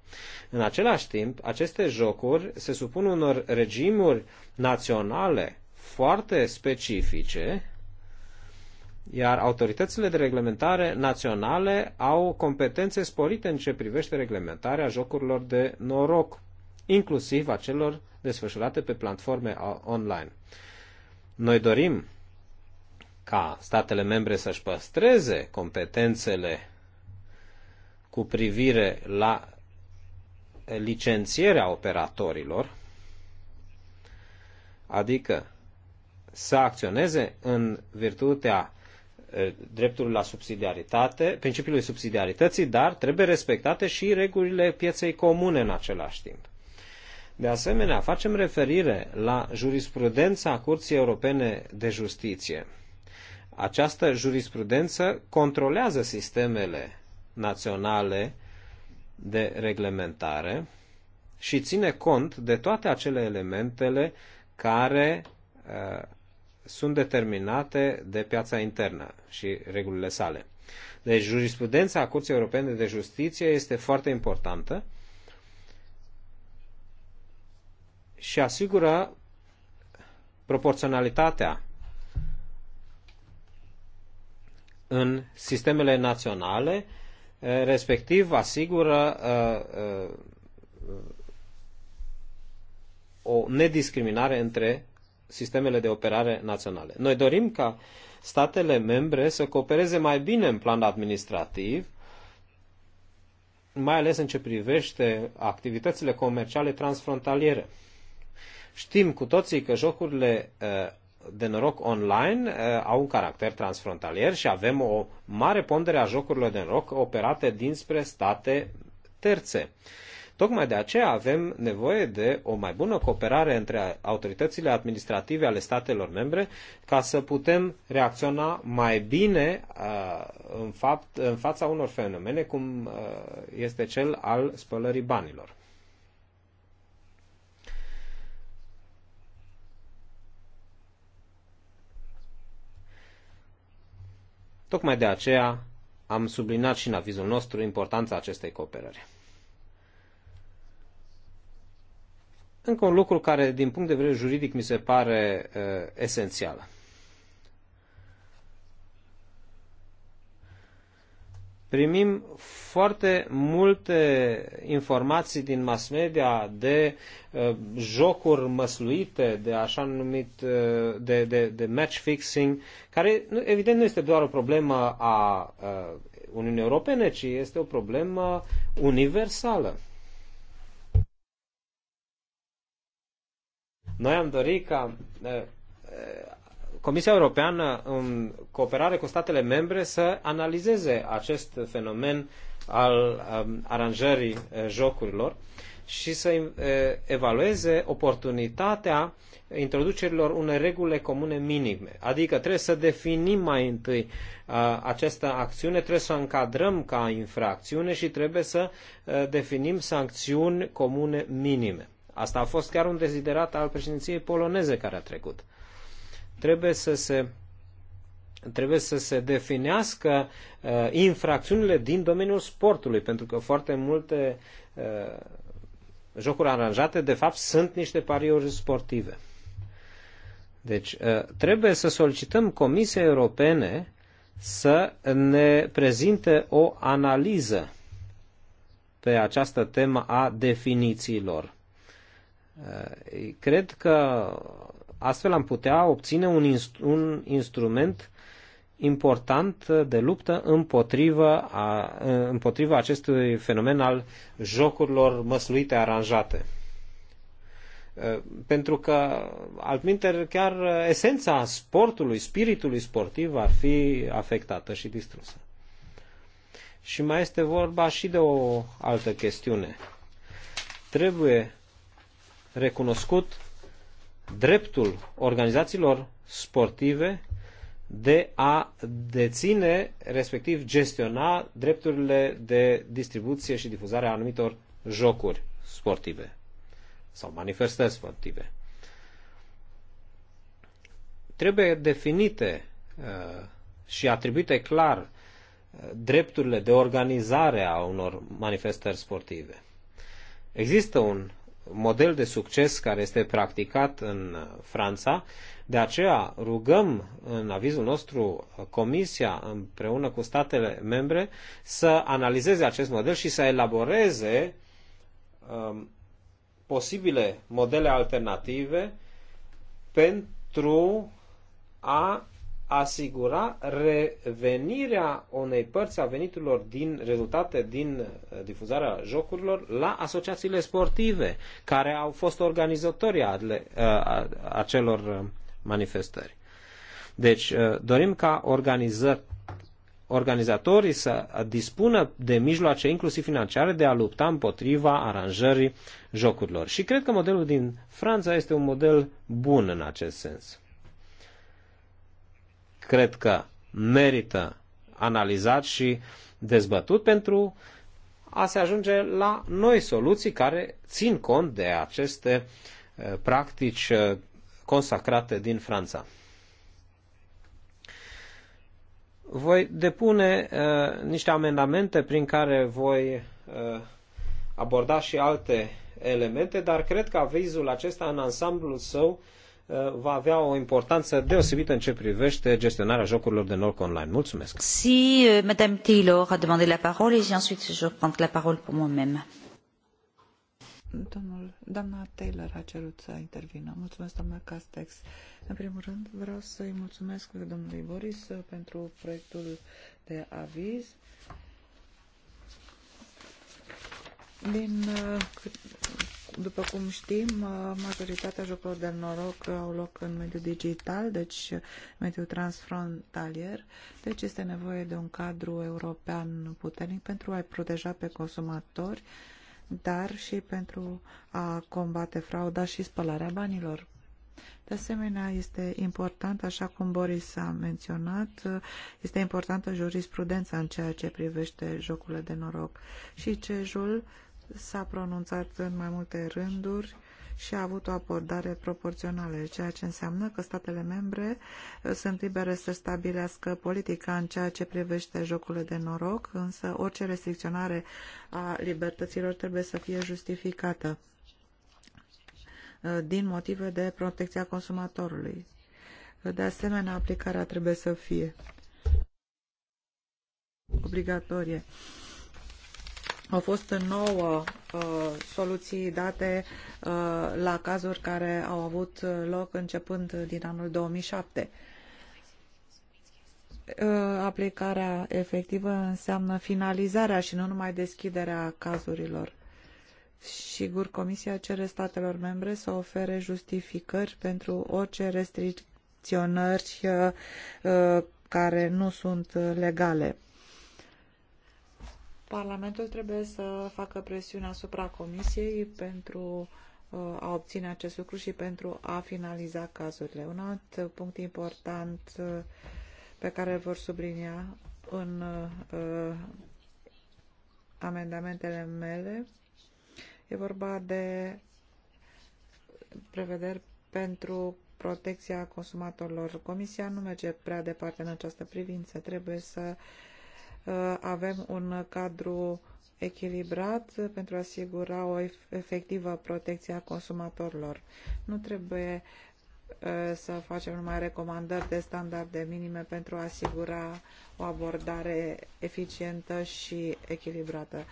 B: În același timp, aceste jocuri se supun unor regimuri naționale foarte specifice iar autoritățile de reglementare naționale au competențe sporite în ce privește reglementarea jocurilor de noroc, inclusiv a celor desfășurate pe platforme online. Noi dorim ca statele membre să-și păstreze competențele cu privire la licențierea operatorilor, adică să acționeze în virtutea Eh, dreptul la subsidiaritate, principiului subsidiarității, dar trebuie respectate și regulile pieței comune în același timp. De asemenea, facem referire la jurisprudența Curții Europene de Justiție. Această jurisprudență controlează sistemele naționale de reglementare și ține cont de toate acele elementele care uh, sunt determinate de piața internă și regulile sale. Deci jurisprudența a Curții Europene de Justiție este foarte importantă și asigură proporționalitatea în sistemele naționale, eh, respectiv asigură eh, eh, o nediscriminare între sistemele de operare naționale. Noi dorim ca statele membre să coopereze mai bine în plan administrativ, mai ales în ce privește activitățile comerciale transfrontaliere. Știm cu toții că jocurile eh, de noroc online eh, au un caracter transfrontalier și avem o mare pondere a jocurilor de noroc operate dinspre state terțe. Uh, Tocmai de aceea avem nevoie de o mai bună cooperare între autoritățile administrative ale statelor membre ca să putem reacționa mai bine uh, în, fapt, în fața unor fenomene cum uh, este cel al spălării banilor. Tocmai de aceea am subliniat și în avizul nostru importanța acestei cooperări. încă un lucru care, din punct de vedere juridic, mi se pare uh, esențial. Primim foarte multe informații din mass media de uh, jocuri măsluite, de așa numit, uh, de, de, de match fixing, care nu, evident nu este doar o problemă a uh, Uniunii Europene, ci este o problemă universală. Noi am dorit ca uh, uh, Comisia Europeană, în cooperare cu statele membre, să analizeze acest fenomen al um, aranjării uh, jocurilor și să evalueze oportunitatea introducerilor unei reguli comune minime. Adică trebuie să definim mai întâi această acțiune, trebuie să o încadrăm ca infracțiune și trebuie să definim sancțiuni comune minime. Asta a fost chiar un deziderat al președinției poloneze care a trecut. Trebuie să se trebuie să se definească uh, infracțiunile din domeniul sportului, pentru că foarte multe uh, jocuri aranjate, de fapt, sunt niște pariuri sportive. Deci, uh, trebuie să solicităm Comisiei Europene să ne prezinte o analiză pe această temă a definițiilor Eh, cred că astfel am putea obține un, inst- un instrument important de luptă împotriva, a, eh, împotriva acestui fenomen al jocurilor măsluite aranjate. Eh, pentru că, altminteri, chiar esența sportului, spiritului sportiv ar fi afectată și distrusă. Și mai este vorba și de o altă chestiune. Trebuie recunoscut dreptul organizațiilor sportive de a deține, respectiv gestiona, drepturile de distribuție și difuzare a anumitor jocuri sportive sau manifestări sportive. Trebuie definite uh, și atribuite clar uh, drepturile de organizare a unor manifestări sportive. Există un model de succes care este practicat în Franța. De aceea rugăm în avizul nostru Comisia împreună cu statele membre să analizeze acest model și să elaboreze um, posibile modele alternative pentru a asigura revenirea unei părți a veniturilor din rezultate din uh, difuzarea jocurilor la asociațiile sportive care au fost organizatorii ale, uh, acelor uh, manifestări. Deci dorim ca organiză, organizatorii să dispună de mijloace, inclusiv financiare, de a lupta împotriva aranjării jocurilor. Și cred că modelul din Franța este un model bun în acest sens cred că merită analizat și dezbătut pentru a se ajunge la noi soluții care țin cont de aceste uh, practici uh, consacrate din Franța. Voi depune uh, niște amendamente prin care voi aborda și alte elemente, dar cred că avizul acesta în ansamblul său Uh, va avea o importanță deosebită în ce privește gestionarea jocurilor de noroc online. Mulțumesc!
A: Si uh, Madame Taylor a demandé la parole et ensuite je prends la parole pour moi-même.
C: Domnul, doamna Taylor a cerut să intervină. Mulțumesc, doamna Castex. În primul rând, vreau să-i mulțumesc domnului Boris pentru proiectul de aviz. Din uh, după cum știm, uh, majoritatea jocurilor de noroc au loc în mediul digital, deci uh, mediul transfrontalier, deci este nevoie de un cadru european puternic pentru a-i proteja pe consumatori, dar și pentru a combate frauda și spălarea banilor. De asemenea, este important, așa cum Boris a menționat, uh, este importantă jurisprudența în ceea ce privește jocurile de noroc. Și cejul s-a pronunțat în mai multe rânduri și a avut o abordare proporțională, ceea ce înseamnă că statele membre uh, sunt libere să stabilească politica în ceea ce privește jocurile de noroc, însă orice restricționare a libertăților trebuie să fie justificată uh, din motive de protecția consumatorului. Uh, de asemenea, aplicarea trebuie să fie obligatorie. Au fost nouă uh, soluții date uh, la cazuri care au avut loc începând din anul 2007. Uh, aplicarea efectivă înseamnă finalizarea și nu numai deschiderea cazurilor. Sigur, Comisia cere statelor membre să ofere justificări pentru orice restricționări uh, uh, care nu sunt legale Parlamentul trebuie să facă presiune asupra Comisiei pentru uh, a obține acest lucru și pentru a finaliza cazurile. Un alt punct important uh, pe care îl vor sublinia în uh, amendamentele mele e vorba de prevederi pentru protecția consumatorilor. Comisia nu merge prea departe în această privință. Trebuie să uh, avem un cadru echilibrat pentru a asigura o efectivă protecție a consumatorilor. Nu trebuie uh, să facem numai recomandări de standarde minime pentru a asigura o abordare eficientă și echilibrată.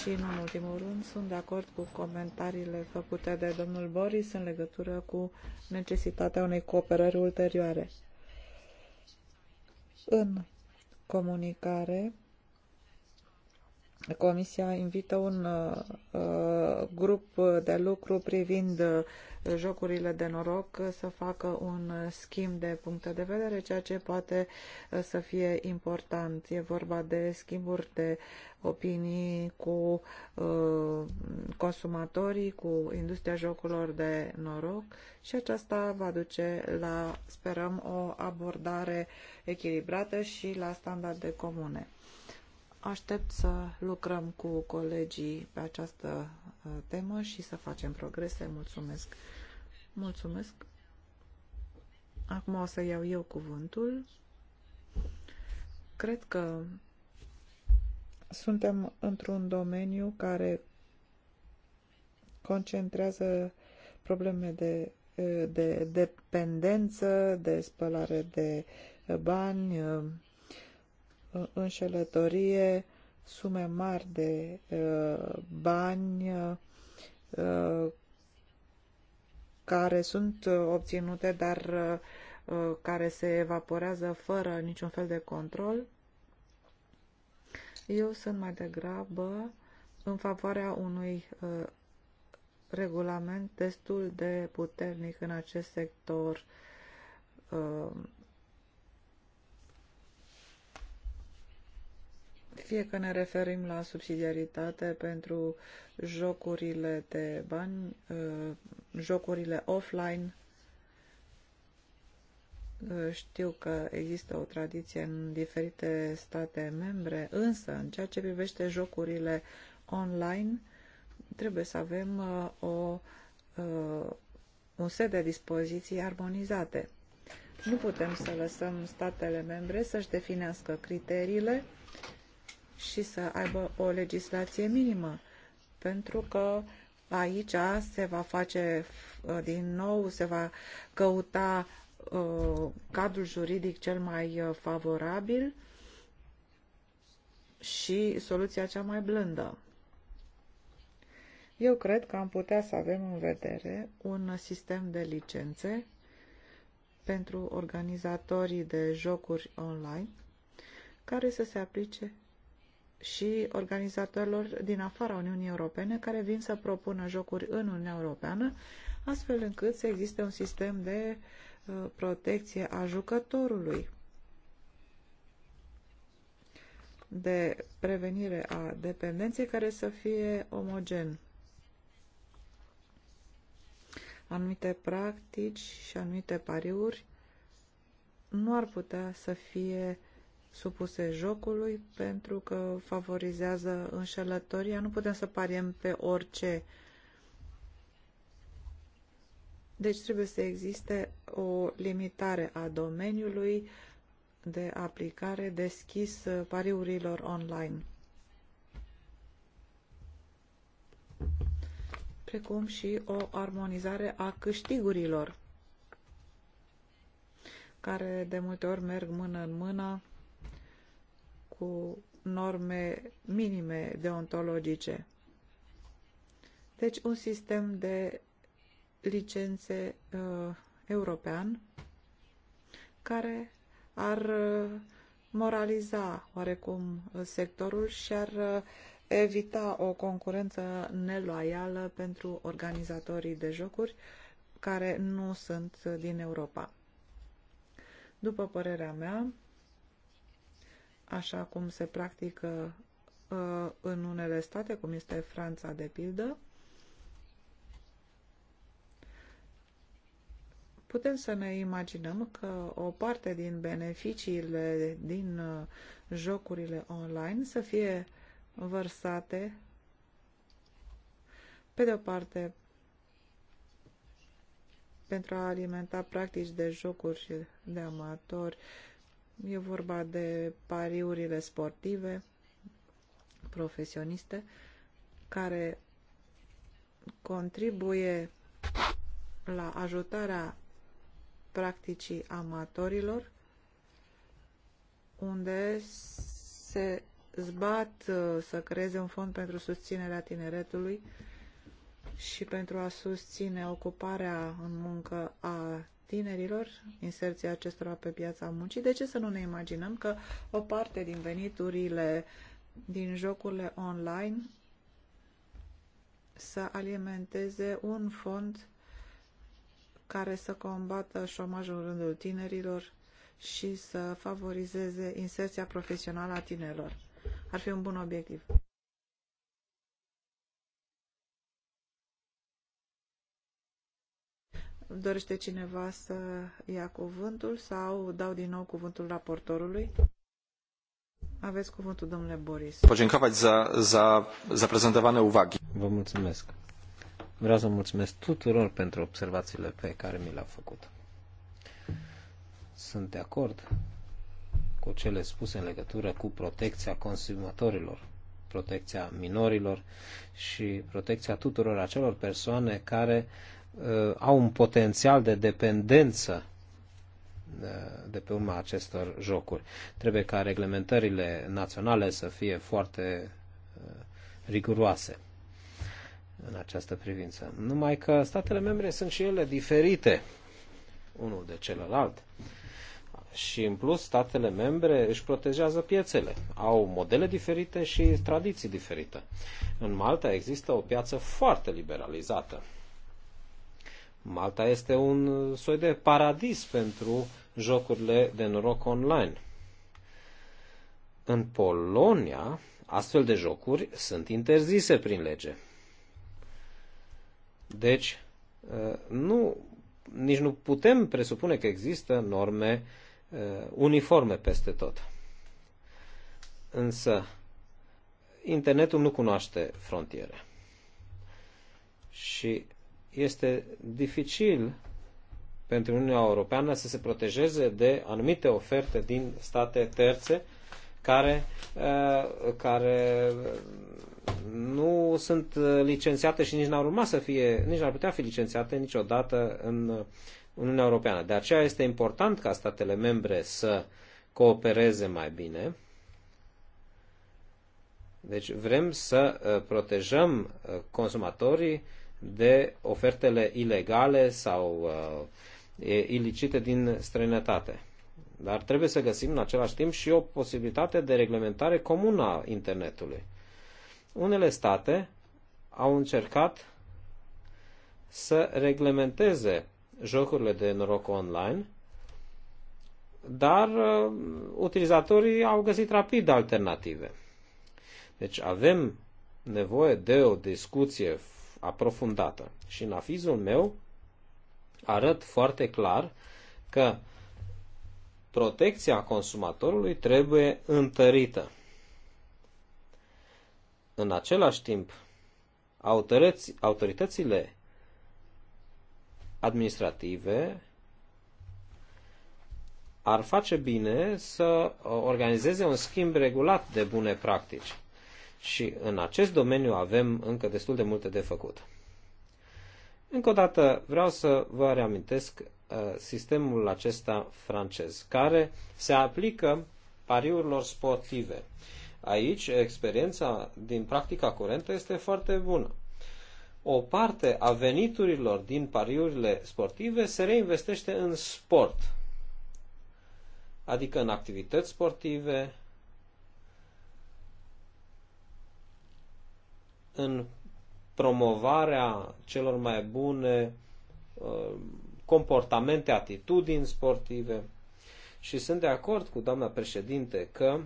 C: Și, în ultimul rând, sunt de acord cu comentariile făcute de domnul Boris în legătură cu necesitatea unei cooperări ulterioare. În comunicare Comisia invită un uh, uh, grup de lucru privind uh, jocurile de noroc să facă un schimb de puncte de vedere, ceea ce poate uh, să fie important. E vorba de schimburi de opinii cu consumatorii, cu industria jocurilor de noroc și aceasta va duce la, sperăm, o abordare echilibrată și la standarde comune. Aștept să lucrăm cu colegii pe această uh, temă și să facem progrese. Mulțumesc! Mulțumesc! Acum o să iau eu cuvântul. Cred că suntem într-un domeniu care concentrează probleme de, uh, de dependență, de spălare de uh, bani, înșelătorie sume mari de uh, bani uh, care sunt obținute, dar uh, care se evaporează fără niciun fel de control. Eu sunt mai degrabă în favoarea unui regulament destul de puternic în acest sector Fie că ne referim la subsidiaritate pentru jocurile de bani, uh, jocurile offline, uh, știu că există o tradiție în diferite state membre, însă în ceea ce privește jocurile online, trebuie să avem uh, o, un set de dispoziții armonizate. Nu putem să lăsăm statele membre să-și definească criteriile și să aibă o legislație minimă, pentru că aici se va face uh, din nou, se va căuta uh, cadrul juridic cel mai uh, favorabil și soluția cea mai blândă. Eu cred că am putea să avem în vedere un sistem de licențe pentru organizatorii de jocuri online care să se aplice și organizatorilor din afara Uniunii Europene care vin să propună jocuri în Uniunea Europeană, astfel încât să existe un sistem de uh, protecție a jucătorului, de prevenire a dependenței care să fie omogen. Anumite practici și anumite pariuri nu ar putea să fie supuse jocului pentru că favorizează înșelătoria. Nu putem să pariem pe orice. Deci trebuie să existe o limitare a domeniului de aplicare deschis pariurilor online. precum și o armonizare a câștigurilor, care de multe ori merg mână în mână cu norme minime deontologice. Deci un sistem de licențe uh, european care ar uh, moraliza oarecum uh, sectorul și ar uh, evita o concurență neloială pentru organizatorii de jocuri care nu sunt din Europa. După părerea mea, așa cum se practică uh, în unele state, cum este Franța, de pildă, putem să ne imaginăm că o parte din beneficiile din uh, jocurile online să fie vărsate pe de o parte pentru a alimenta practici de jocuri de amatori E vorba de pariurile sportive, profesioniste, care contribuie la ajutarea practicii amatorilor, unde se zbat uh, să creeze un fond pentru susținerea tineretului și pentru a susține ocuparea în muncă a tinerilor, inserția acestora pe piața muncii, de ce să nu ne imaginăm că o parte din veniturile din jocurile online să alimenteze un fond care să combată șomajul în rândul tinerilor și să favorizeze inserția profesională a tinerilor. Ar fi un bun obiectiv. Dorește cineva să ia cuvântul sau dau din nou cuvântul raportorului? Aveți cuvântul, domnule Boris.
B: Vă za, za, za prezentowane uwagi. Vă mulțumesc. Vreau să mulțumesc tuturor pentru observațiile pe care mi le-au făcut. Sunt de acord cu cele spuse în legătură cu protecția consumatorilor, protecția minorilor și protecția tuturor acelor persoane care Uh, au un potențial de dependență uh, de pe urma acestor jocuri. Trebuie ca reglementările naționale să fie foarte uh, riguroase în această privință. Numai că statele membre sunt și ele diferite unul de celălalt. Și în plus, statele membre își protejează piețele. Au modele diferite și tradiții diferite. În Malta există o piață foarte liberalizată Malta este un soi de paradis pentru jocurile de noroc online. În Polonia, astfel de jocuri sunt interzise prin lege. Deci, uh, nu, nici nu putem presupune că există norme uh, uniforme peste tot. Însă, internetul nu cunoaște frontiere. Și este dificil pentru Uniunea Europeană să se protejeze de anumite oferte din state terțe care, uh, care uh, nu sunt licențiate și nici n-ar urma să fie, nici n-ar putea fi licențiate niciodată în Uniunea Europeană. De aceea este important ca statele membre să coopereze mai bine. Deci vrem să uh, protejăm consumatorii de ofertele ilegale sau uh, ilicite din străinătate. Dar trebuie să găsim în același timp și o posibilitate de reglementare comună a internetului. Unele state au încercat să reglementeze jocurile de noroc online, dar uh, utilizatorii au găsit rapid alternative. Deci avem nevoie de o discuție aprofundată. Și în afizul meu arăt foarte clar că protecția consumatorului trebuie întărită. În același timp, autoritățile administrative ar face bine să organizeze un schimb regulat de bune practici. Și în acest domeniu avem încă destul de multe de făcut. Încă o dată vreau să vă reamintesc uh, sistemul acesta francez, care se aplică pariurilor sportive. Aici, experiența din practica curentă este foarte bună. O parte a veniturilor din pariurile sportive se reinvestește în sport, adică în activități sportive, în promovarea celor mai bune uh, comportamente, atitudini sportive. Și sunt de acord cu doamna președinte că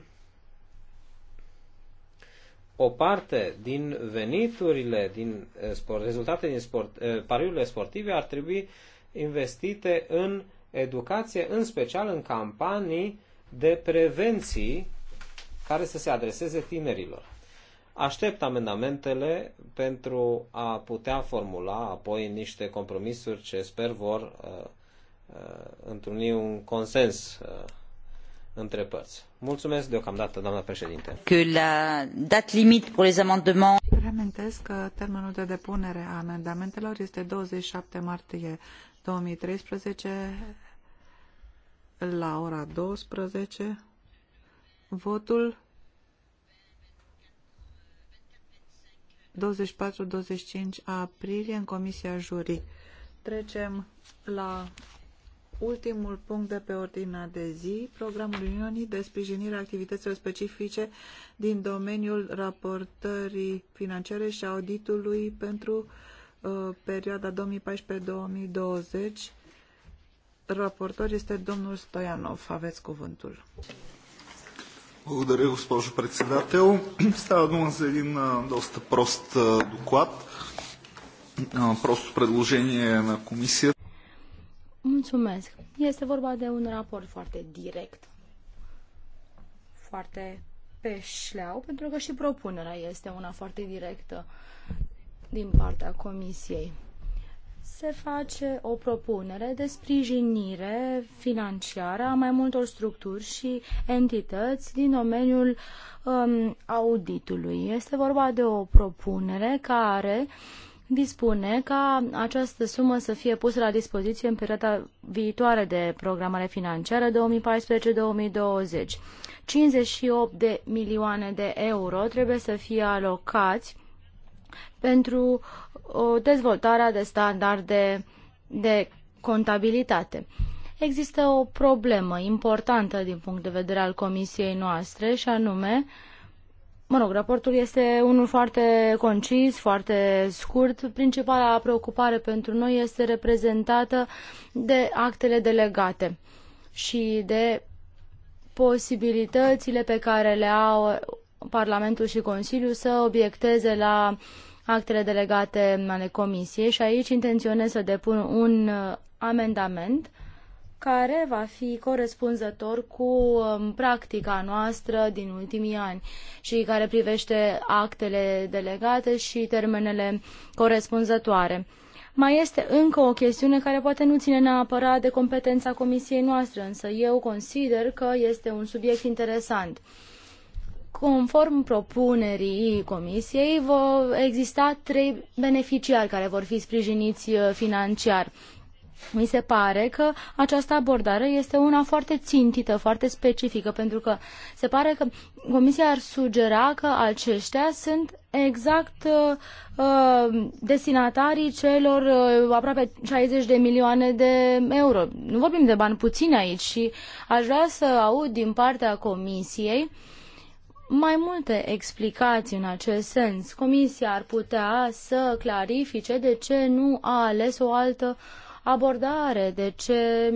B: o parte din veniturile din eh, sport, rezultate din sport, eh, pariurile sportive ar trebui investite în educație, în special în campanii de prevenții care să se adreseze tinerilor. Aștept amendamentele pentru a putea formula apoi niște compromisuri ce sper vor uh, uh, întruni un consens uh, între părți. Mulțumesc deocamdată, doamna președinte.
C: Că la dat limite pentru les amendements... Reamintesc că termenul de depunere a amendamentelor este 27 martie 2013 la ora 12. Votul 24-25 aprilie în Comisia Jurii. Trecem la ultimul punct de pe ordinea de zi, programul Uniunii de sprijinire a activităților specifice din domeniul raportării financiare și auditului pentru uh, perioada 2014-2020. Raportor este domnul Stoianov. Aveți cuvântul.
B: Благодаря, госпожо председател. Става дума за един доста прост доклад. Просто предложение на комисията. Mulțumesc.
D: Este vorba de un raport foarte direct, foarte pe șleau, pentru că și propunerea este una foarte directă din partea comisiei se face o propunere de sprijinire financiară a mai multor structuri și entități din domeniul um, auditului. Este vorba de o propunere care dispune ca această sumă să fie pusă la dispoziție în perioada viitoare de programare financiară 2014-2020. 58 de milioane de euro trebuie să fie alocați pentru dezvoltarea de standarde de contabilitate. Există o problemă importantă din punct de vedere al comisiei noastre și anume, mă rog, raportul este unul foarte concis, foarte scurt. Principala preocupare pentru noi este reprezentată de actele delegate și de posibilitățile pe care le au Parlamentul și Consiliul să obiecteze la uh, actele delegate ale Comisiei și aici intenționez să depun un uh, amendament care va fi corespunzător cu um, practica noastră din ultimii ani și care privește actele delegate și termenele corespunzătoare. Mai este încă o chestiune care poate nu ține neapărat de competența comisiei noastre, însă eu consider că este un subiect interesant. Conform propunerii Comisiei, vor exista trei beneficiari care vor fi sprijiniți uh, financiar. Mi se pare că această abordare este una foarte țintită, foarte specifică, pentru că se pare că Comisia ar sugera că aceștia sunt exact uh, uh destinatarii celor uh, aproape 60 de milioane de euro. Nu vorbim de bani puțini aici și aș vrea să aud din partea Comisiei uh, mai multe explicații în acest sens. Comisia ar putea să clarifice de ce nu a ales o altă abordare, de ce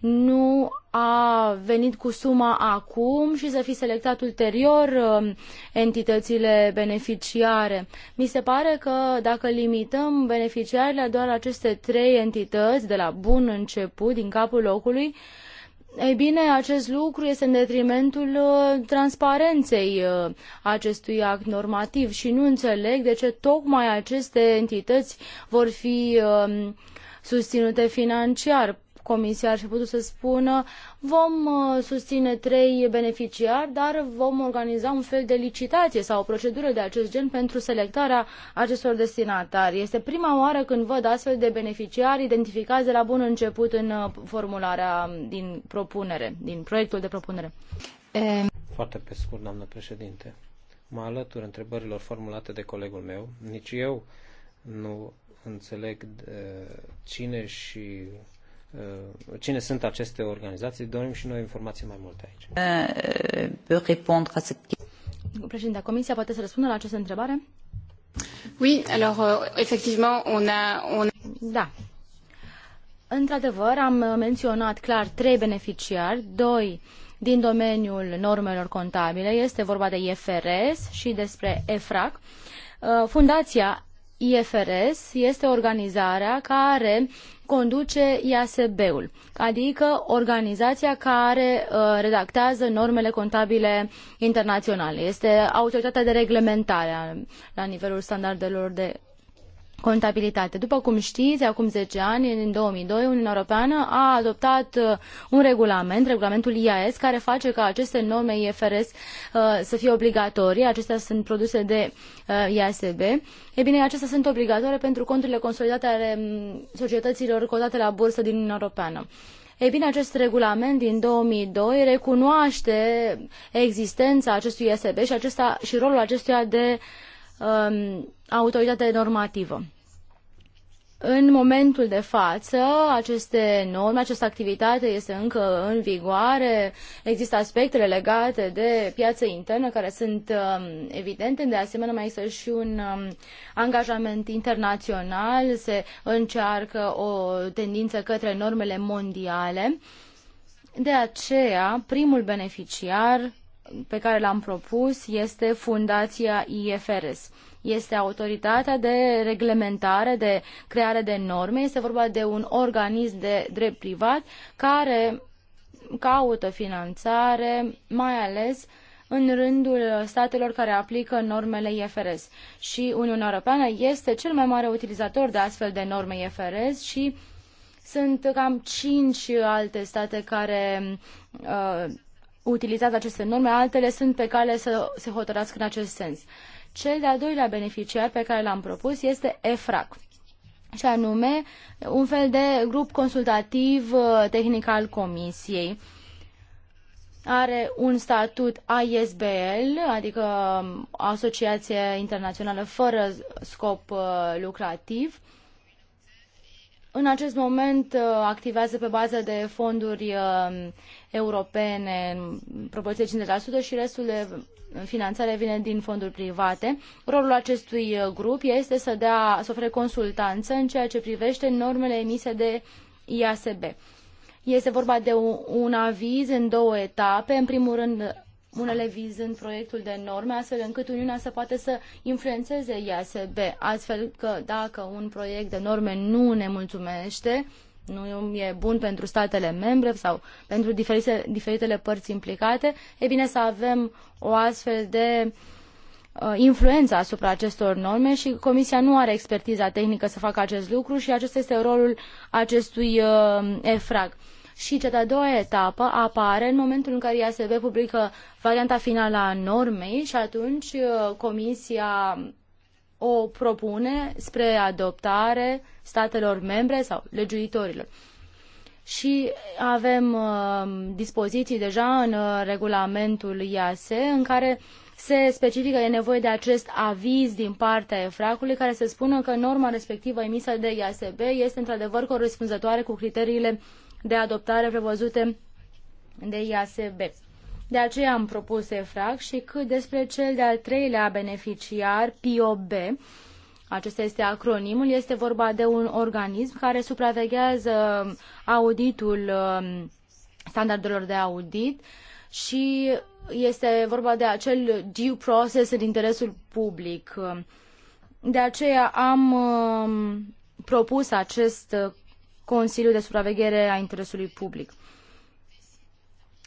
D: nu a venit cu suma acum și să fi selectat ulterior um, entitățile beneficiare. Mi se pare că dacă limităm beneficiarile doar aceste trei entități de la bun început, din capul locului, ei bine, acest lucru este în detrimentul uh, transparenței uh, acestui act normativ și nu înțeleg de ce tocmai aceste entități vor fi um, susținute financiar. Comisia ar fi putut să spună vom uh, susține trei beneficiari, dar vom organiza un fel de licitație sau o procedură de acest gen pentru selectarea acestor destinatari. Este prima oară când văd astfel de beneficiari identificați de la bun început în uh, formularea um, din propunere, din proiectul de propunere.
B: Foarte pe scurt, doamnă președinte. Mă alătur întrebărilor formulate de colegul meu. Nici eu nu înțeleg uh, cine și Uh, cine sunt aceste organizații. Dorim și noi informații mai multe
C: aici.
D: Uh, Președinte, Comisia poate să răspundă la această întrebare? Oui, alors euh, effectivement, on a, on... Da. Într-adevăr, am menționat clar trei beneficiari, doi din domeniul normelor contabile, este vorba de IFRS și despre EFRAC. Uh, fundația IFRS este organizarea care conduce IASB-ul, adică organizația care uh, redactează normele contabile internaționale. Este autoritatea de reglementare la nivelul standardelor de contabilitate. După cum știți, acum 10 ani, în 2002, Uniunea Europeană a adoptat uh, un regulament, regulamentul IAS, care face ca aceste norme IFRS uh, să fie obligatorii. Acestea sunt produse de uh, IASB. E bine, acestea sunt obligatorii pentru conturile consolidate ale mm, societăților cotate la bursă din Uniunea Europeană. Ei bine, acest regulament din 2002 recunoaște existența acestui ISB și, acesta, și rolul acestuia de uh, Um, autoritate normativă. În momentul de față, aceste norme, această activitate este încă în vigoare, există aspectele legate de piață internă care sunt um, evidente, de asemenea mai există și un um, angajament internațional, se încearcă o tendință către normele mondiale. De aceea, primul beneficiar pe care l-am propus este Fundația IFRS. Este autoritatea de reglementare, de creare de norme. Este vorba de un organism de drept privat care caută finanțare, mai ales în rândul statelor care aplică normele IFRS. Și Uniunea Europeană este cel mai mare utilizator de astfel de norme IFRS și sunt cam cinci alte state care uh, utilizează aceste norme, altele sunt pe cale să se hotărască în acest sens. Cel de-al doilea beneficiar pe care l-am propus este EFRAC și anume un fel de grup consultativ uh, tehnic al Comisiei. Are un statut I.S.B.L. adică um, Asociație Internațională fără scop uh, lucrativ. În acest moment uh, activează pe bază de fonduri um, europene în proporție de 50% și restul de finanțare vine din fonduri private. Rolul acestui uh, grup este să, dea, să ofere consultanță în ceea ce privește normele emise de IASB. Este vorba de un, aviz în două etape. În primul rând, unele vizând proiectul de norme, astfel încât Uniunea să poată să influențeze IASB, astfel că dacă un proiect de norme nu ne mulțumește, nu e bun pentru statele membre sau pentru diferite, diferitele părți implicate, e bine să avem o astfel de uh, influență asupra acestor norme și Comisia nu are expertiza tehnică să facă acest lucru și acesta este rolul acestui uh, EFRAG. Și cea de-a doua etapă apare în momentul în care IASB publică varianta finală a normei și atunci uh, Comisia o propune spre adoptare statelor membre sau legiuitorilor. Și avem uh, dispoziții deja în uh, regulamentul IAS în care se specifică e nevoie de acest aviz din partea EFRAC-ului care să spună că norma respectivă emisă de IASB este într-adevăr corespunzătoare cu criteriile de adoptare prevăzute de IASB. De aceea am propus EFRAG și cât despre cel de-al treilea beneficiar, POB, acesta este acronimul, este vorba de un organism care supraveghează auditul um, standardelor de audit și este vorba de acel due process în interesul public. De aceea am um, propus acest uh, Consiliu de Supraveghere a Interesului Public.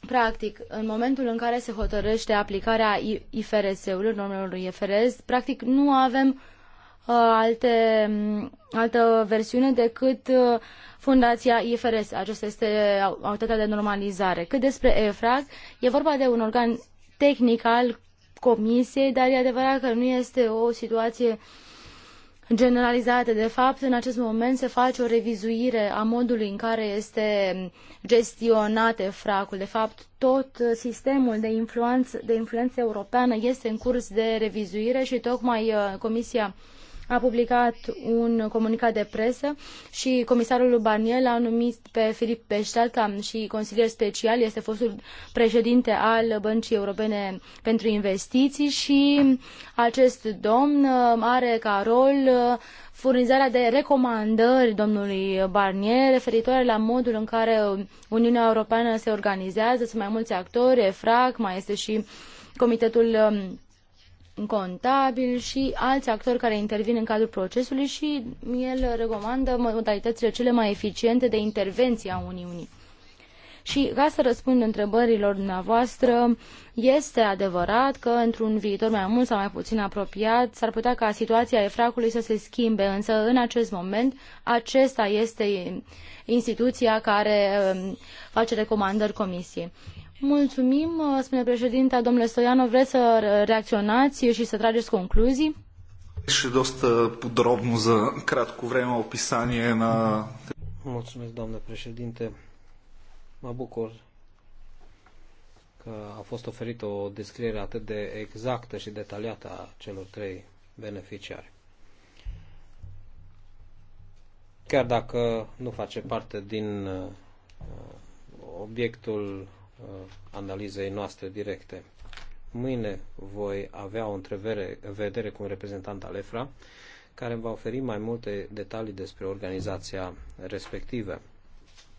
D: Practic, în momentul în care se hotărăște aplicarea IFRS-ului, normelor IFRS, practic nu avem uh, alte, mm, altă versiune decât uh, fundația IFRS. Aceasta este autoritatea de normalizare. Cât despre EFRAG, e vorba de un organ tehnic al comisiei, dar e adevărat că nu este o situație uh, generalizate. De fapt, în acest moment se face o revizuire a modului în care este gestionat fracul. De fapt, tot sistemul de influență, de influență europeană este în curs de revizuire și tocmai uh, Comisia a publicat un comunicat de presă și comisarul Barnier l-a numit pe Filip Peștal ca și consilier special, este fostul președinte al Băncii Europene pentru Investiții și acest domn are ca rol furnizarea de recomandări domnului Barnier referitoare la modul în care Uniunea Europeană se organizează, sunt mai mulți actori, EFRAC, mai este și Comitetul um, contabil și alți actori care intervin în cadrul procesului și el recomandă modalitățile cele mai eficiente de intervenție a Uniunii. Și ca să răspund întrebărilor dumneavoastră, este adevărat că într-un viitor mai mult sau mai puțin apropiat s-ar putea ca situația efracului să se schimbe, însă în acest moment acesta este instituția care um, face recomandări comisiei. Mulțumim, uh, spune președinte. domnule Stoianov, vreți să reacționați și să trageți concluzii?
B: și dosta uh, podrobno za kratko vreme opisanie na... Uh, Mulțumesc, doamnă președinte. Mă bucur că a fost oferită o descriere atât de exactă și detaliată a celor trei beneficiari. Chiar dacă nu face parte din obiectul Uh, analizei noastre directe. Mâine voi avea o vedere cu un reprezentant al EFRA care îmi va oferi mai multe detalii despre organizația respectivă.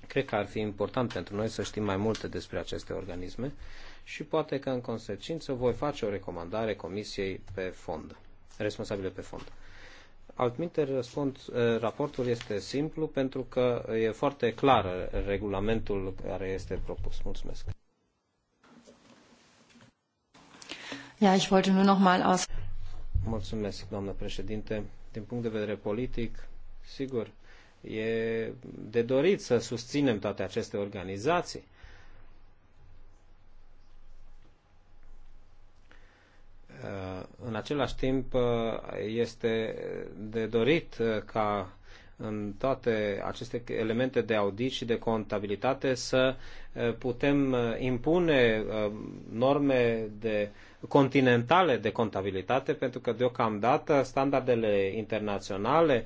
B: Cred că ar fi important pentru noi să știm mai multe despre aceste organisme și poate că în consecință voi face o recomandare comisiei pe fond, responsabile pe fond. Altminte, răspund, eh, raportul este simplu pentru că e foarte clar eh, regulamentul care este propus. Mulțumesc.
A: Ja, ich wollte nur noch mal aus
B: Mulțumesc, doamnă președinte. Din punct de vedere politic, sigur, e de dorit să susținem toate aceste organizații, Uh, în același timp, uh, este de dorit uh, ca în toate aceste elemente de audit și de contabilitate să putem impune norme de continentale de contabilitate, pentru că deocamdată standardele internaționale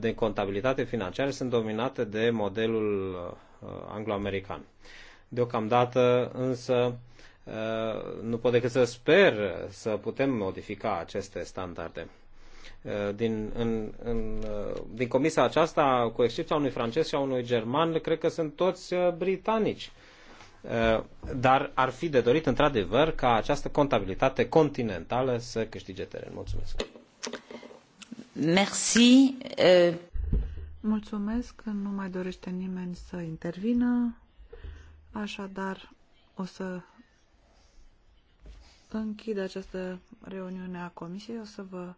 B: de contabilitate financiară sunt dominate de modelul anglo-american. Deocamdată însă Uh, nu pot decât să sper să putem modifica aceste standarde. Uh, din, în, în, uh, din comisia aceasta, cu excepția unui francez și a unui german, cred că sunt toți britanici. Dar ar fi de dorit, într-adevăr, ca această contabilitate continentală să câștige teren. Mulțumesc!
C: Merci. Mulțumesc, nu mai dorește nimeni să intervină, așadar o să închid această reuniune a comisiei. O să vă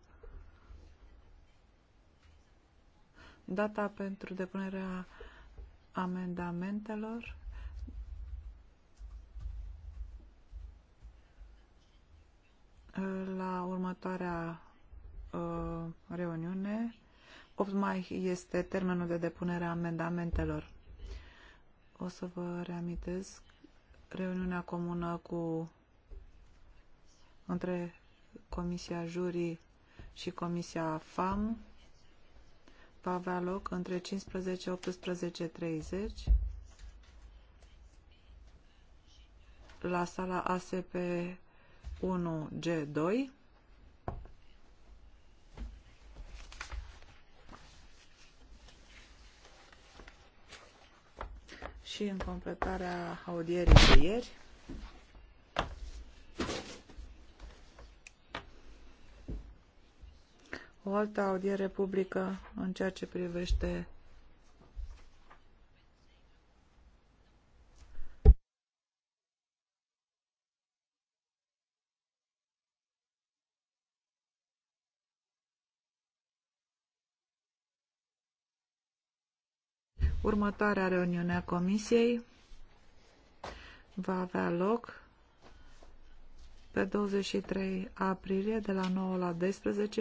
C: data pentru depunerea amendamentelor la următoarea uh, reuniune. 8 mai este termenul de depunere a amendamentelor. O să vă reamintesc reuniunea comună cu între Comisia Jurii și Comisia FAM va avea loc între 15-18.30 la sala ASP 1G2 și în completarea audierii de ieri o altă audiere publică în ceea ce privește Următoarea reuniune a Comisiei va avea loc pe 23 aprilie de la 9 la 12